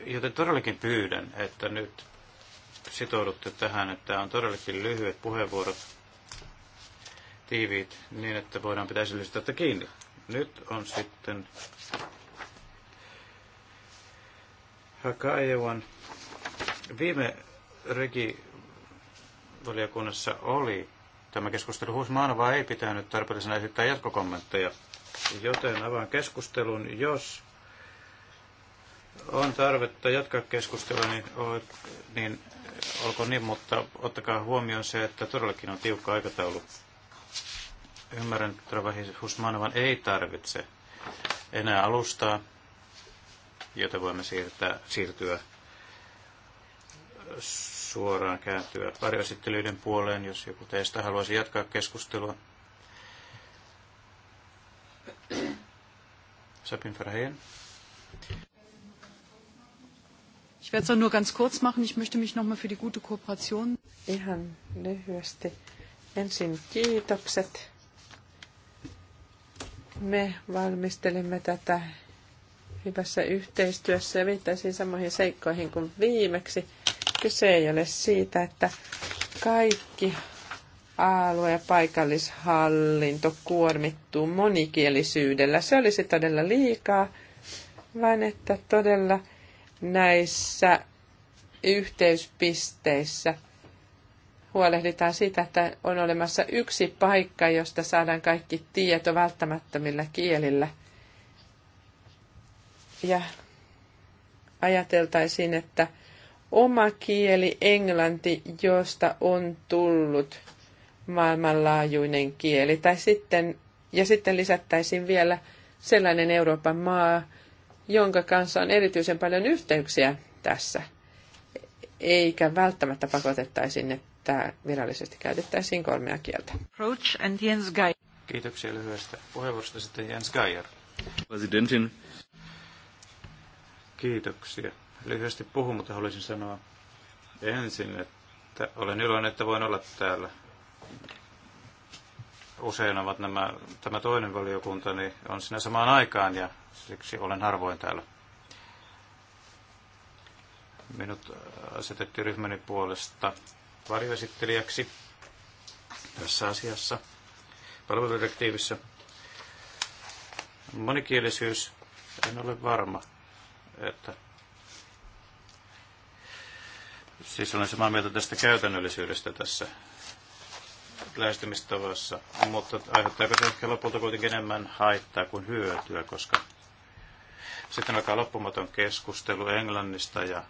Joten todellakin pyydän, että nyt sitoudutte tähän, että on todellakin lyhyet puheenvuorot, tiiviit, niin että voidaan pitää sillä kiinni. Nyt on sitten Hakaevan viime regi valiokunnassa oli tämä keskustelu. vaan ei pitänyt tarpeellisena esittää jatkokommentteja, joten avaan keskustelun. Jos on tarvetta jatkaa keskustelua, niin, niin olkoon niin, mutta ottakaa huomioon se, että todellakin on tiukka aikataulu. Ymmärrän, että Travahi Husmanovan ei tarvitse enää alustaa, jota voimme siirtää, siirtyä suoraan kääntyä varjoesittelyiden puoleen, jos joku teistä haluaisi jatkaa keskustelua. Sabin Verheyen. Ich werde es nur ganz kurz machen. Ich möchte mich nochmal für die gute Kooperation. Ihan lyhyesti. Ensin kiitokset. Me valmistelimme tätä hyvässä yhteistyössä ja viittaisiin samoihin seikkoihin kuin viimeksi – Kyse ei ole siitä, että kaikki alue- ja paikallishallinto kuormittuu monikielisyydellä. Se olisi todella liikaa, vaan että todella näissä yhteyspisteissä huolehditaan siitä, että on olemassa yksi paikka, josta saadaan kaikki tieto välttämättömillä kielillä. Ja ajateltaisiin, että – oma kieli englanti, josta on tullut maailmanlaajuinen kieli. Tai sitten, ja sitten lisättäisiin vielä sellainen Euroopan maa, jonka kanssa on erityisen paljon yhteyksiä tässä, eikä välttämättä pakotettaisiin, että virallisesti käytettäisiin kolmea kieltä. Kiitoksia lyhyestä puheenvuorosta sitten Jens Geier. Presidentin. Kiitoksia lyhyesti puhu, mutta haluaisin sanoa ensin, että olen iloinen, että voin olla täällä. Usein ovat nämä, tämä toinen valiokunta niin on siinä samaan aikaan ja siksi olen harvoin täällä. Minut asetettiin ryhmäni puolesta varjoesittelijäksi tässä asiassa palveludirektiivissä. Monikielisyys, en ole varma, että Siis olen samaa mieltä tästä käytännöllisyydestä tässä lähestymistavassa, mutta aiheuttaako se ehkä lopulta kuitenkin enemmän haittaa kuin hyötyä, koska sitten alkaa loppumaton keskustelu englannista ja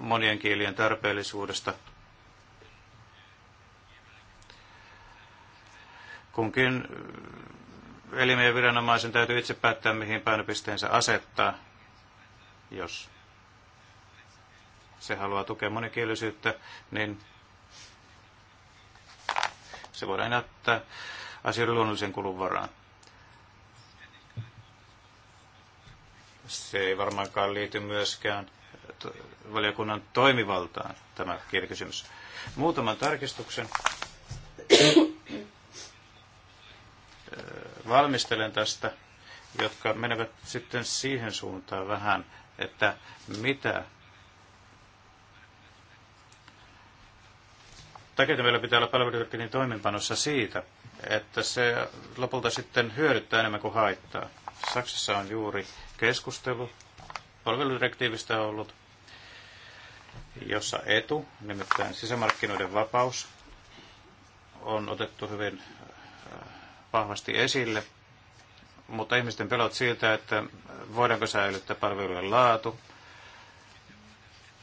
monien kielien tarpeellisuudesta. Kunkin elimien viranomaisen täytyy itse päättää, mihin painopisteensä asettaa, jos se haluaa tukea monikielisyyttä, niin se voidaan jättää asioiden luonnollisen kulun varaan. Se ei varmaankaan liity myöskään valiokunnan toimivaltaan, tämä kielikysymys. Muutaman tarkistuksen valmistelen tästä, jotka menevät sitten siihen suuntaan vähän, että mitä takia meillä pitää olla palveludirektiivin toimenpanossa siitä, että se lopulta sitten hyödyttää enemmän kuin haittaa. Saksassa on juuri keskustelu palveludirektiivistä ollut, jossa etu, nimittäin sisämarkkinoiden vapaus, on otettu hyvin äh, vahvasti esille, mutta ihmisten pelot siitä, että voidaanko säilyttää palvelujen laatu,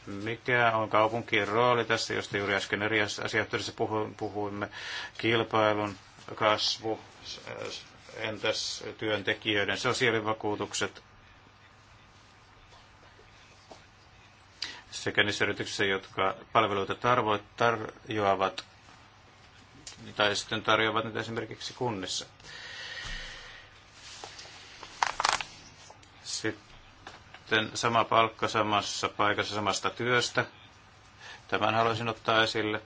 mikä on kaupunkien rooli tässä, josta juuri äsken eri asiayhteydessä puhuimme, kilpailun kasvu, entäs työntekijöiden sosiaalivakuutukset sekä niissä yrityksissä, jotka palveluita tarjoavat tai sitten tarjoavat niitä esimerkiksi kunnissa. Sitten sitten sama palkka samassa paikassa samasta työstä. Tämän haluaisin ottaa esille.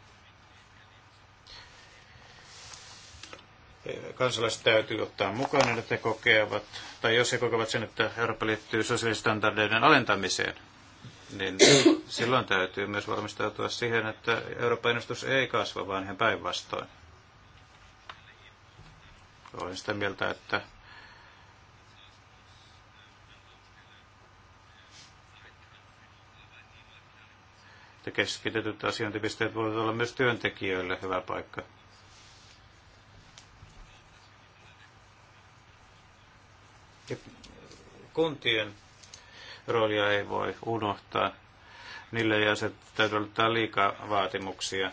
kansalaiset täytyy ottaa mukaan, niin että he kokevat, tai jos he kokevat sen, että Eurooppa liittyy sosiaalistandardeiden alentamiseen, niin silloin täytyy myös valmistautua siihen, että Euroopan ennustus ei kasva, vaan ihan päinvastoin. Olen sitä mieltä, että että keskitetyt asiointipisteet voivat olla myös työntekijöille hyvä paikka. Ja kuntien roolia ei voi unohtaa. Niille ei täytyy olla liikaa vaatimuksia.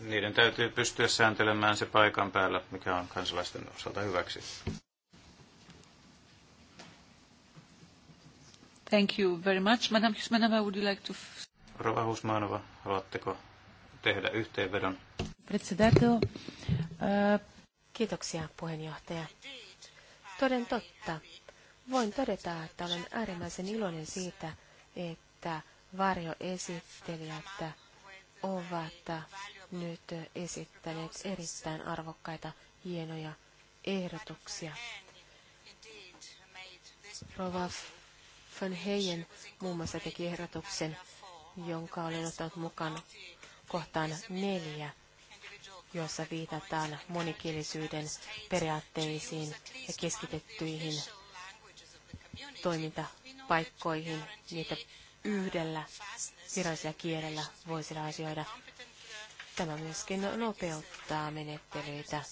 Niiden täytyy pystyä sääntelemään se paikan päällä, mikä on kansalaisten osalta hyväksi. Thank you very much. Madam Husmanova, would you like to Rova Husmanova, haluatteko tehdä yhteenvedon? Kiitoksia puheenjohtaja. Toden totta. Voin todeta, että olen äärimmäisen iloinen siitä, että varjoesittelijät ovat nyt esittäneet erittäin arvokkaita, hienoja ehdotuksia. Rova van Heijen muun muassa teki ehdotuksen jonka olen ottanut mukaan kohtaan neljä, jossa viitataan monikielisyyden periaatteisiin ja keskitettyihin toimintapaikkoihin, niitä yhdellä virallisella kielellä voisi asioida. Tämä myöskin nopeuttaa menettelyitä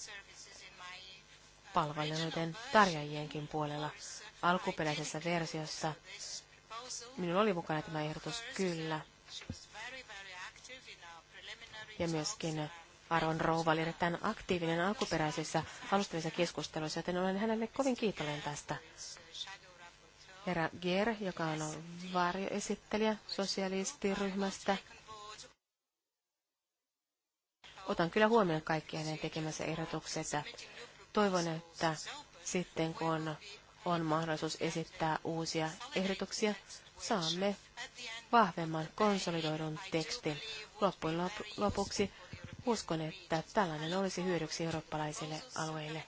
palveluiden tarjoajienkin puolella. Alkuperäisessä versiossa minulla oli mukana tämä ehdotus kyllä, ja myöskin Aron Rouva oli erittäin aktiivinen alkuperäisissä alustavissa keskusteluissa, joten olen hänelle kovin kiitollinen tästä. Herra Ger, joka on varjoesittelijä sosialistiryhmästä. Otan kyllä huomioon kaikki hänen tekemänsä ehdotukset. Toivon, että sitten kun on mahdollisuus esittää uusia ehdotuksia, saamme vahvemman konsolidoidun tekstin. Loppujen lopuksi uskon, että tällainen olisi hyödyksi eurooppalaisille alueille.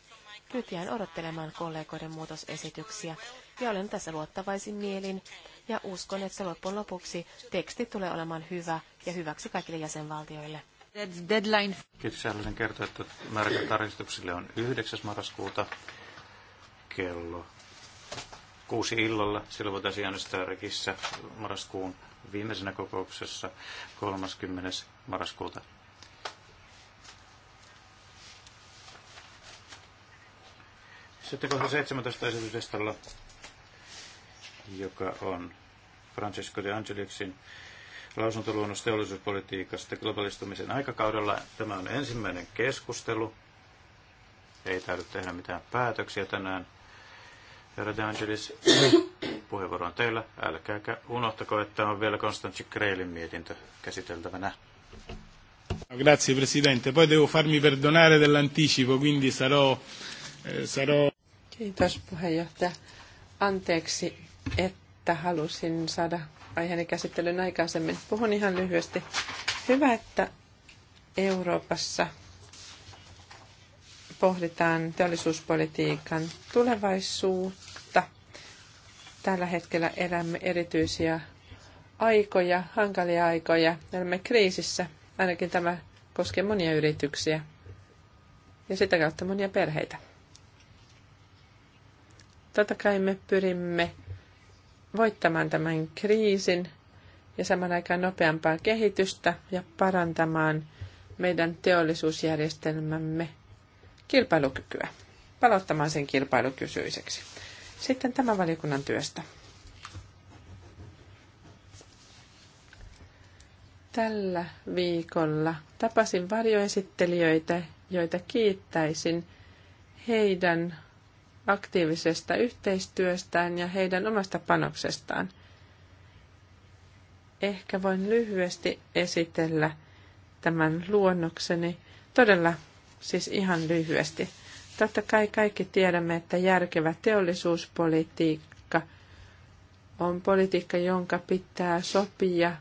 Nyt jään odottelemaan kollegoiden muutosesityksiä ja olen tässä luottavaisin mielin ja uskon, että loppujen lopuksi teksti tulee olemaan hyvä ja hyväksi kaikille jäsenvaltioille. Deadline. Kiitos. Haluaisin kertoa, että määräaika tarkistuksille on 9. marraskuuta kello kuusi illalla. Silloin voitaisiin äänestää rekissä marraskuun viimeisenä kokouksessa 30. marraskuuta. Sitten kohta 17 esityslistalla, joka on Francisco de Angelixin lausuntoluonnos teollisuuspolitiikasta globalistumisen aikakaudella. Tämä on ensimmäinen keskustelu. Ei täydy tehdä mitään päätöksiä tänään. Herra De Angelis, puheenvuoro on teillä. Älkääkä unohtako, että on vielä Konstantin Kreilin mietintö käsiteltävänä. Grazie Presidente. Poi devo farmi perdonare dell'anticipo, quindi sarò, eh, sarò... Kiitos puheenjohtaja. Anteeksi, että halusin saada aiheeni käsittelyn aikaisemmin. Puhun ihan lyhyesti. Hyvä, että Euroopassa pohditaan teollisuuspolitiikan tulevaisuutta Tällä hetkellä elämme erityisiä aikoja, hankalia aikoja. Elämme kriisissä. Ainakin tämä koskee monia yrityksiä ja sitä kautta monia perheitä. Totta kai me pyrimme voittamaan tämän kriisin ja saman aikaan nopeampaa kehitystä ja parantamaan meidän teollisuusjärjestelmämme kilpailukykyä, palauttamaan sen kilpailukysyiseksi. Sitten tämän valiokunnan työstä. Tällä viikolla tapasin varjoesittelijöitä, joita kiittäisin heidän aktiivisesta yhteistyöstään ja heidän omasta panoksestaan. Ehkä voin lyhyesti esitellä tämän luonnokseni, todella siis ihan lyhyesti – Totta kai kaikki tiedämme, että järkevä teollisuuspolitiikka on politiikka, jonka pitää sopia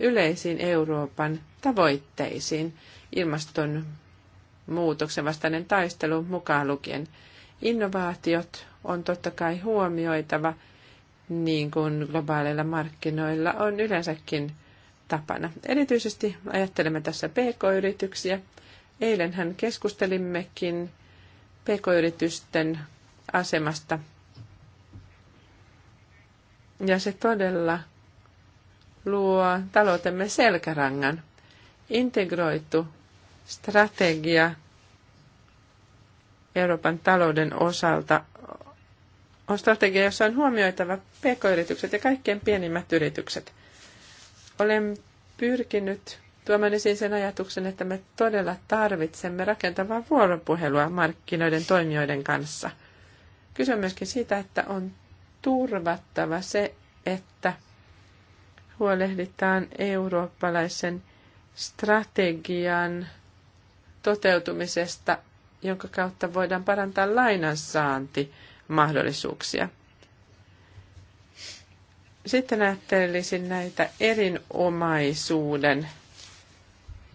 yleisiin Euroopan tavoitteisiin, ilmastonmuutoksen vastainen taistelu mukaan lukien. Innovaatiot on totta kai huomioitava, niin kuin globaaleilla markkinoilla on yleensäkin tapana. Erityisesti ajattelemme tässä pk-yrityksiä. Eilenhän keskustelimmekin pk-yritysten asemasta. Ja se todella luo taloutemme selkärangan. Integroitu strategia Euroopan talouden osalta on strategia, jossa on huomioitava pk-yritykset ja kaikkien pienimmät yritykset. Olen pyrkinyt tuomaan esiin sen ajatuksen, että me todella tarvitsemme rakentavaa vuoropuhelua markkinoiden toimijoiden kanssa. Kyse on myöskin siitä, että on turvattava se, että huolehditaan eurooppalaisen strategian toteutumisesta, jonka kautta voidaan parantaa lainansaantimahdollisuuksia. Sitten ajattelisin näitä erinomaisuuden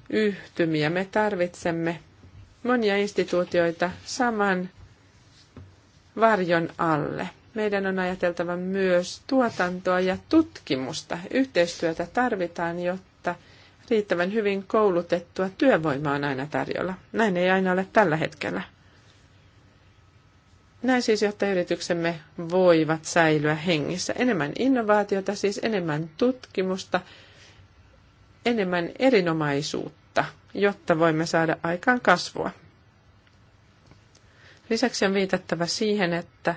yhtymiä. Me tarvitsemme monia instituutioita saman varjon alle. Meidän on ajateltava myös tuotantoa ja tutkimusta. Yhteistyötä tarvitaan, jotta riittävän hyvin koulutettua työvoimaa on aina tarjolla. Näin ei aina ole tällä hetkellä. Näin siis, jotta yrityksemme voivat säilyä hengissä. Enemmän innovaatiota, siis enemmän tutkimusta, enemmän erinomaisuutta, jotta voimme saada aikaan kasvua. Lisäksi on viitattava siihen, että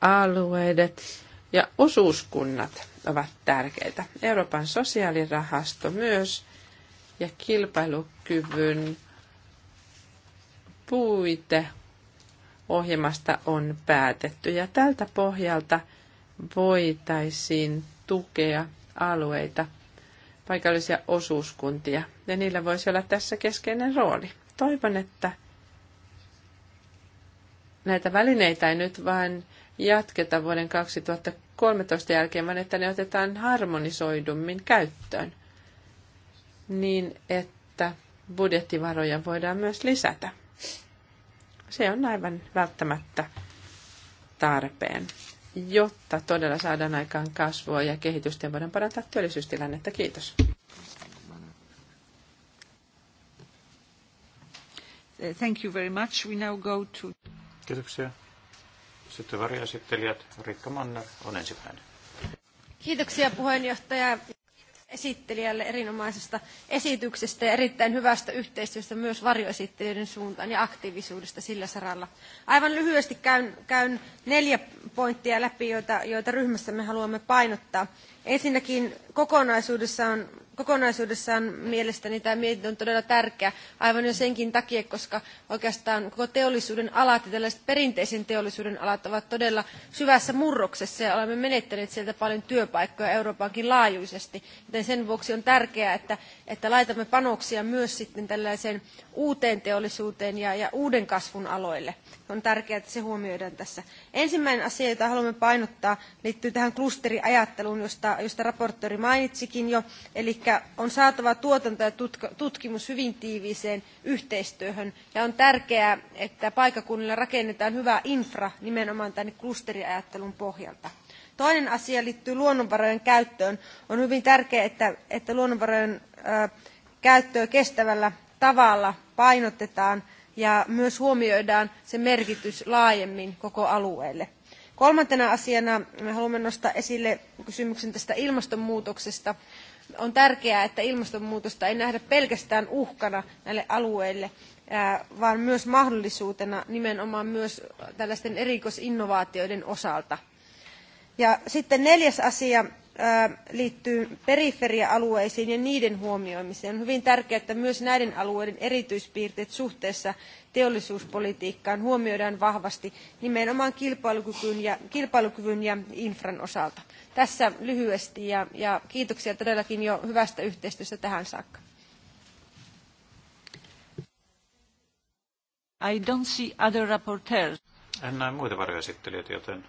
alueet ja osuuskunnat ovat tärkeitä. Euroopan sosiaalirahasto myös ja kilpailukyvyn puite ohjelmasta on päätetty ja tältä pohjalta voitaisiin tukea alueita paikallisia osuuskuntia, ja niillä voisi olla tässä keskeinen rooli. Toivon, että näitä välineitä ei nyt vain jatketa vuoden 2013 jälkeen, vaan että ne otetaan harmonisoidummin käyttöön, niin että budjettivaroja voidaan myös lisätä. Se on aivan välttämättä tarpeen jotta todella saadaan aikaan kasvua ja kehitystä ja voidaan parantaa työllisyystilannetta. Kiitos. Thank you very much. We now go to... Kiitoksia. Sitten varjoesittelijät Riikka Manner on ensimmäinen. Kiitoksia puheenjohtaja esittelijälle erinomaisesta esityksestä ja erittäin hyvästä yhteistyöstä myös varjoesittelijöiden suuntaan ja aktiivisuudesta sillä saralla. Aivan lyhyesti käyn, käyn neljä pointtia läpi, joita, joita ryhmässä me haluamme painottaa. Ensinnäkin kokonaisuudessaan kokonaisuudessaan mielestäni tämä mietintö on todella tärkeä aivan jo senkin takia, koska oikeastaan koko teollisuuden alat ja tällaiset perinteisen teollisuuden alat ovat todella syvässä murroksessa ja olemme menettäneet sieltä paljon työpaikkoja Euroopankin laajuisesti. Joten sen vuoksi on tärkeää, että, että laitamme panoksia myös sitten tällaiseen uuteen teollisuuteen ja, ja uuden kasvun aloille. On tärkeää, että se huomioidaan tässä. Ensimmäinen asia, jota haluamme painottaa, liittyy tähän klusteriajatteluun, josta, josta raporttori mainitsikin jo, eli on saatava tuotanto ja tutkimus hyvin tiiviiseen yhteistyöhön. Ja on tärkeää, että paikakunnilla rakennetaan hyvä infra nimenomaan tänne klusteriajattelun pohjalta. Toinen asia liittyy luonnonvarojen käyttöön. On hyvin tärkeää, että, että luonnonvarojen ö, käyttöä kestävällä tavalla painotetaan ja myös huomioidaan sen merkitys laajemmin koko alueelle. Kolmantena asiana me haluamme nostaa esille kysymyksen tästä ilmastonmuutoksesta on tärkeää, että ilmastonmuutosta ei nähdä pelkästään uhkana näille alueille, vaan myös mahdollisuutena nimenomaan myös tällaisten erikoisinnovaatioiden osalta. Ja sitten neljäs asia liittyy periferialueisiin ja niiden huomioimiseen. On hyvin tärkeää, että myös näiden alueiden erityispiirteet suhteessa teollisuuspolitiikkaan huomioidaan vahvasti nimenomaan kilpailukyvyn ja, infran osalta. Tässä lyhyesti ja, kiitoksia todellakin jo hyvästä yhteistyöstä tähän saakka. I don't see other En näe muita varjoesittelijöitä, joten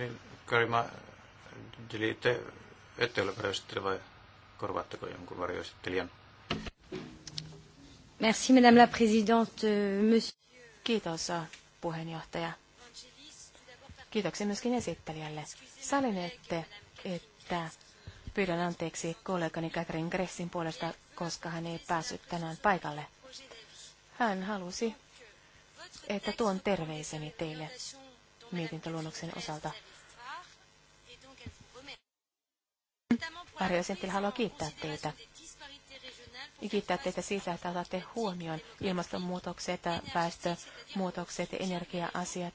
Niin Karima, te ette ole varjoesittelijä vai korvaatteko jonkun varjoesittelijän? Merci, madame la présidente. Monsieur... Kiitos, puheenjohtaja. Kiitoksia myöskin esittelijälle. Salin ette, että pyydän anteeksi kollegani Katrin Gressin puolesta, koska hän ei päässyt tänään paikalle. Hän halusi, että tuon terveiseni teille mietintöluonnoksen osalta. Varjo Sentil haluaa kiittää teitä. kiittää teitä siitä, että otatte huomioon ilmastonmuutokset, väestömuutokset, energia-asiat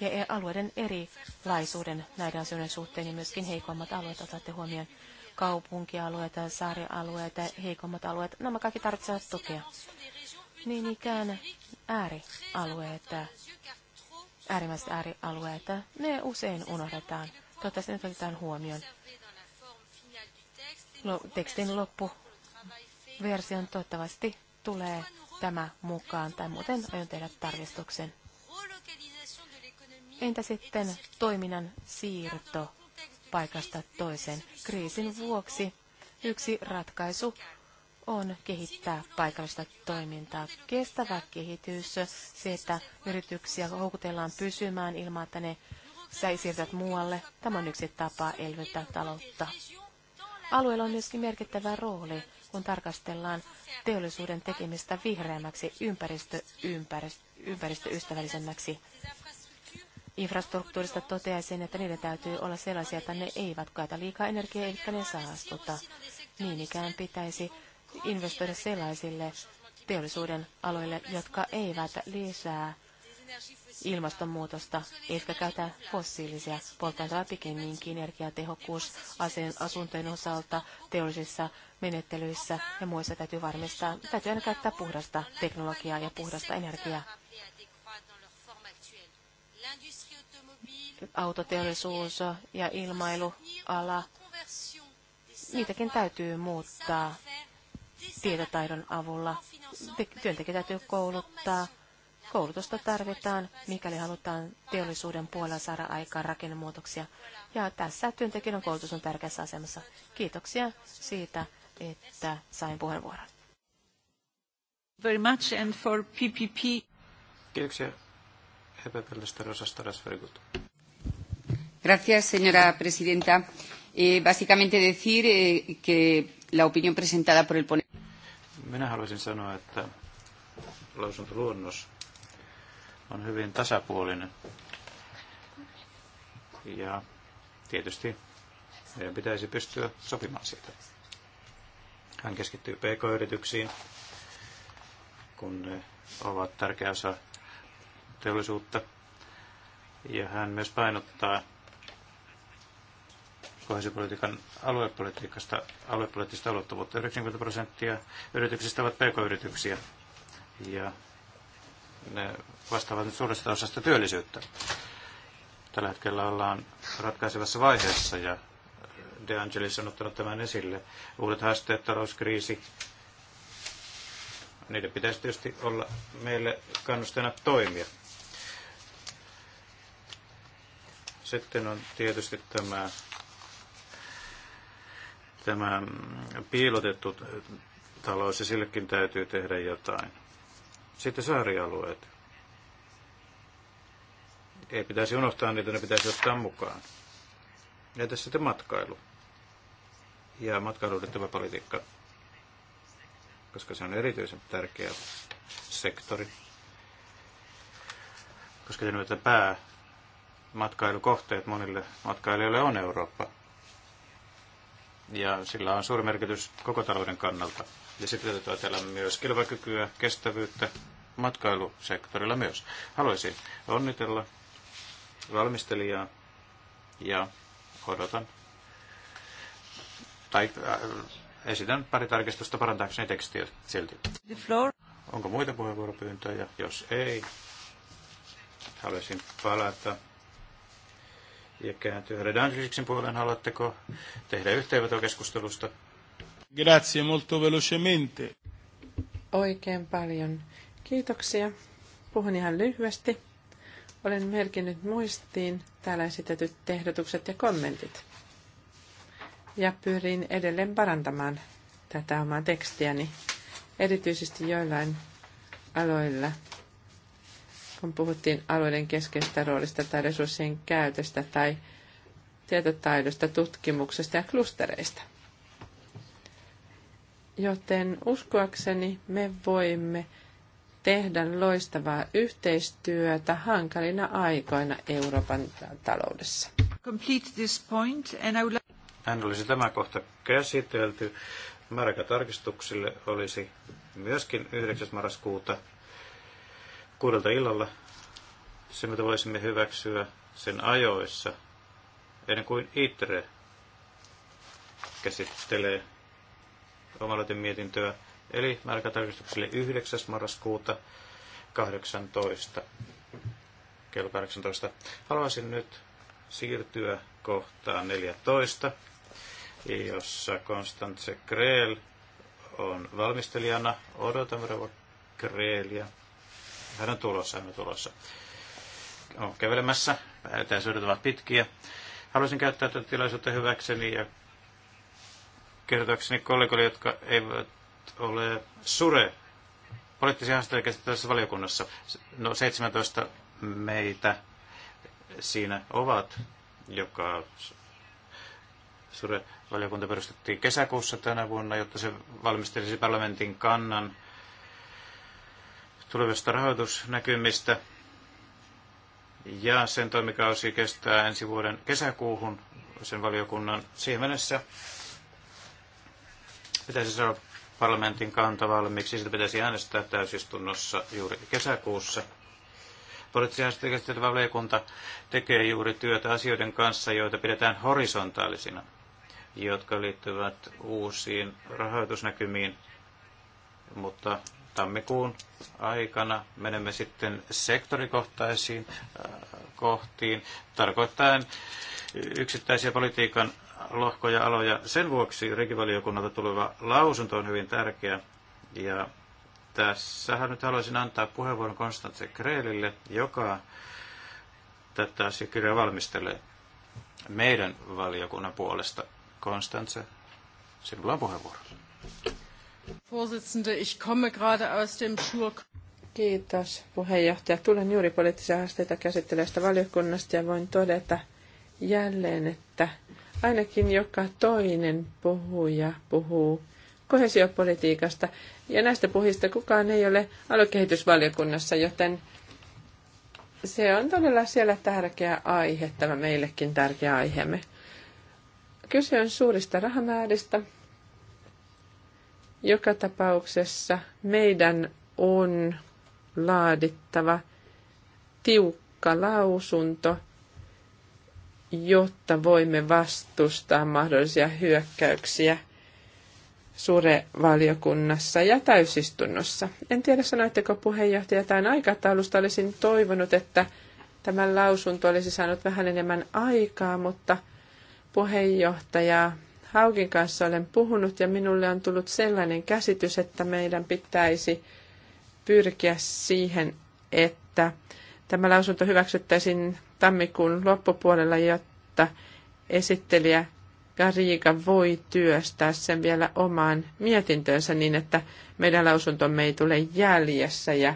ja alueiden erilaisuuden näiden asioiden suhteen ja myöskin heikommat alueet otatte huomioon. Kaupunkialueet, saarialueet, heikommat alueet, nämä kaikki tarvitsevat tukea. Niin ikään äärialueet, äärimmäiset äärialueet, ne usein unohdetaan. Toivottavasti ne otetaan huomioon tekstin loppuversion toivottavasti tulee tämä mukaan, tai muuten aion tehdä tarkistuksen. Entä sitten toiminnan siirto paikasta toiseen? Kriisin vuoksi yksi ratkaisu on kehittää paikallista toimintaa. Kestävä kehitys, se, että yrityksiä houkutellaan pysymään ilman, että ne siirtyvät muualle, tämä on yksi tapa elvyttää taloutta. Alueella on myöskin merkittävä rooli, kun tarkastellaan teollisuuden tekemistä vihreämmäksi, ympäristö, ympäristö, ympäristöystävällisemmäksi. Infrastruktuurista toteaisin, että niiden täytyy olla sellaisia, että ne eivät käytä liikaa energiaa, eivätkä ne saastuta. Niin ikään pitäisi investoida sellaisille teollisuuden aloille, jotka eivät lisää ilmastonmuutosta, eikä käytä fossiilisia polttoaineita pikemminkin energiatehokkuus asuntojen osalta, teollisissa menettelyissä ja muissa täytyy varmistaa. Täytyy aina käyttää puhdasta teknologiaa ja puhdasta energiaa. Autoteollisuus ja ilmailuala, niitäkin täytyy muuttaa tietotaidon avulla. Työntekijä täytyy kouluttaa Koulutusta tarvitaan, mikäli halutaan teollisuuden puolella saada aikaan rakennemuutoksia. Ja tässä työntekijän koulutus on tärkeässä asemassa. Kiitoksia siitä, että sain puheenvuoron. Very much and for PPP. Kiitoksia. E Gracias, señora presidenta. Eh, básicamente decir eh, que la opinión presentada por el ponente. Minä haluaisin sanoa, että lausuntoluonnos on hyvin tasapuolinen. Ja tietysti meidän pitäisi pystyä sopimaan siitä. Hän keskittyy pk-yrityksiin, kun ne ovat tärkeä osa teollisuutta. Ja hän myös painottaa kohesiopolitiikan aluepolitiikasta, aluepoliittista ulottuvuutta. 90 prosenttia yrityksistä ovat pk-yrityksiä ja ne vastaavat nyt suuresta osasta työllisyyttä. Tällä hetkellä ollaan ratkaisevassa vaiheessa ja De Angelis on ottanut tämän esille. Uudet haasteet, talouskriisi, niiden pitäisi tietysti olla meille kannustena toimia. Sitten on tietysti tämä, tämä piilotettu talous ja sillekin täytyy tehdä jotain. Sitten saarialueet. Ei pitäisi unohtaa niitä, ne pitäisi ottaa mukaan. tässä sitten matkailu? Ja matkailuun liittyvä politiikka, koska se on erityisen tärkeä sektori. Koska se pää matkailukohteet monille matkailijoille on Eurooppa. Ja sillä on suuri merkitys koko talouden kannalta. Ja sitten täytyy ajatella myös kilpailukykyä, kestävyyttä matkailusektorilla myös. Haluaisin onnitella valmistelijaa ja odotan tai äh, esitän pari tarkistusta parantaakseni tekstiä silti. Onko muita puheenvuoropyyntöjä? Jos ei, haluaisin palata ja kääntyä redansyysiksen puoleen. Haluatteko tehdä yhteenvetokeskustelusta? Grazie molto velocemente. Oikein paljon. Kiitoksia. Puhun ihan lyhyesti. Olen merkinnyt muistiin täällä esitetyt ehdotukset ja kommentit. Ja pyrin edelleen parantamaan tätä omaa tekstiäni, erityisesti joillain aloilla, kun puhuttiin alueiden keskeistä roolista tai resurssien käytöstä tai tietotaidosta, tutkimuksesta ja klustereista – Joten uskoakseni me voimme tehdä loistavaa yhteistyötä hankalina aikoina Euroopan taloudessa. Complete this point and I would like... Hän olisi tämä kohta käsitelty. Määräkä tarkistuksille olisi myöskin 9. marraskuuta kuudelta illalla. Se, mitä voisimme hyväksyä sen ajoissa, ennen kuin ITRE käsittelee omaloiten mietintöä. Eli määräkatarkistukselle 9. marraskuuta 18. Kello 18. Haluaisin nyt siirtyä kohtaan 14, jossa Konstantse Kreel on valmistelijana. Odotamme Rova Kreelia. Hän on tulossa, hän on tulossa. On kävelemässä, etäisyydet ovat pitkiä. Haluaisin käyttää tätä tilaisuutta hyväkseni ja kertoakseni kollegoille, jotka eivät ole sure poliittisia haasteita tässä valiokunnassa. No 17 meitä siinä ovat, joka sure valiokunta perustettiin kesäkuussa tänä vuonna, jotta se valmistelisi parlamentin kannan tulevista rahoitusnäkymistä. Ja sen toimikausi kestää ensi vuoden kesäkuuhun sen valiokunnan siihen mennessä pitäisi saada parlamentin kanta valmiiksi. sitä pitäisi äänestää täysistunnossa juuri kesäkuussa. Poliittisen käsittelevä valiokunta tekee juuri työtä asioiden kanssa, joita pidetään horisontaalisina, jotka liittyvät uusiin rahoitusnäkymiin, mutta tammikuun aikana menemme sitten sektorikohtaisiin äh, kohtiin, tarkoittaen yksittäisiä politiikan lohkoja aloja. Sen vuoksi rikivaliokunnalta tuleva lausunto on hyvin tärkeä. Ja tässähän nyt haluaisin antaa puheenvuoron Konstantse Kreelille, joka tätä asiakirjaa valmistelee meidän valiokunnan puolesta. Konstantse, sinulla on puheenvuoro. ich komme gerade aus dem Schur... Kiitos puheenjohtaja. Tulen juuri poliittisia haasteita käsittelevästä valiokunnasta ja voin todeta jälleen, että ainakin joka toinen puhuja puhuu kohesiopolitiikasta. Ja näistä puhista kukaan ei ole aluekehitysvaliokunnassa, joten se on todella siellä tärkeä aihe, tämä meillekin tärkeä aiheemme. Kyse on suurista rahamääristä. Joka tapauksessa meidän on laadittava tiukka lausunto – jotta voimme vastustaa mahdollisia hyökkäyksiä surevaliokunnassa ja täysistunnossa. En tiedä, sanoitteko puheenjohtaja tämän aikataulusta. Olisin toivonut, että tämä lausunto olisi saanut vähän enemmän aikaa, mutta puheenjohtaja Haukin kanssa olen puhunut ja minulle on tullut sellainen käsitys, että meidän pitäisi pyrkiä siihen, että tämä lausunto hyväksyttäisiin tammikuun loppupuolella, jotta esittelijä Gariga voi työstää sen vielä omaan mietintöönsä niin, että meidän lausuntomme ei tule jäljessä ja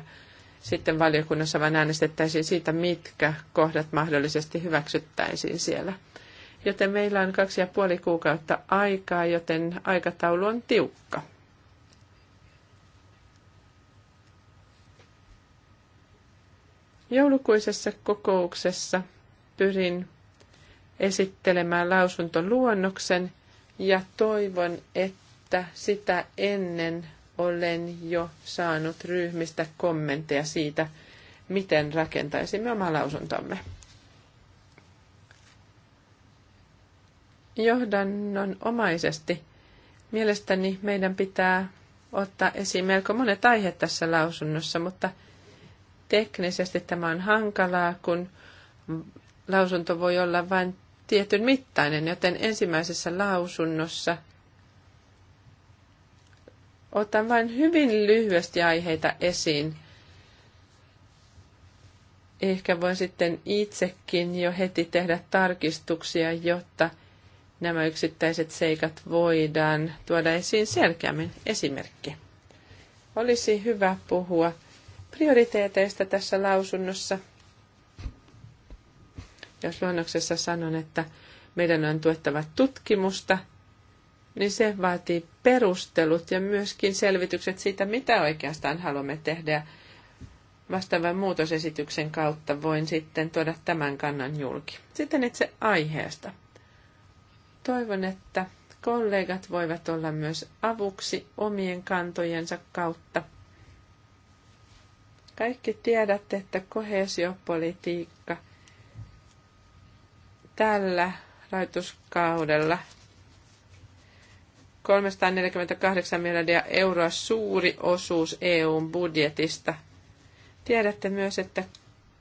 sitten valiokunnassa vain äänestettäisiin siitä, mitkä kohdat mahdollisesti hyväksyttäisiin siellä. Joten meillä on kaksi ja puoli kuukautta aikaa, joten aikataulu on tiukka. Joulukuisessa kokouksessa pyrin esittelemään lausuntoluonnoksen ja toivon, että sitä ennen olen jo saanut ryhmistä kommentteja siitä, miten rakentaisimme oma lausuntomme. Johdannon omaisesti mielestäni meidän pitää ottaa esiin melko monet aiheet tässä lausunnossa, mutta – Teknisesti tämä on hankalaa, kun lausunto voi olla vain tietyn mittainen, joten ensimmäisessä lausunnossa otan vain hyvin lyhyesti aiheita esiin. Ehkä voin sitten itsekin jo heti tehdä tarkistuksia, jotta nämä yksittäiset seikat voidaan tuoda esiin selkeämmin. Esimerkki. Olisi hyvä puhua prioriteeteista tässä lausunnossa. Jos luonnoksessa sanon, että meidän on tuettava tutkimusta, niin se vaatii perustelut ja myöskin selvitykset siitä, mitä oikeastaan haluamme tehdä. vastaavan muutosesityksen kautta voin sitten tuoda tämän kannan julki. Sitten itse aiheesta. Toivon, että kollegat voivat olla myös avuksi omien kantojensa kautta – kaikki tiedätte, että kohesiopolitiikka tällä rahoituskaudella 348 miljardia euroa suuri osuus EUn budjetista. Tiedätte myös, että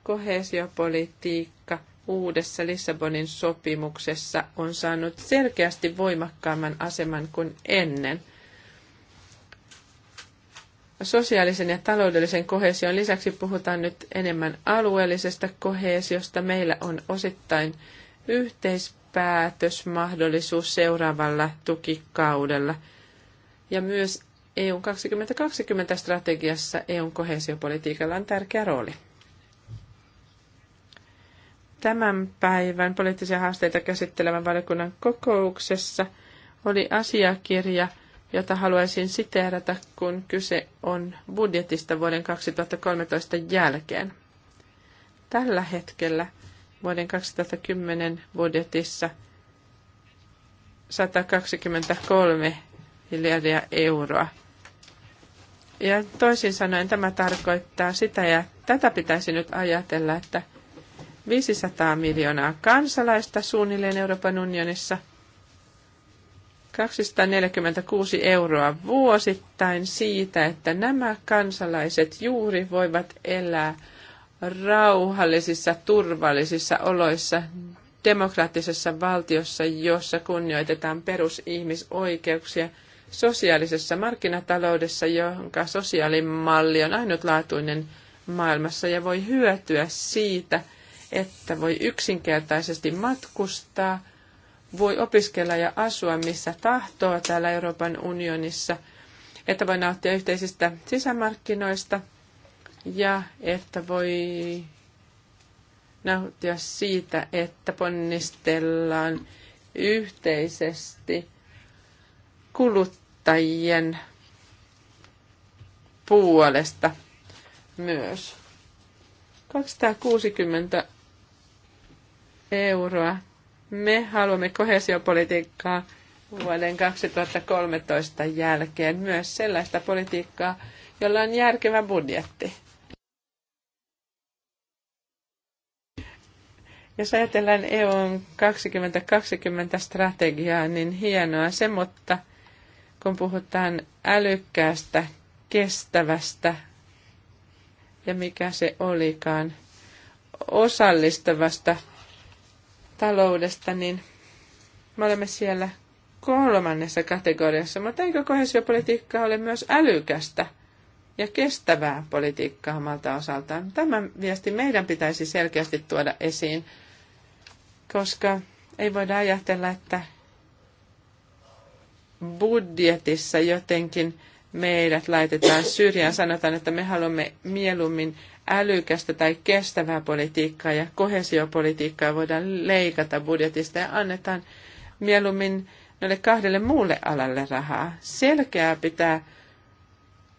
kohesiopolitiikka uudessa Lissabonin sopimuksessa on saanut selkeästi voimakkaamman aseman kuin ennen – Sosiaalisen ja taloudellisen kohesion lisäksi puhutaan nyt enemmän alueellisesta kohesiosta. Meillä on osittain yhteispäätösmahdollisuus seuraavalla tukikaudella. Ja myös EU 2020-strategiassa EUn kohesiopolitiikalla on tärkeä rooli. Tämän päivän poliittisia haasteita käsittelevän valiokunnan kokouksessa oli asiakirja – jota haluaisin siteerata, kun kyse on budjetista vuoden 2013 jälkeen. Tällä hetkellä vuoden 2010 budjetissa 123 miljardia euroa. Ja toisin sanoen tämä tarkoittaa sitä, ja tätä pitäisi nyt ajatella, että 500 miljoonaa kansalaista suunnilleen Euroopan unionissa – 246 euroa vuosittain siitä, että nämä kansalaiset juuri voivat elää rauhallisissa, turvallisissa oloissa demokraattisessa valtiossa, jossa kunnioitetaan perusihmisoikeuksia sosiaalisessa markkinataloudessa, jonka sosiaalimalli on ainutlaatuinen maailmassa ja voi hyötyä siitä, että voi yksinkertaisesti matkustaa – voi opiskella ja asua missä tahtoo täällä Euroopan unionissa, että voi nauttia yhteisistä sisämarkkinoista ja että voi nauttia siitä, että ponnistellaan yhteisesti kuluttajien puolesta myös. 260 euroa me haluamme kohesiopolitiikkaa vuoden 2013 jälkeen myös sellaista politiikkaa, jolla on järkevä budjetti. Jos ajatellaan EUn 2020-strategiaa, niin hienoa se, mutta kun puhutaan älykkäästä, kestävästä ja mikä se olikaan, osallistavasta taloudesta, niin me olemme siellä kolmannessa kategoriassa, mutta eikö kohesiopolitiikka ole myös älykästä ja kestävää politiikkaa omalta osaltaan? Tämän viesti meidän pitäisi selkeästi tuoda esiin, koska ei voida ajatella, että budjetissa jotenkin meidät laitetaan syrjään, sanotaan, että me haluamme mieluummin älykästä tai kestävää politiikkaa ja kohesiopolitiikkaa voidaan leikata budjetista ja annetaan mieluummin noille kahdelle muulle alalle rahaa. Selkeää pitää,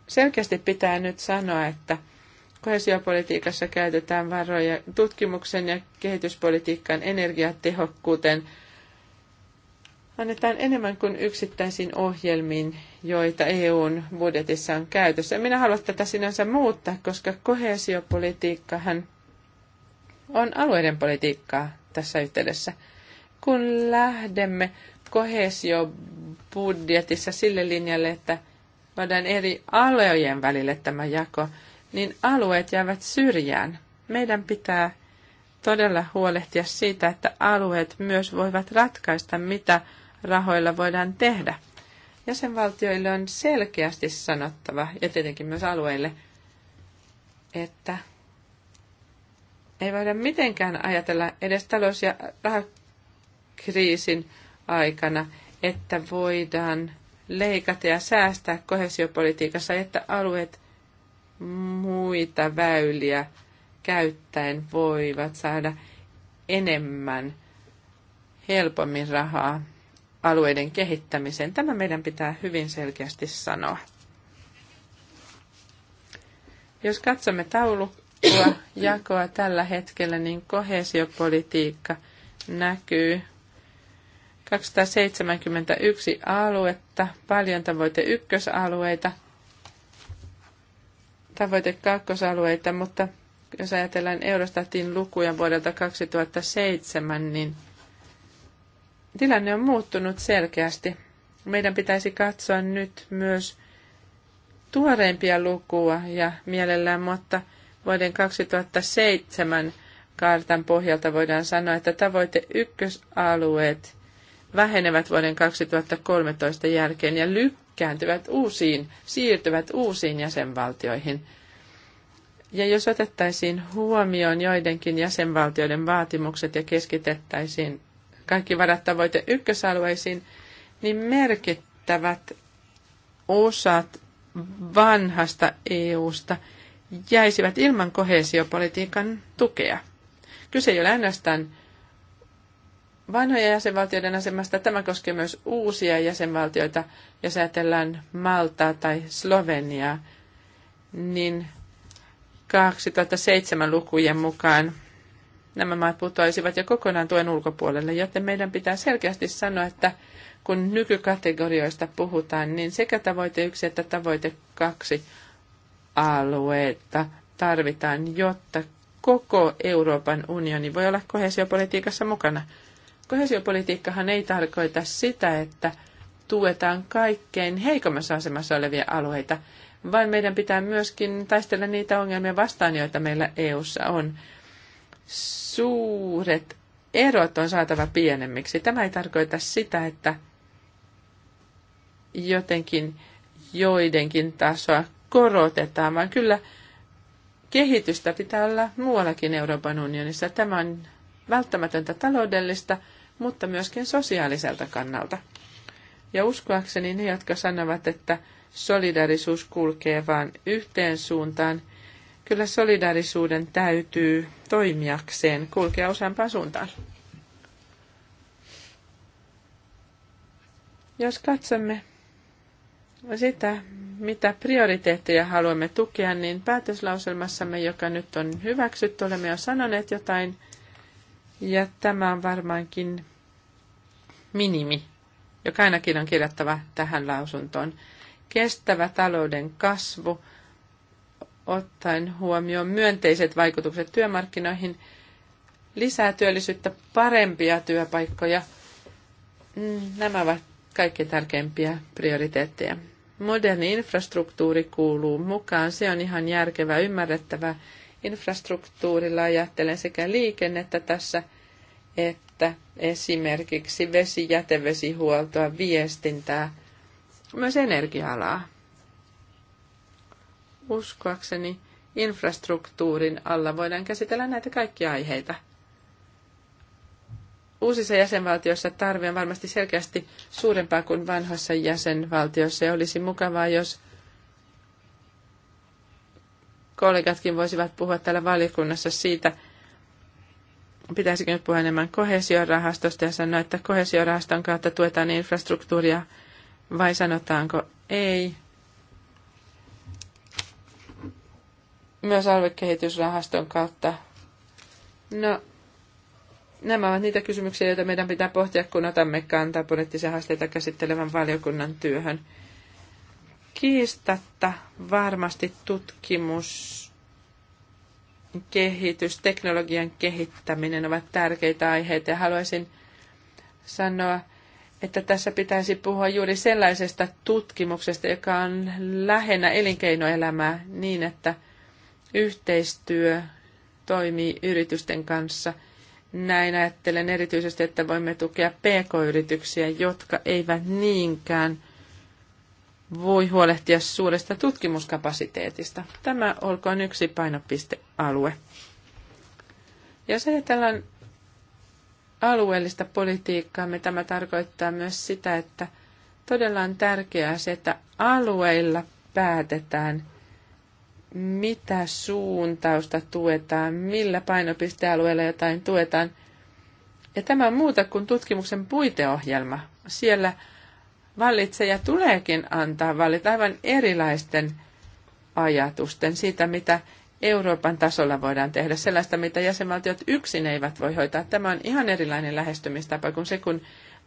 selkeästi pitää nyt sanoa, että kohesiopolitiikassa käytetään varoja tutkimuksen ja kehityspolitiikan energiatehokkuuteen, annetaan enemmän kuin yksittäisiin ohjelmiin, joita EUn budjetissa on käytössä. Minä haluan tätä sinänsä muuttaa, koska kohesiopolitiikkahan on alueiden politiikkaa tässä yhteydessä. Kun lähdemme kohesiobudjetissa sille linjalle, että voidaan eri alueiden välille tämä jako, niin alueet jäävät syrjään. Meidän pitää todella huolehtia siitä, että alueet myös voivat ratkaista, mitä rahoilla voidaan tehdä. Jäsenvaltioille on selkeästi sanottava, ja tietenkin myös alueille, että ei voida mitenkään ajatella edes talous- ja rahakriisin aikana, että voidaan leikata ja säästää kohesiopolitiikassa, että alueet muita väyliä käyttäen voivat saada enemmän helpommin rahaa alueiden kehittämiseen. Tämä meidän pitää hyvin selkeästi sanoa. Jos katsomme taulukkoa jakoa tällä hetkellä, niin kohesiopolitiikka näkyy 271 aluetta, paljon tavoite ykkösalueita, tavoite kakkosalueita, mutta jos ajatellaan Eurostatin lukuja vuodelta 2007, niin – tilanne on muuttunut selkeästi. Meidän pitäisi katsoa nyt myös tuoreimpia lukua ja mielellään, mutta vuoden 2007 kartan pohjalta voidaan sanoa, että tavoite ykkösalueet vähenevät vuoden 2013 jälkeen ja lykkääntyvät uusiin, siirtyvät uusiin jäsenvaltioihin. Ja jos otettaisiin huomioon joidenkin jäsenvaltioiden vaatimukset ja keskitettäisiin kaikki varat tavoite ykkösalueisiin, niin merkittävät osat vanhasta EUsta jäisivät ilman kohesiopolitiikan tukea. Kyse ei ole ainoastaan vanhojen jäsenvaltioiden asemasta. Tämä koskee myös uusia jäsenvaltioita. Jos ajatellaan Maltaa tai Sloveniaa, niin 2007 lukujen mukaan nämä maat putoisivat jo kokonaan tuen ulkopuolelle, joten meidän pitää selkeästi sanoa, että kun nykykategorioista puhutaan, niin sekä tavoite 1 että tavoite 2 alueetta tarvitaan, jotta koko Euroopan unioni voi olla kohesiopolitiikassa mukana. Kohesiopolitiikkahan ei tarkoita sitä, että tuetaan kaikkein heikommassa asemassa olevia alueita, vaan meidän pitää myöskin taistella niitä ongelmia vastaan, joita meillä EU:ssa on suuret erot on saatava pienemmiksi. Tämä ei tarkoita sitä, että jotenkin joidenkin tasoa korotetaan, vaan kyllä kehitystä pitää olla muuallakin Euroopan unionissa. Tämä on välttämätöntä taloudellista, mutta myöskin sosiaaliselta kannalta. Ja uskoakseni ne, jotka sanovat, että solidarisuus kulkee vain yhteen suuntaan, Kyllä solidaarisuuden täytyy toimijakseen kulkea useampaan suuntaan. Jos katsomme sitä, mitä prioriteetteja haluamme tukea, niin päätöslauselmassamme, joka nyt on hyväksytty, olemme jo sanoneet jotain, ja tämä on varmaankin minimi, joka ainakin on kirjattava tähän lausuntoon. Kestävä talouden kasvu – ottaen huomioon myönteiset vaikutukset työmarkkinoihin, lisää työllisyyttä, parempia työpaikkoja. Mm, nämä ovat kaikkein tärkeimpiä prioriteetteja. Moderni infrastruktuuri kuuluu mukaan, se on ihan järkevä, ymmärrettävä. Infrastruktuurilla ajattelen sekä liikennettä tässä, että esimerkiksi vesi- jätevesihuoltoa, viestintää, myös energia-alaa. Uskoakseni infrastruktuurin alla voidaan käsitellä näitä kaikkia aiheita. Uusissa jäsenvaltioissa tarve on varmasti selkeästi suurempaa kuin vanhassa jäsenvaltiossa ja olisi mukavaa, jos kollegatkin voisivat puhua täällä valiokunnassa siitä, pitäisikö nyt puhua enemmän kohesiorahastosta ja sanoa, että kohesiorahaston kautta tuetaan infrastruktuuria vai sanotaanko ei. myös aluekehitysrahaston kautta. No, nämä ovat niitä kysymyksiä, joita meidän pitää pohtia, kun otamme kantaa poliittisia haasteita käsittelevän valiokunnan työhön. Kiistatta varmasti tutkimus, kehitys, teknologian kehittäminen ovat tärkeitä aiheita ja haluaisin sanoa, että tässä pitäisi puhua juuri sellaisesta tutkimuksesta, joka on lähinnä elinkeinoelämää niin, että – yhteistyö toimii yritysten kanssa. Näin ajattelen erityisesti, että voimme tukea pk-yrityksiä, jotka eivät niinkään voi huolehtia suuresta tutkimuskapasiteetista. Tämä olkoon yksi painopistealue. Jos ajatellaan alueellista politiikkaa, me tämä tarkoittaa myös sitä, että todella on tärkeää se, että alueilla päätetään – mitä suuntausta tuetaan, millä painopistealueella jotain tuetaan. Ja tämä on muuta kuin tutkimuksen puiteohjelma. Siellä vallitseja tuleekin antaa vallit aivan erilaisten ajatusten siitä, mitä Euroopan tasolla voidaan tehdä sellaista, mitä jäsenvaltiot yksin eivät voi hoitaa. Tämä on ihan erilainen lähestymistapa kuin se, kun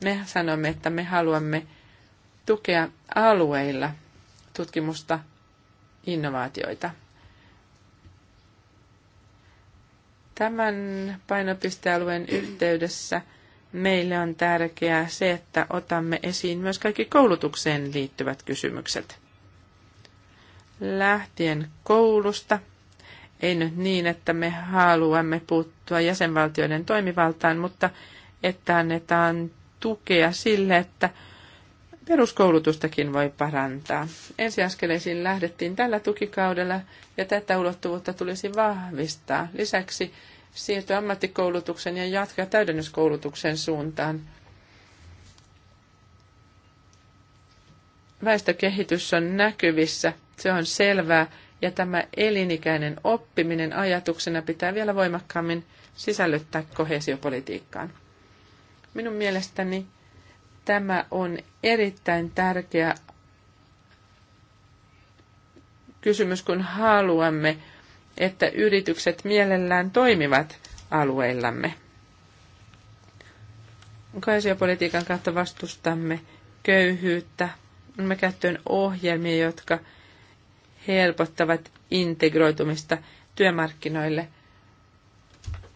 me sanomme, että me haluamme tukea alueilla tutkimusta innovaatioita. Tämän painopistealueen yhteydessä meille on tärkeää se, että otamme esiin myös kaikki koulutukseen liittyvät kysymykset. Lähtien koulusta, ei nyt niin, että me haluamme puuttua jäsenvaltioiden toimivaltaan, mutta että annetaan tukea sille, että Peruskoulutustakin voi parantaa. Ensiaskeleisiin lähdettiin tällä tukikaudella ja tätä ulottuvuutta tulisi vahvistaa. Lisäksi siirtyä ammattikoulutuksen ja jatkaa täydennyskoulutuksen suuntaan. Väestökehitys on näkyvissä, se on selvää, ja tämä elinikäinen oppiminen ajatuksena pitää vielä voimakkaammin sisällyttää kohesiopolitiikkaan. Minun mielestäni Tämä on erittäin tärkeä kysymys, kun haluamme, että yritykset mielellään toimivat alueillamme. Kaisiopolitiikan kautta vastustamme köyhyyttä. Me käyttöön ohjelmia, jotka helpottavat integroitumista työmarkkinoille.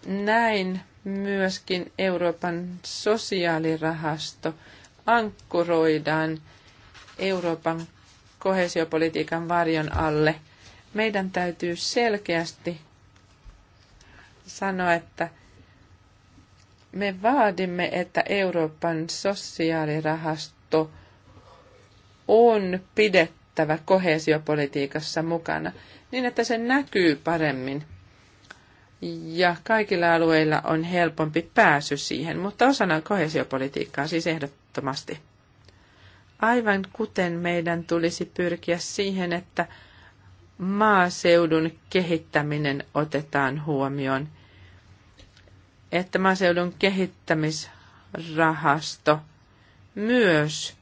Näin myöskin Euroopan sosiaalirahasto – ankkuroidaan Euroopan kohesiopolitiikan varjon alle. Meidän täytyy selkeästi sanoa, että me vaadimme, että Euroopan sosiaalirahasto on pidettävä kohesiopolitiikassa mukana niin, että se näkyy paremmin ja kaikilla alueilla on helpompi pääsy siihen, mutta osana kohesiopolitiikkaa siis ehdottomasti ehdottomasti. Aivan kuten meidän tulisi pyrkiä siihen, että maaseudun kehittäminen otetaan huomioon, että maaseudun kehittämisrahasto myös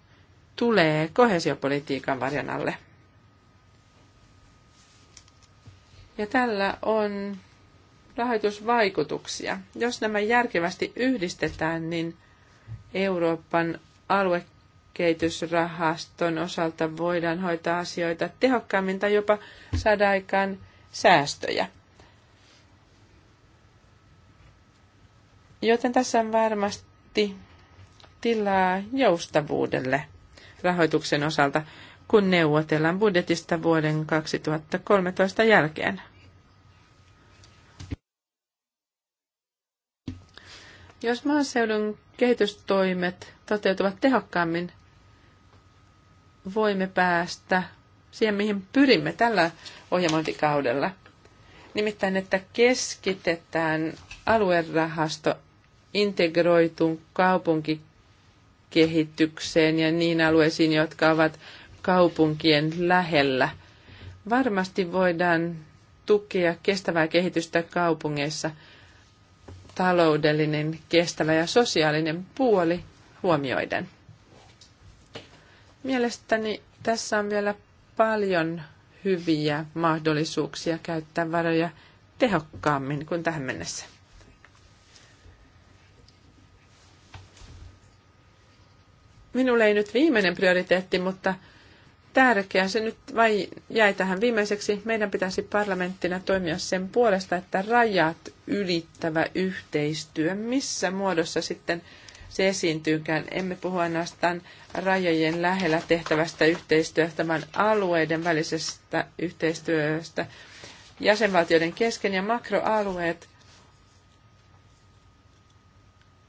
tulee kohesiopolitiikan varjan alle. Ja tällä on rahoitusvaikutuksia. Jos nämä järkevästi yhdistetään, niin Euroopan aluekehitysrahaston osalta voidaan hoitaa asioita tehokkaammin tai jopa saada aikaan säästöjä. Joten tässä on varmasti tilaa joustavuudelle rahoituksen osalta, kun neuvotellaan budjetista vuoden 2013 jälkeen. Jos maaseudun kehitystoimet toteutuvat tehokkaammin, voimme päästä siihen, mihin pyrimme tällä ohjelmointikaudella. Nimittäin, että keskitetään aluerahasto integroitun kaupunkikehitykseen ja niin alueisiin, jotka ovat kaupunkien lähellä. Varmasti voidaan tukea kestävää kehitystä kaupungeissa – taloudellinen, kestävä ja sosiaalinen puoli huomioiden. Mielestäni tässä on vielä paljon hyviä mahdollisuuksia käyttää varoja tehokkaammin kuin tähän mennessä. Minulle ei nyt viimeinen prioriteetti, mutta tärkeää. Se nyt vai jäi tähän viimeiseksi. Meidän pitäisi parlamenttina toimia sen puolesta, että rajat ylittävä yhteistyö, missä muodossa sitten se esiintyykään. Emme puhu ainoastaan rajojen lähellä tehtävästä yhteistyöstä, vaan alueiden välisestä yhteistyöstä jäsenvaltioiden kesken ja makroalueet.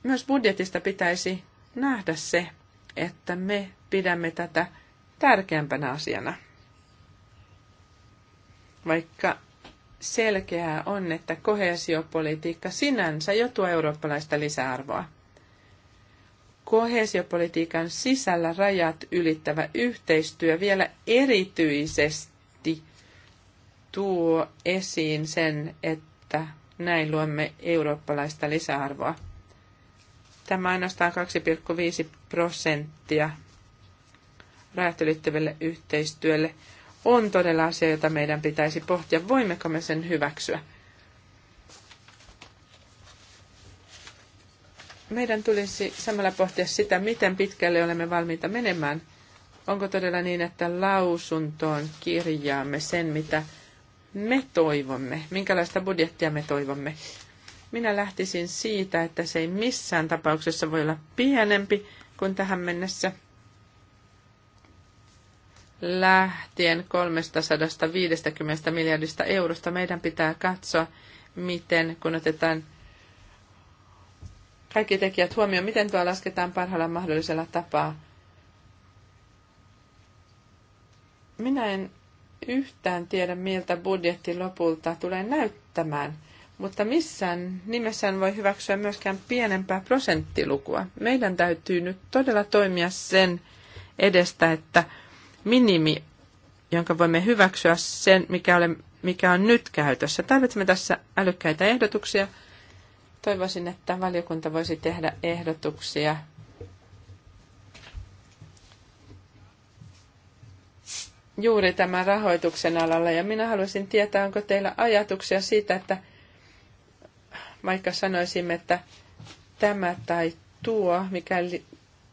Myös budjetista pitäisi nähdä se, että me pidämme tätä tärkeämpänä asiana. Vaikka selkeää on, että kohesiopolitiikka sinänsä jo tuo eurooppalaista lisäarvoa. Kohesiopolitiikan sisällä rajat ylittävä yhteistyö vielä erityisesti tuo esiin sen, että näin luomme eurooppalaista lisäarvoa. Tämä ainoastaan 2,5 prosenttia rajat ylittävälle yhteistyölle on todella asia, jota meidän pitäisi pohtia. Voimmeko me sen hyväksyä? Meidän tulisi samalla pohtia sitä, miten pitkälle olemme valmiita menemään. Onko todella niin, että lausuntoon kirjaamme sen, mitä me toivomme, minkälaista budjettia me toivomme. Minä lähtisin siitä, että se ei missään tapauksessa voi olla pienempi kuin tähän mennessä – lähtien 350 miljardista eurosta. Meidän pitää katsoa, miten kun otetaan kaikki tekijät huomioon, miten tuo lasketaan parhaalla mahdollisella tapaa. Minä en yhtään tiedä, miltä budjetti lopulta tulee näyttämään, mutta missään nimessään voi hyväksyä myöskään pienempää prosenttilukua. Meidän täytyy nyt todella toimia sen edestä, että minimi, jonka voimme hyväksyä sen, mikä, ole, mikä on nyt käytössä. Tarvitsemme tässä älykkäitä ehdotuksia. Toivoisin, että valiokunta voisi tehdä ehdotuksia juuri tämän rahoituksen alalla. Ja minä haluaisin tietää, onko teillä ajatuksia siitä, että vaikka sanoisimme, että tämä tai tuo, mikä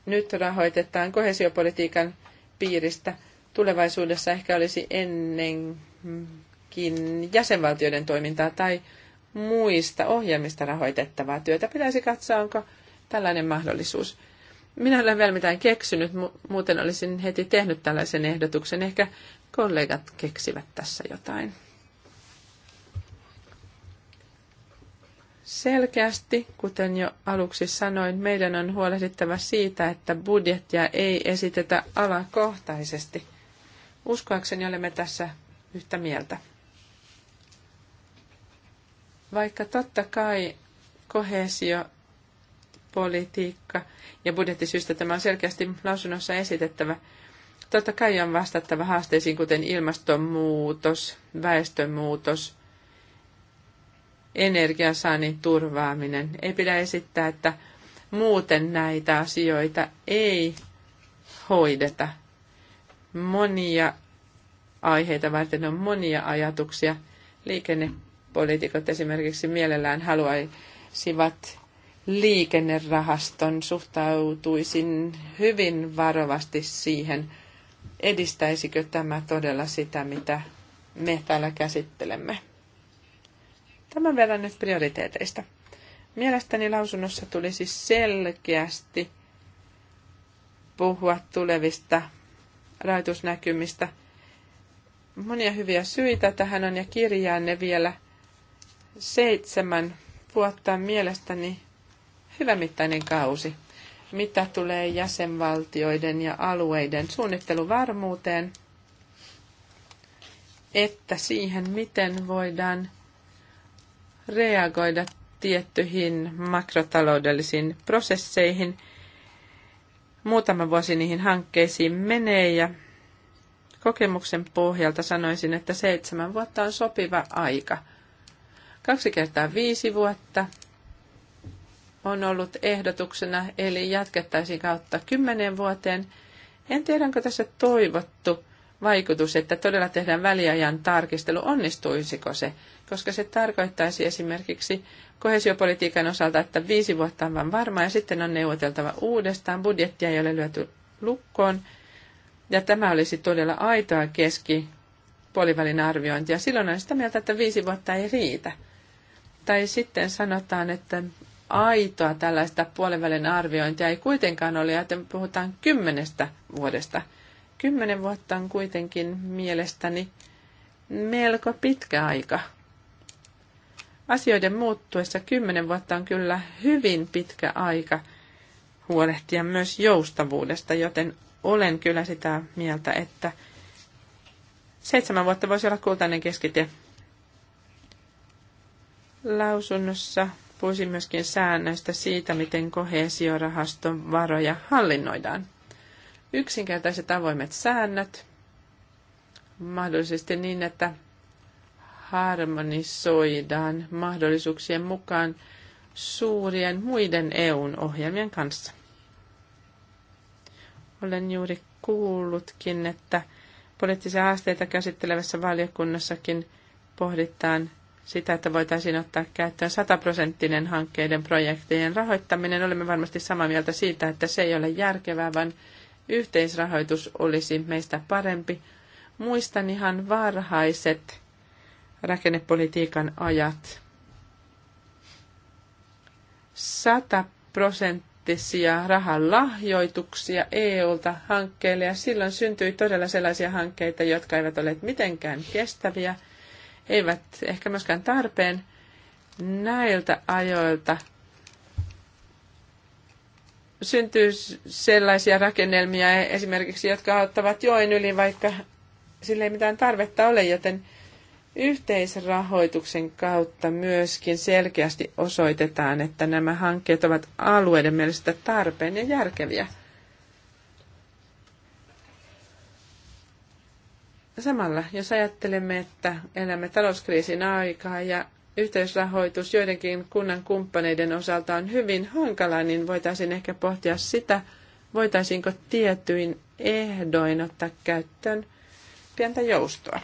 nyt rahoitetaan kohesiopolitiikan piiristä. Tulevaisuudessa ehkä olisi ennenkin jäsenvaltioiden toimintaa tai muista ohjelmista rahoitettavaa työtä. Pitäisi katsoa, onko tällainen mahdollisuus. Minä olen vielä mitään keksinyt, muuten olisin heti tehnyt tällaisen ehdotuksen. Ehkä kollegat keksivät tässä jotain. selkeästi, kuten jo aluksi sanoin, meidän on huolehdittava siitä, että budjettia ei esitetä alakohtaisesti. Uskoakseni olemme tässä yhtä mieltä. Vaikka totta kai kohesio politiikka ja budjettisyistä tämä on selkeästi lausunnossa esitettävä. Totta kai on vastattava haasteisiin, kuten ilmastonmuutos, väestönmuutos – energiansaannin turvaaminen. Ei pidä esittää, että muuten näitä asioita ei hoideta. Monia aiheita varten on monia ajatuksia. Liikennepoliitikot esimerkiksi mielellään haluaisivat liikennerahaston suhtautuisin hyvin varovasti siihen, edistäisikö tämä todella sitä, mitä me täällä käsittelemme. Tämän verran nyt prioriteeteista. Mielestäni lausunnossa tulisi siis selkeästi puhua tulevista rajoitusnäkymistä. Monia hyviä syitä tähän on ja kirjaan ne vielä seitsemän vuotta mielestäni hyvä mittainen kausi, mitä tulee jäsenvaltioiden ja alueiden suunnitteluvarmuuteen, että siihen, miten voidaan reagoida tiettyihin makrotaloudellisiin prosesseihin. Muutama vuosi niihin hankkeisiin menee ja kokemuksen pohjalta sanoisin, että seitsemän vuotta on sopiva aika. Kaksi kertaa viisi vuotta on ollut ehdotuksena, eli jatkettaisiin kautta kymmenen vuoteen. En tiedä, onko tässä toivottu vaikutus, että todella tehdään väliajan tarkistelu, onnistuisiko se? Koska se tarkoittaisi esimerkiksi kohesiopolitiikan osalta, että viisi vuotta on vain varmaa ja sitten on neuvoteltava uudestaan, budjettia ei ole lyöty lukkoon. Ja tämä olisi todella aitoa keski puolivälin arviointia. Silloin on sitä mieltä, että viisi vuotta ei riitä. Tai sitten sanotaan, että aitoa tällaista puolivälin arviointia ei kuitenkaan ole, joten puhutaan kymmenestä vuodesta – Kymmenen vuotta on kuitenkin mielestäni melko pitkä aika. Asioiden muuttuessa kymmenen vuotta on kyllä hyvin pitkä aika huolehtia myös joustavuudesta, joten olen kyllä sitä mieltä, että seitsemän vuotta voisi olla kultainen keskitie. Lausunnossa puhuisin myöskin säännöistä siitä, miten kohesiorahaston varoja hallinnoidaan yksinkertaiset avoimet säännöt, mahdollisesti niin, että harmonisoidaan mahdollisuuksien mukaan suurien muiden EUn ohjelmien kanssa. Olen juuri kuullutkin, että poliittisia haasteita käsittelevässä valiokunnassakin pohditaan sitä, että voitaisiin ottaa käyttöön sataprosenttinen hankkeiden projektien rahoittaminen. Olemme varmasti samaa mieltä siitä, että se ei ole järkevää, vaan yhteisrahoitus olisi meistä parempi. Muistan ihan varhaiset rakennepolitiikan ajat. prosenttisia rahan lahjoituksia EUlta hankkeille ja silloin syntyi todella sellaisia hankkeita, jotka eivät ole mitenkään kestäviä, eivät ehkä myöskään tarpeen. Näiltä ajoilta – syntyy sellaisia rakennelmia esimerkiksi, jotka ottavat joen yli, vaikka sille ei mitään tarvetta ole, joten yhteisrahoituksen kautta myöskin selkeästi osoitetaan, että nämä hankkeet ovat alueiden mielestä tarpeen ja järkeviä. Samalla, jos ajattelemme, että elämme talouskriisin aikaa ja yhteisrahoitus joidenkin kunnan kumppaneiden osalta on hyvin hankala, niin voitaisiin ehkä pohtia sitä, voitaisiinko tietyin ehdoin ottaa käyttöön pientä joustoa.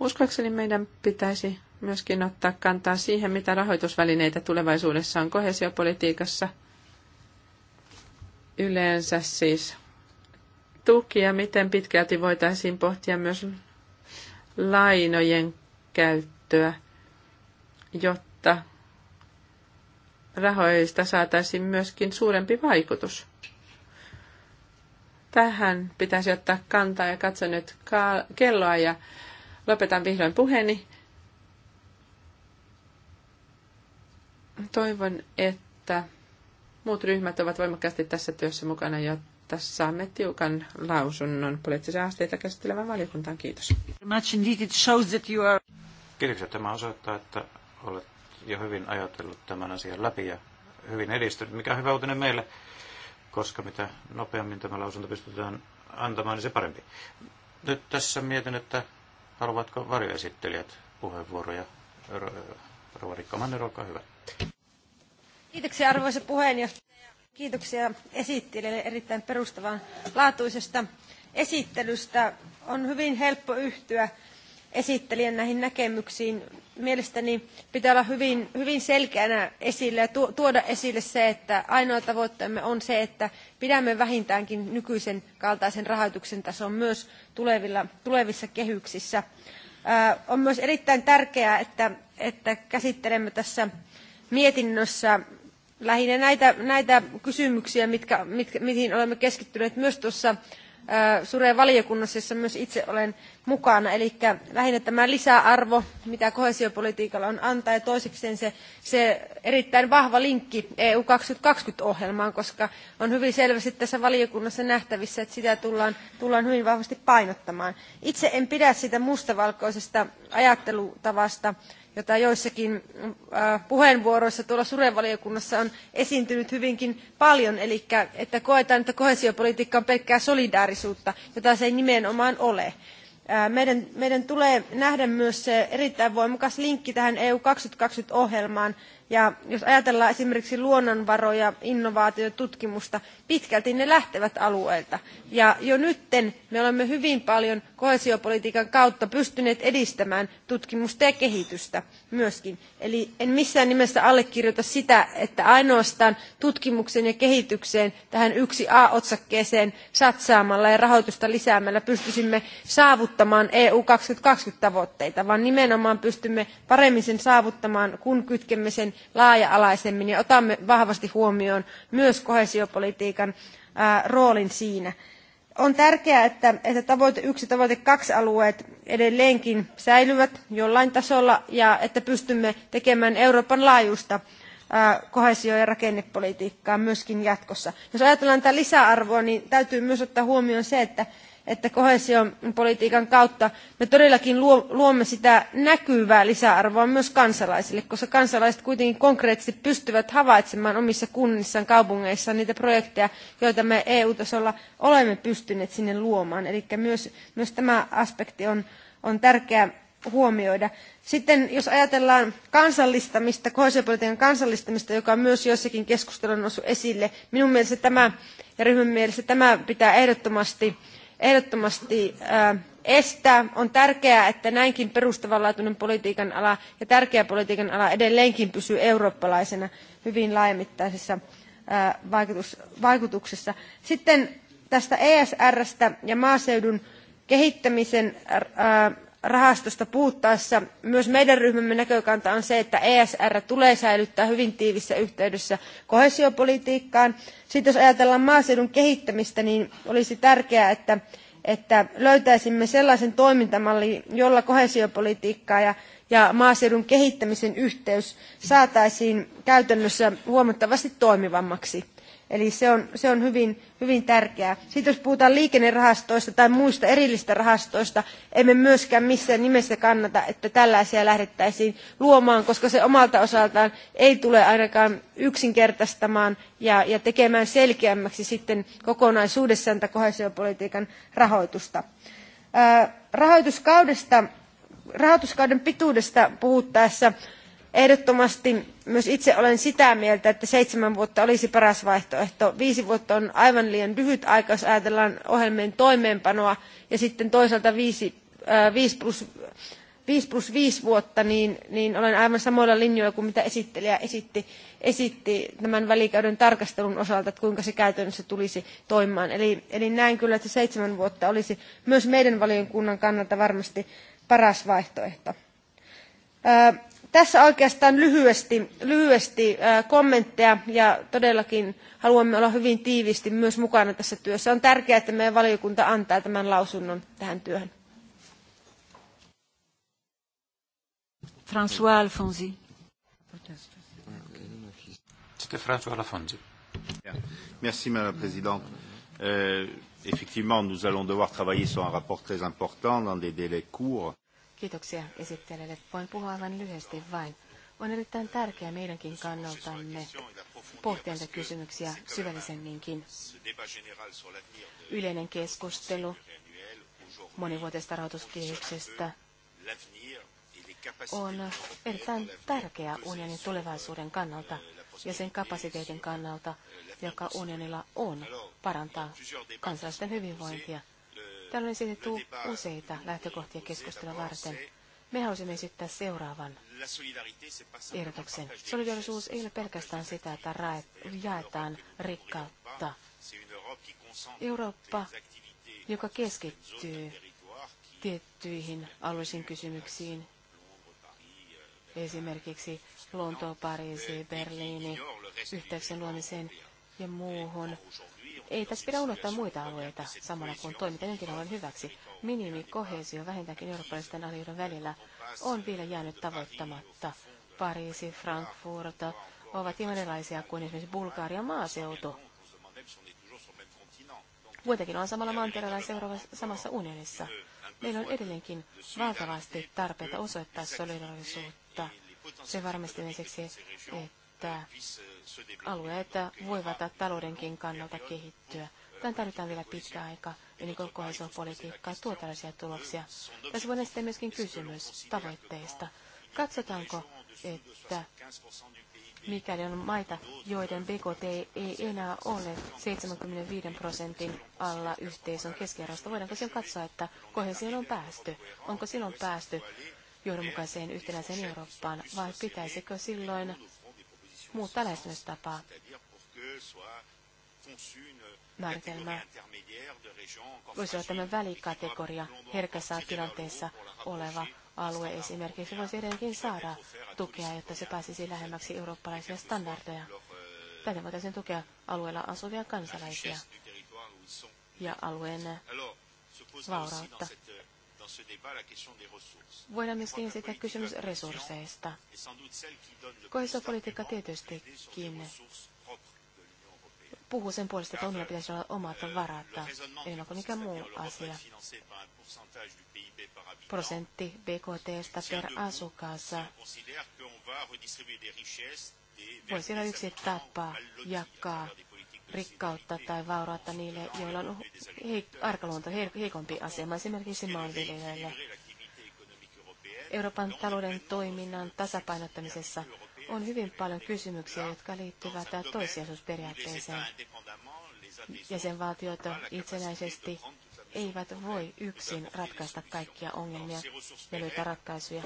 Uskoakseni meidän pitäisi myöskin ottaa kantaa siihen, mitä rahoitusvälineitä tulevaisuudessa on kohesiopolitiikassa. Yleensä siis ja miten pitkälti voitaisiin pohtia myös lainojen käyttöä, jotta rahoista saataisiin myöskin suurempi vaikutus. Tähän pitäisi ottaa kantaa ja katso nyt kelloa ja lopetan vihdoin puheeni. Toivon, että muut ryhmät ovat voimakkaasti tässä työssä mukana, jotta että saamme tiukan lausunnon poliittisia asteita käsittelevän valiokuntaan. Kiitos. Kiitoksia. Tämä osoittaa, että olet jo hyvin ajatellut tämän asian läpi ja hyvin edistynyt, mikä on hyvä uutinen meille, koska mitä nopeammin tämä lausunto pystytään antamaan, niin se parempi. Nyt tässä mietin, että haluavatko varjoesittelijät puheenvuoroja. Rovarikka Manner, olkaa hyvä. Kiitoksia arvoisa puheenjohtaja. Kiitoksia esittelijälle erittäin perustavan laatuisesta esittelystä. On hyvin helppo yhtyä esittelijän näihin näkemyksiin. Mielestäni pitää olla hyvin, hyvin selkeänä esille ja tuoda esille se, että ainoa tavoitteemme on se, että pidämme vähintäänkin nykyisen kaltaisen rahoituksen tason myös tulevilla, tulevissa kehyksissä. On myös erittäin tärkeää, että, että käsittelemme tässä mietinnössä lähinnä näitä, näitä kysymyksiä, mitkä, mitkä, mihin olemme keskittyneet myös tuossa Sureen valiokunnassa, jossa myös itse olen mukana. Eli lähinnä tämä lisäarvo, mitä koheesiopolitiikalla on antaa, ja toisekseen se, se erittäin vahva linkki EU 2020-ohjelmaan, koska on hyvin selvästi tässä valiokunnassa nähtävissä, että sitä tullaan, tullaan hyvin vahvasti painottamaan. Itse en pidä sitä mustavalkoisesta ajattelutavasta, jota joissakin äh, puheenvuoroissa tuolla surevaliokunnassa on esiintynyt hyvinkin paljon, eli että koetaan, että koheesiopolitiikka on pelkkää solidaarisuutta, jota se ei nimenomaan ole. Äh, meidän, meidän tulee nähdä myös se erittäin voimakas linkki tähän EU 2020-ohjelmaan. Ja jos ajatellaan esimerkiksi luonnonvaroja, innovaatioita, tutkimusta, pitkälti ne lähtevät alueelta. Ja jo nytten me olemme hyvin paljon koheesiopolitiikan kautta pystyneet edistämään tutkimusta ja kehitystä myöskin. Eli en missään nimessä allekirjoita sitä, että ainoastaan tutkimukseen ja kehitykseen tähän yksi A-otsakkeeseen satsaamalla ja rahoitusta lisäämällä pystyisimme saavuttamaan EU 2020 tavoitteita, vaan nimenomaan pystymme paremmin sen saavuttamaan, kun kytkemme sen laaja-alaisemmin ja otamme vahvasti huomioon myös koheesiopolitiikan roolin siinä. On tärkeää, että, että tavoite yksi tavoite kaksi alueet edelleenkin säilyvät jollain tasolla ja että pystymme tekemään Euroopan laajuista kohesio- ja rakennepolitiikkaa myöskin jatkossa. Jos ajatellaan tätä lisäarvoa, niin täytyy myös ottaa huomioon se, että että koheesiopolitiikan kautta me todellakin luomme sitä näkyvää lisäarvoa myös kansalaisille, koska kansalaiset kuitenkin konkreettisesti pystyvät havaitsemaan omissa kunnissaan, kaupungeissaan niitä projekteja, joita me EU-tasolla olemme pystyneet sinne luomaan. Eli myös, myös tämä aspekti on, on tärkeä huomioida. Sitten jos ajatellaan kansallistamista, kohesiopolitiikan kansallistamista, joka on myös joissakin keskustelun noussut esille, minun mielestä tämä ja ryhmän mielestä tämä pitää ehdottomasti ehdottomasti estää. On tärkeää, että näinkin perustavanlaatuinen politiikan ala ja tärkeä politiikan ala edelleenkin pysyy eurooppalaisena hyvin laajamittaisessa vaikutus, vaikutuksessa. Sitten tästä ESRstä ja maaseudun kehittämisen rahastosta puhuttaessa myös meidän ryhmämme näkökanta on se, että ESR tulee säilyttää hyvin tiivissä yhteydessä koheesiopolitiikkaan. jos ajatellaan maaseudun kehittämistä, niin olisi tärkeää, että, että löytäisimme sellaisen toimintamallin, jolla koheesiopolitiikkaa ja, ja maaseudun kehittämisen yhteys saataisiin käytännössä huomattavasti toimivammaksi Eli se on, se on hyvin, hyvin tärkeää. Sitten jos puhutaan liikennerahastoista tai muista erillistä rahastoista, emme myöskään missään nimessä kannata, että tällaisia lähdettäisiin luomaan, koska se omalta osaltaan ei tule ainakaan yksinkertaistamaan ja, ja tekemään selkeämmäksi sitten kokonaisuudessaan tätä kohesiopolitiikan rahoitusta. Ää, rahoituskaudesta, rahoituskauden pituudesta puhuttaessa Ehdottomasti myös itse olen sitä mieltä, että seitsemän vuotta olisi paras vaihtoehto. Viisi vuotta on aivan liian lyhyt aika, jos ajatellaan ohjelmien toimeenpanoa, ja sitten toisaalta viisi, äh, viisi plus 5 vuotta, niin, niin olen aivan samoilla linjoilla kuin mitä esittelijä esitti, esitti tämän välikäyden tarkastelun osalta, että kuinka se käytännössä tulisi toimimaan. Eli, eli näen kyllä, että seitsemän vuotta olisi myös meidän valiokunnan kannalta varmasti paras vaihtoehto. Äh, tässä oikeastaan lyhyesti, lyhyesti kommentteja ja todellakin haluamme olla hyvin tiiviisti myös mukana tässä työssä. On tärkeää, että meidän valiokunta antaa tämän lausunnon tähän työhön. François Alfonsi. C'était François Alfonsi. Merci Madame la Présidente. Euh, effectivement, nous allons devoir travailler sur un rapport très important dans des délais courts Kiitoksia esittelijälle. Voin puhua aivan lyhyesti vain. On erittäin tärkeää meidänkin kannaltamme pohtia näitä kysymyksiä syvällisemminkin. Yleinen keskustelu monivuotisesta rahoituskehyksestä on erittäin tärkeä unionin tulevaisuuden kannalta ja sen kapasiteetin kannalta, joka unionilla on parantaa kansalaisten hyvinvointia. Täällä on esitetty useita lähtökohtia keskustelua varten. Me haluaisimme esittää seuraavan ehdotuksen. Solidarisuus ei ole pelkästään sitä, että jaetaan rikkautta. Eurooppa, joka keskittyy tiettyihin alueisiin kysymyksiin, esimerkiksi Lontoa, Pariisi, Berliini, yhteyksien luomiseen ja muuhun ei tässä pidä unohtaa muita alueita samalla kun toiminta jonkin alueen hyväksi. Minimi kohesio vähintäänkin eurooppalaisten alueiden välillä on vielä jäänyt tavoittamatta. Pariisi, Frankfurt ovat ihan erilaisia kuin esimerkiksi Bulgaria maaseutu. Kuitenkin on samalla mantereella ja samassa unionissa. Meillä on edelleenkin valtavasti tarpeita osoittaa solidarisuutta Se varmistamiseksi, että että alueet voivat taloudenkin kannalta kehittyä. Tämän tarvitaan vielä pitkä aika, ennen kuin politiikkaa tuo tällaisia tuloksia. Tässä voidaan sitten myöskin kysymys tavoitteista. Katsotaanko, että mikäli on maita, joiden BKT ei enää ole 75 prosentin alla yhteisön keskiarvosta, voidaanko silloin katsoa, että kohesioon on päästy? Onko silloin päästy johdonmukaiseen yhtenäiseen Eurooppaan, vai pitäisikö silloin muuttaa lähestymistapaa. Määritelmä voisi olla tämä välikategoria herkässä tilanteessa oleva alue esimerkiksi voisi edelleenkin saada tukea, jotta se pääsisi lähemmäksi eurooppalaisia standardeja. Täten voitaisiin tukea alueella asuvia kansalaisia ja alueen vaurautta. Voidaan myöskin esittää kysymys resursseista. Kohesiopolitiikka tietystikin puhuu sen puolesta, että unionilla pitäisi olla omat euh, varat, enemmän kuin mikään muu asia. Prosentti BKTstä per asukas Voisi olla yksi tapa jakaa rikkautta tai vaurautta niille, joilla on arkaluonto heikompi asema, esimerkiksi maanviljelijöille. Euroopan talouden toiminnan tasapainottamisessa on hyvin paljon kysymyksiä, jotka liittyvät toissijaisuusperiaatteeseen. Jäsenvaltiot itsenäisesti eivät voi yksin ratkaista kaikkia ongelmia ja löytää ratkaisuja.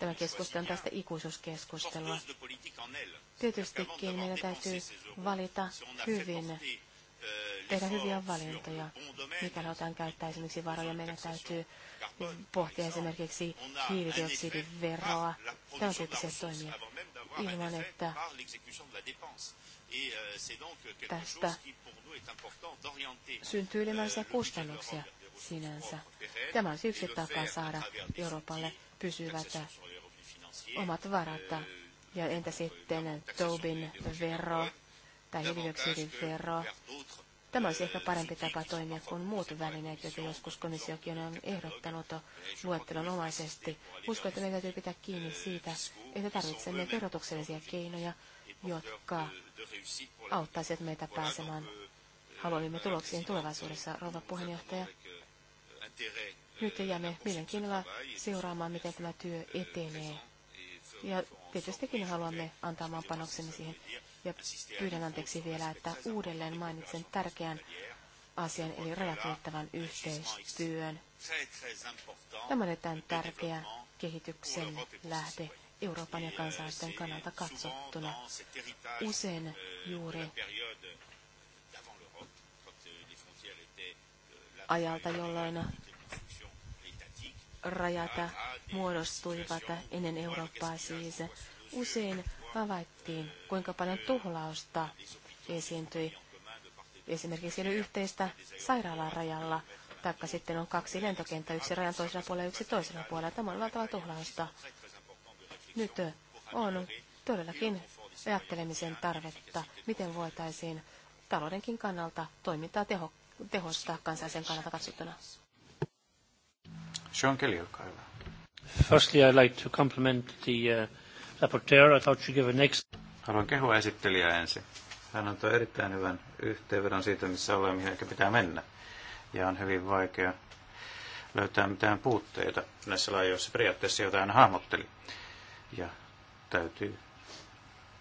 Tämä keskustelu on tästä ikuisuuskeskustelua. Tietystikin meidän täytyy valita hyvin, tehdä hyviä valintoja, mikäli otan käyttää esimerkiksi varoja. Meidän täytyy pohtia esimerkiksi hiilidioksidiveroa, tämän tyyppisiä toimia, ilman että tästä syntyy ylimääräisiä kustannuksia sinänsä. Tämä on yksi tapa saada Euroopalle pysyvät omat varat ja entä sitten Tobin vero tai vero? Tämä olisi ehkä parempi tapa toimia kuin muut välineet, joita joskus komissiokin on ehdottanut luettelonomaisesti. Uskon, että meidän täytyy pitää kiinni siitä, että tarvitsemme verotuksellisia keinoja, jotka auttaisivat meitä pääsemään haluamme tuloksiin tulevaisuudessa, rouva puheenjohtaja. Nyt jäämme mielenkiinnolla seuraamaan, miten tämä työ etenee ja tietystikin haluamme antaa oman panoksemme siihen. Ja pyydän anteeksi vielä, että uudelleen mainitsen tärkeän asian, eli rajat yhteistyön. Tämä on erittäin tärkeä kehityksen lähde Euroopan ja kansalaisten kannalta katsottuna. Usein juuri ajalta, jolloin rajata muodostuivat ennen Eurooppaa siis. Usein havaittiin, kuinka paljon tuhlausta esiintyi. Esimerkiksi ei yhteistä sairaalan rajalla, taikka sitten on kaksi lentokenttä, yksi rajan toisella puolella ja yksi toisella puolella. Tämä on valtava tuhlausta. Nyt on todellakin ajattelemisen tarvetta, miten voitaisiin taloudenkin kannalta toimintaa teho, tehostaa kansallisen kannalta katsottuna. Sean Kelly, olkaa Firstly, I'd like to compliment the uh, rapporteur. I thought an Haluan kehua esittelijää ensin. Hän antoi erittäin hyvän yhteenvedon siitä, missä ollaan, mihin ehkä pitää mennä. Ja on hyvin vaikea löytää mitään puutteita näissä laajoissa periaatteissa, joita hän hahmotteli. Ja täytyy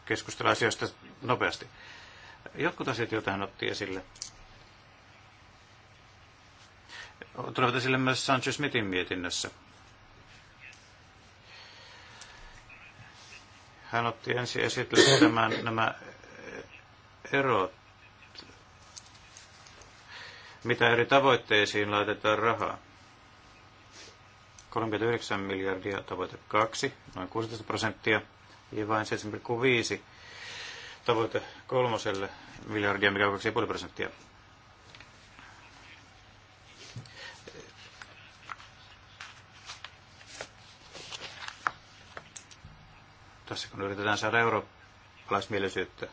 keskustella asioista nopeasti. Jotkut asiat, joita hän otti esille, tulevat esille myös Sancho Smithin mietinnössä. Hän otti ensin esille tämän, nämä erot, mitä eri tavoitteisiin laitetaan rahaa. 39 miljardia tavoite 2, noin 16 prosenttia, ja vain 7,5 tavoite kolmoselle miljardia, mikä on 2,5 prosenttia. tässä kun yritetään saada eurooppalaismielisyyttä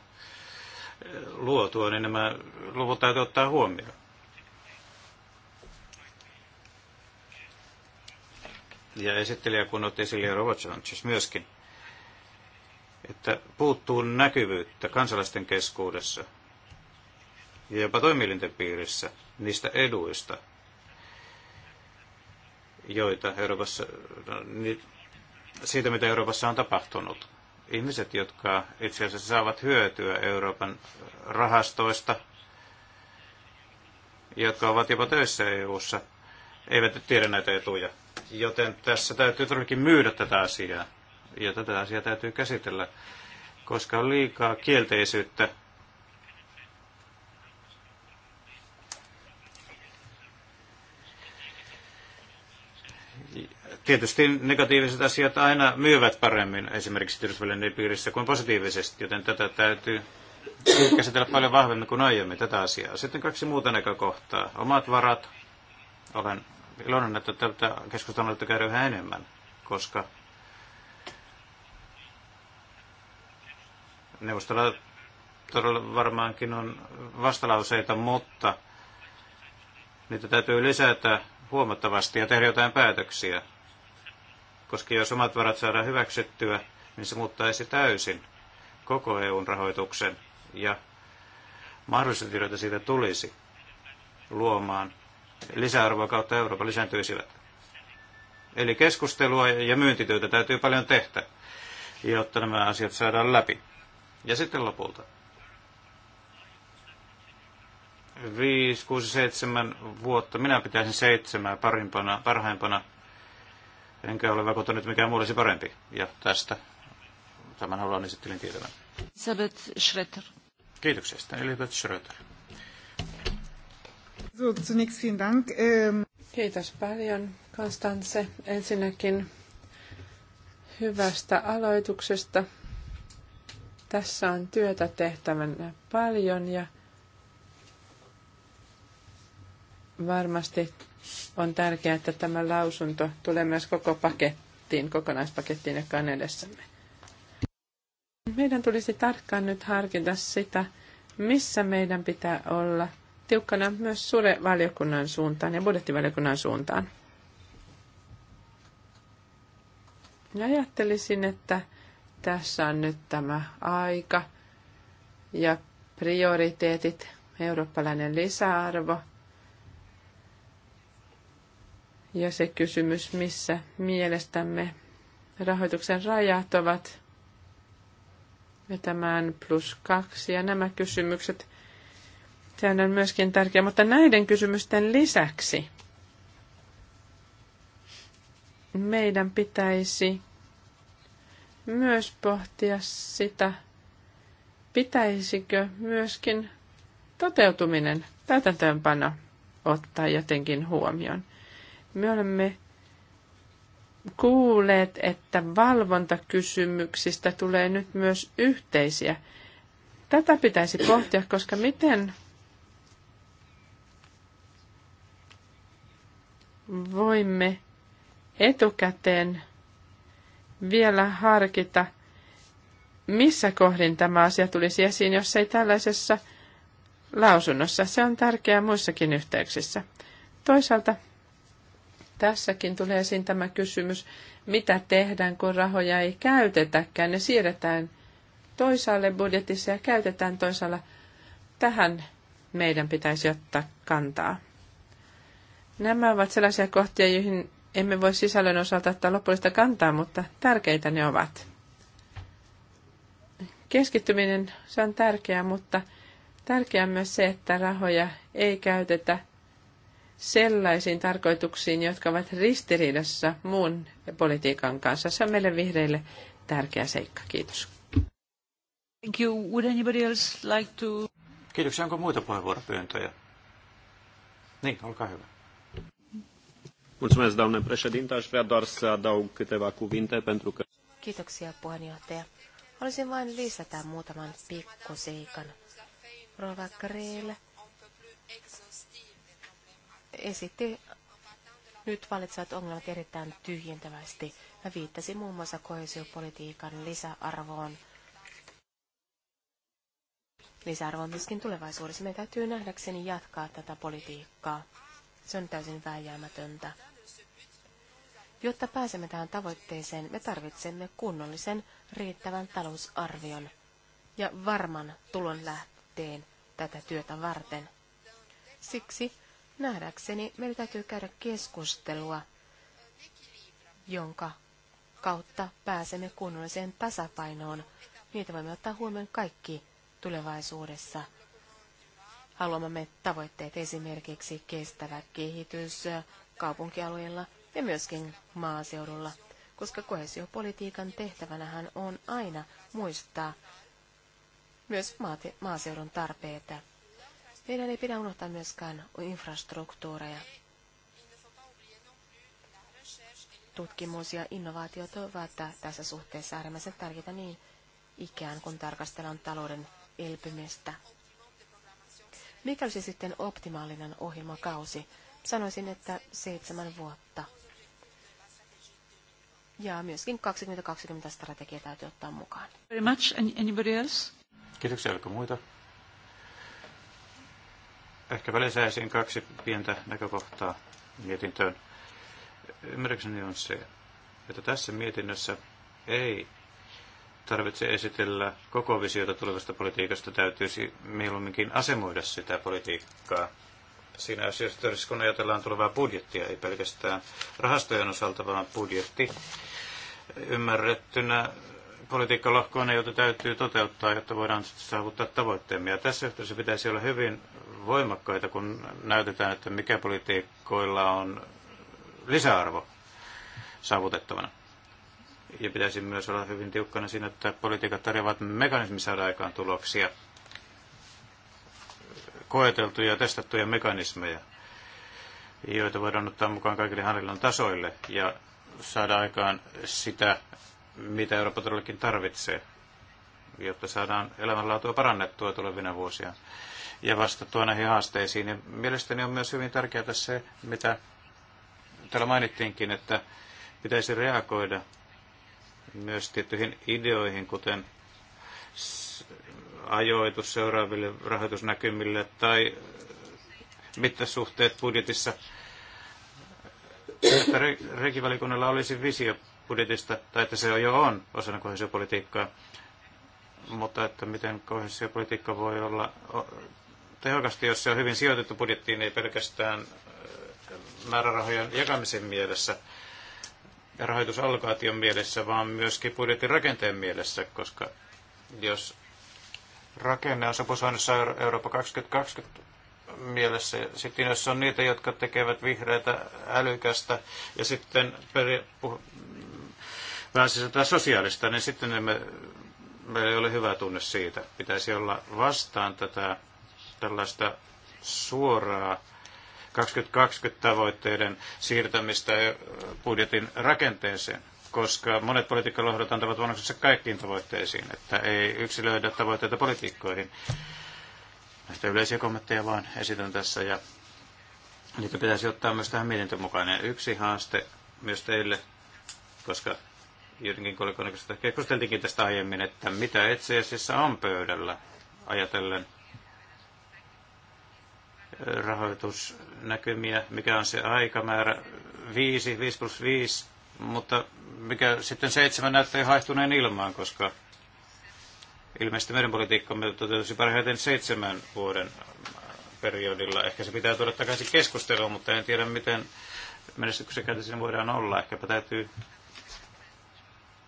luotua, niin nämä luvut täytyy ottaa huomioon. Ja esittelijä kun otti esille Robert myöskin, että puuttuu näkyvyyttä kansalaisten keskuudessa ja jopa toimielinten piirissä niistä eduista, joita Euroopassa, no, siitä, mitä Euroopassa on tapahtunut. Ihmiset, jotka itse asiassa saavat hyötyä Euroopan rahastoista, jotka ovat jopa töissä EU-ssa, eivät tiedä näitä etuja. Joten tässä täytyy todellakin myydä tätä asiaa. Ja tätä asiaa täytyy käsitellä, koska on liikaa kielteisyyttä Tietysti negatiiviset asiat aina myyvät paremmin esimerkiksi tiedotusvälineiden piirissä kuin positiivisesti, joten tätä täytyy käsitellä paljon vahvemmin kuin aiemmin tätä asiaa. Sitten kaksi muuta näkökohtaa. Omat varat. Olen iloinen, että tätä keskustelua on käydä yhä enemmän, koska neuvostolla todella varmaankin on vastalauseita, mutta niitä täytyy lisätä huomattavasti ja tehdä jotain päätöksiä koska jos omat varat saadaan hyväksyttyä, niin se muuttaisi täysin koko EUn rahoituksen ja mahdollisuudet, joita siitä tulisi luomaan lisäarvoa kautta Euroopan lisääntyisivät. Eli keskustelua ja myyntityötä täytyy paljon tehdä, jotta nämä asiat saadaan läpi. Ja sitten lopulta. 5, 6, 7 vuotta. Minä pitäisin seitsemää parimpana, parhaimpana enkä ole vakuuttunut mikään muu olisi parempi. Ja tästä tämän haluan esittelin tietävän. Elisabeth Schröter. Kiitoksia. Sitten Elisabeth Schröter. So, zunächst vielen Dank. Ähm, Kiitos paljon, Konstanze, Ensinnäkin hyvästä aloituksesta. Tässä on työtä tehtävänä paljon ja Varmasti on tärkeää, että tämä lausunto tulee myös koko pakettiin, kokonaispakettiin, joka on edessämme. Meidän tulisi tarkkaan nyt harkita sitä, missä meidän pitää olla tiukkana myös suure-valiokunnan suuntaan ja budjettivaliokunnan suuntaan. Ja ajattelisin, että tässä on nyt tämä aika ja prioriteetit, eurooppalainen lisäarvo – ja se kysymys, missä mielestämme rahoituksen rajat ovat ja tämän plus kaksi ja nämä kysymykset, sehän on myöskin tärkeä, mutta näiden kysymysten lisäksi meidän pitäisi myös pohtia sitä, pitäisikö myöskin toteutuminen, täytäntöönpano ottaa jotenkin huomioon. Me olemme kuulleet, että valvontakysymyksistä tulee nyt myös yhteisiä. Tätä pitäisi pohtia, koska miten voimme etukäteen vielä harkita, missä kohdin tämä asia tulisi esiin, jos ei tällaisessa lausunnossa. Se on tärkeää muissakin yhteyksissä. Toisaalta Tässäkin tulee esiin tämä kysymys, mitä tehdään, kun rahoja ei käytetäkään. Ne siirretään toisaalle budjetissa ja käytetään toisaalla. Tähän meidän pitäisi ottaa kantaa. Nämä ovat sellaisia kohtia, joihin emme voi sisällön osalta ottaa lopullista kantaa, mutta tärkeitä ne ovat. Keskittyminen, se on tärkeää, mutta tärkeää myös se, että rahoja ei käytetä – sellaisiin tarkoituksiin, jotka ovat ristiriidassa muun politiikan kanssa. Se on meille vihreille tärkeä seikka. Kiitos. Thank you. Would anybody else like to... Kiitoksia. Onko muita puheenvuoropyyntöjä? Niin, olkaa hyvä. Mulțumesc, doamne președinte. Aș vrea doar să adaug câteva cuvinte pentru că... Kiitoksia, puheenjohtaja. Olisin vain lisätä muutaman pikkuseikan. Rova Greel esitti nyt valitsevat ongelmat erittäin tyhjentävästi. Hän viittasi muun muassa kohesiopolitiikan lisäarvoon. Lisäarvo on myöskin tulevaisuudessa. Meidän täytyy nähdäkseni jatkaa tätä politiikkaa. Se on täysin vääjäämätöntä. Jotta pääsemme tähän tavoitteeseen, me tarvitsemme kunnollisen, riittävän talousarvion ja varman tulonlähteen tätä työtä varten. Siksi Nähdäkseni meidän täytyy käydä keskustelua, jonka kautta pääsemme kunnolliseen tasapainoon. Niitä voimme ottaa huomioon kaikki tulevaisuudessa. Haluamme tavoitteet esimerkiksi kestävä kehitys kaupunkialueilla ja myöskin maaseudulla, koska kohesiopolitiikan tehtävänähän on aina muistaa myös maaseudun tarpeita. Meidän ei pidä unohtaa myöskään infrastruktuureja. Tutkimus ja innovaatiot ovat tässä suhteessa äärimmäisen tärkeitä niin ikään, kun tarkastellaan talouden elpymistä. Mikä olisi sitten optimaalinen ohjelmakausi? Sanoisin, että seitsemän vuotta. Ja myöskin 2020 strategia täytyy ottaa mukaan. Very much. Anybody else? Kiitoksia. Oliko muita? Ehkäpä lisäisin kaksi pientä näkökohtaa mietintöön. Ymmärrykseni on se, että tässä mietinnössä ei tarvitse esitellä koko visiota tulevasta politiikasta, täytyisi mieluumminkin asemoida sitä politiikkaa. Siinä asiassa, kun ajatellaan tulevaa budjettia, ei pelkästään rahastojen osalta, vaan budjetti ymmärrettynä politiikkalohkoon, joita täytyy toteuttaa, jotta voidaan saavuttaa tavoitteemme. Ja tässä yhteydessä pitäisi olla hyvin voimakkaita, kun näytetään, että mikä politiikkoilla on lisäarvo saavutettavana. Ja pitäisi myös olla hyvin tiukkana siinä, että politiikat tarjoavat mekanismi saada aikaan tuloksia, koeteltuja ja testattuja mekanismeja, joita voidaan ottaa mukaan kaikille hallinnon tasoille ja saada aikaan sitä mitä Eurooppa todellakin tarvitsee, jotta saadaan elämänlaatua parannettua tulevina vuosina ja vastattua näihin haasteisiin. Ja mielestäni on myös hyvin tärkeää se, mitä täällä mainittiinkin, että pitäisi reagoida myös tiettyihin ideoihin, kuten ajoitus seuraaville rahoitusnäkymille tai mittasuhteet budjetissa. Että re- olisi visio budjetista, tai että se jo on osana kohesiopolitiikkaa, mutta että miten kohesiopolitiikka voi olla tehokasti, jos se on hyvin sijoitettu budjettiin, ei pelkästään määrärahojen jakamisen mielessä ja rahoitusallokaation mielessä, vaan myöskin budjetin rakenteen mielessä, koska jos rakenne on sopusoinnissa Eurooppa 2020 mielessä. Sitten jos on niitä, jotka tekevät vihreitä älykästä ja sitten peri, puh, pääasiassa tätä sosiaalista, niin sitten me meillä ei ole hyvä tunne siitä. Pitäisi olla vastaan tätä tällaista suoraa 2020 tavoitteiden siirtämistä eh, budjetin rakenteeseen, koska monet politiikkalohdot antavat panoksensa kaikkiin tavoitteisiin, että ei yksilöidä tavoitteita politiikkoihin. Näitä yleisiä kommentteja vaan esitän tässä ja niitä pitäisi ottaa myös tähän mietintöön mukaan. Ja yksi haaste myös teille, koska jotenkin kollegoiden kanssa keskusteltiinkin tästä aiemmin, että mitä itse asiassa on pöydällä ajatellen rahoitusnäkymiä, mikä on se aikamäärä, 5, 5 plus 5, mutta mikä sitten seitsemän näyttää jo haehtuneen ilmaan, koska ilmeisesti meidän politiikkamme toteutuisi parhaiten seitsemän vuoden periodilla. Ehkä se pitää tuoda takaisin keskusteluun, mutta en tiedä miten menestyksekäitä siinä voidaan olla. Ehkäpä täytyy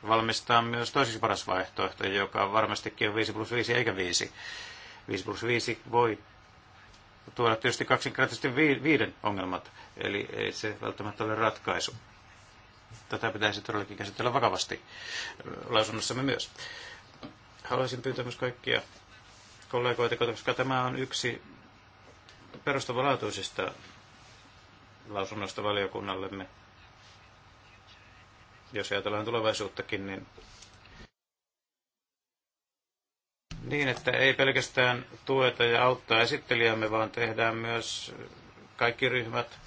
valmistaa myös toiseksi paras vaihtoehto, joka varmastikin on 5 plus 5 eikä 5. 5 plus 5 voi tuoda tietysti kaksinkertaisesti viiden ongelmat, eli ei se välttämättä ole ratkaisu. Tätä pitäisi todellakin käsitellä vakavasti äh, lausunnossamme myös. Haluaisin pyytää myös kaikkia kollegoita, koska tämä on yksi perustavanlaatuisista lausunnoista valiokunnallemme jos ajatellaan tulevaisuuttakin, niin niin, että ei pelkästään tueta ja auttaa esittelijämme, vaan tehdään myös kaikki ryhmät,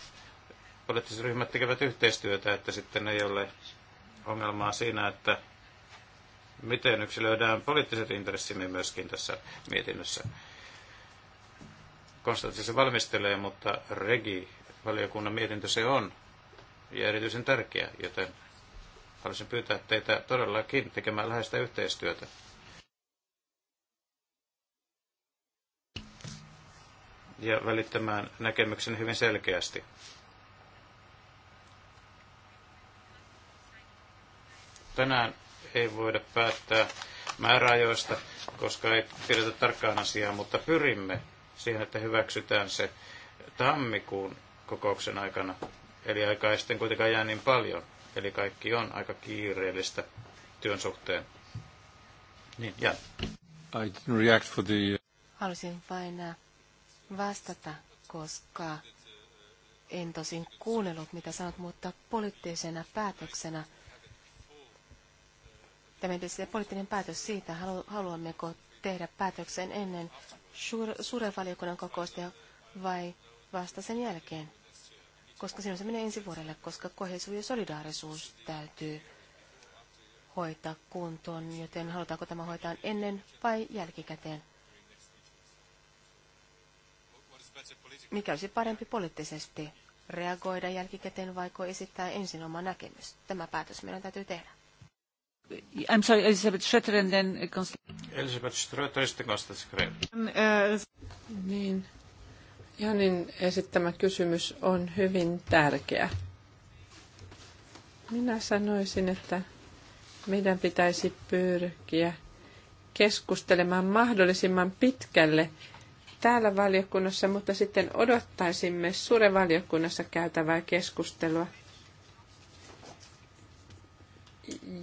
poliittiset ryhmät tekevät yhteistyötä, että sitten ei ole ongelmaa siinä, että miten yksilöidään poliittiset intressimme myöskin tässä mietinnössä. Konstantin se valmistelee, mutta regi valiokunnan mietintö se on ja erityisen tärkeä, joten Haluaisin pyytää teitä todellakin tekemään läheistä yhteistyötä. Ja välittämään näkemyksen hyvin selkeästi. Tänään ei voida päättää määräajoista, koska ei tiedetä tarkkaan asiaa, mutta pyrimme siihen, että hyväksytään se tammikuun kokouksen aikana. Eli aikaa ei sitten kuitenkaan jää niin paljon. Eli kaikki on aika kiireellistä työn suhteen. Niin, ja. I didn't react for the... Uh, Halusin vain äh, vastata, koska en tosin kuunnellut, mitä sanot, mutta poliittisena päätöksenä Tämä poliittinen päätös siitä, haluammeko tehdä päätöksen ennen suuren valiokunnan kokousta vai vasta sen jälkeen koska silloin se menee ensi vuodelle, koska kohesio ja solidaarisuus täytyy hoitaa kuntoon, joten halutaanko tämä hoitaa ennen vai jälkikäteen? Mikä olisi parempi poliittisesti? Reagoida jälkikäteen vai esittää ensin oma näkemys? Tämä päätös meidän täytyy tehdä. I'm sorry, Elizabeth Schröter and then Elisabeth Elizabeth Schröter sitten Constance Krell. Niin, Janin esittämä kysymys on hyvin tärkeä. Minä sanoisin, että meidän pitäisi pyrkiä keskustelemaan mahdollisimman pitkälle täällä valiokunnassa, mutta sitten odottaisimme surevaliokunnassa käytävää keskustelua,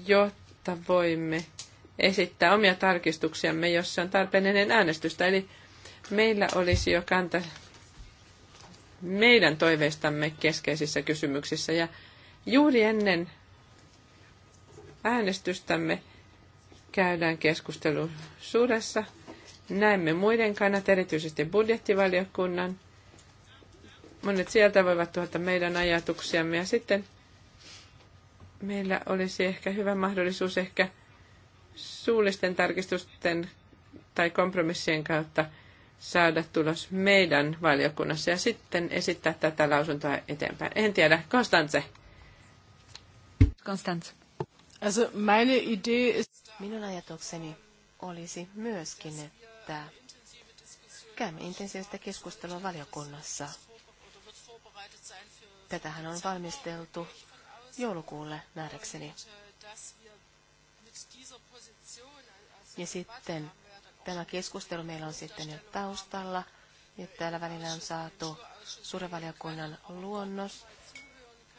jotta voimme esittää omia tarkistuksiamme, jos se on tarpeen ennen äänestystä. Eli meillä olisi jo kanta meidän toiveistamme keskeisissä kysymyksissä. Ja juuri ennen äänestystämme käydään keskustelu suuressa. Näemme muiden kannat, erityisesti budjettivaliokunnan. Monet sieltä voivat tuolta meidän ajatuksiamme ja sitten meillä olisi ehkä hyvä mahdollisuus ehkä suullisten tarkistusten tai kompromissien kautta – saada tulos meidän valiokunnassa ja sitten esittää tätä lausuntoa eteenpäin. En tiedä. Konstantse. Konstantse. Also meine Idee ist... Minun ajatukseni olisi myöskin, että käymme intensiivistä keskustelua valiokunnassa. Tätähän on valmisteltu joulukuulle nähdäkseni. Ja sitten Tämä keskustelu meillä on sitten jo taustalla, ja täällä välillä on saatu suurevaliokunnan luonnos,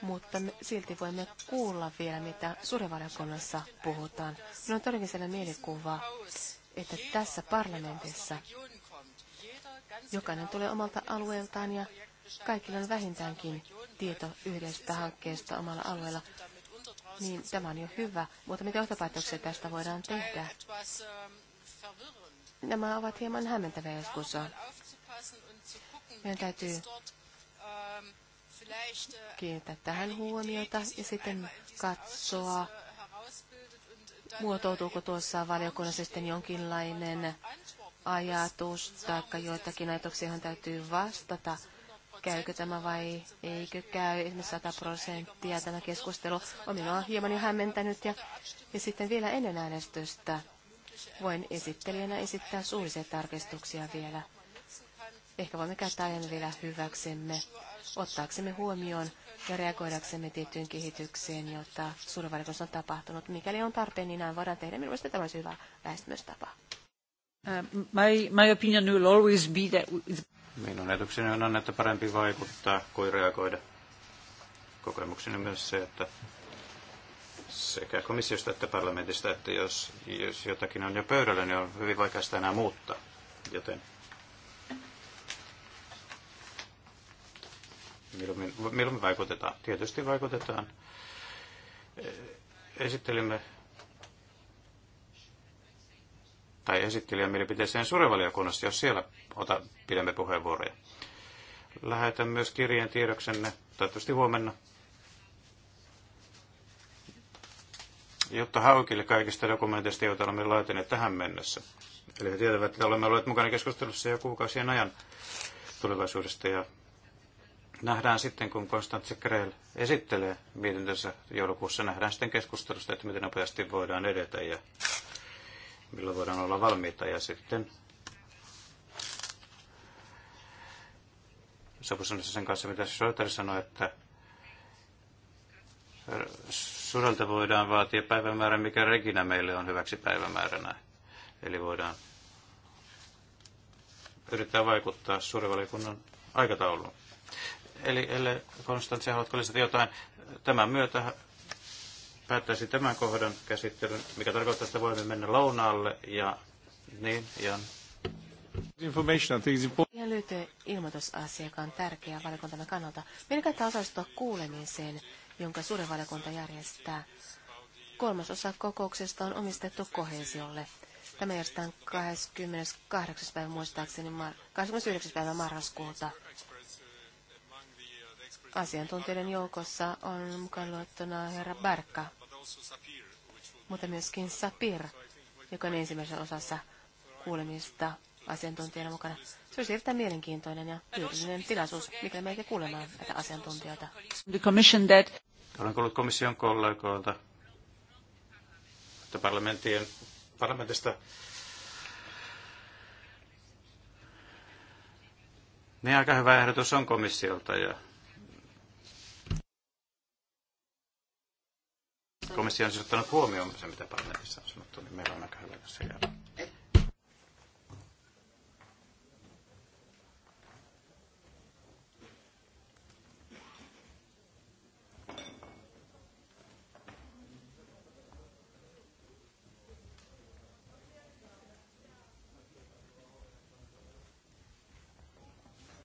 mutta me silti voimme kuulla vielä, mitä suurevaliokunnassa puhutaan. Minulla on todellakin sellainen mielikuva, että tässä parlamentissa jokainen tulee omalta alueeltaan ja kaikilla on vähintäänkin tieto yhdestä hankkeesta omalla alueella, niin tämä on jo hyvä. Mutta mitä johtopäätöksiä tästä voidaan tehdä? nämä ovat hieman hämmentäviä joskus. Meidän täytyy kiinnittää tähän huomiota ja sitten katsoa, muotoutuuko tuossa valiokunnassa sitten jonkinlainen ajatus tai joitakin ajatuksia, johon täytyy vastata. Käykö tämä vai eikö käy? Esimerkiksi 100 prosenttia tämä keskustelu on minua hieman jo hämmentänyt. Ja, ja sitten vielä ennen äänestystä voin esittelijänä esittää suullisia tarkistuksia vielä. Ehkä voimme käyttää ajan vielä hyväksemme, ottaaksemme huomioon ja reagoidaksemme tiettyyn kehitykseen, jota suurvalikossa on tapahtunut. Mikäli on tarpeen, niin näin voidaan tehdä. Minun mielestä tämä olisi hyvä lähestymistapa. Uh, Minun ajatukseni on, että parempi vaikuttaa kuin reagoida. Kokemukseni on myös se, että sekä komissiosta että parlamentista, että jos, jos jotakin on jo pöydällä, niin on hyvin vaikea sitä enää muuttaa. Joten milloin, milloin vaikutetaan? Tietysti vaikutetaan. Eh, esittelimme tai esittelijän mielipiteeseen suurevaliokunnassa, jos siellä ota, pidämme puheenvuoroja. Lähetän myös kirjeen tiedoksenne, toivottavasti huomenna, Jotta Haukille kaikista dokumenteista, joita olemme laatineet tähän mennessä. Eli he tietävät, että olemme olleet mukana keskustelussa jo kuukausien ajan tulevaisuudesta ja nähdään sitten, kun Konstantse Krell esittelee mietintönsä joulukuussa, nähdään sitten keskustelusta, että miten nopeasti voidaan edetä ja milloin voidaan olla valmiita ja sitten sopusuunnassa sen kanssa, mitä Schröter sanoi, että sudelta voidaan vaatia päivämäärä, mikä Regina meille on hyväksi päivämääränä. Eli voidaan yrittää vaikuttaa suurivaliokunnan aikatauluun. Eli Elle Konstantse, haluatko lisätä jotain? Tämän myötä päättäisi tämän kohdan käsittelyn, mikä tarkoittaa, että voimme mennä lounaalle ja niin, ja Ihan lyhyt ilmoitusasia, joka on tärkeä valiokuntamme kannalta. Meidän kannattaa osallistua kuulemiseen, jonka suurenvaliokunta järjestää. Kolmas osa kokouksesta on omistettu kohesiolle. Tämä järjestetään 28. päivä muistaakseni, 29. päivä marraskuuta. Asiantuntijoiden joukossa on mukaan luettuna herra Barka, mutta myöskin Sapir, joka on ensimmäisessä osassa kuulemista asiantuntijana mukana. Se olisi erittäin mielenkiintoinen ja hyödyllinen tilaisuus, mikä meitä kuulemaan näitä asiantuntijoita. Olen kuullut komission kollegoilta, että parlamentin parlamentista niin aika hyvä ehdotus on komissiolta ja komissio on siis ottanut huomioon se, mitä parlamentissa on sanottu, niin meillä on aika hyvä tässä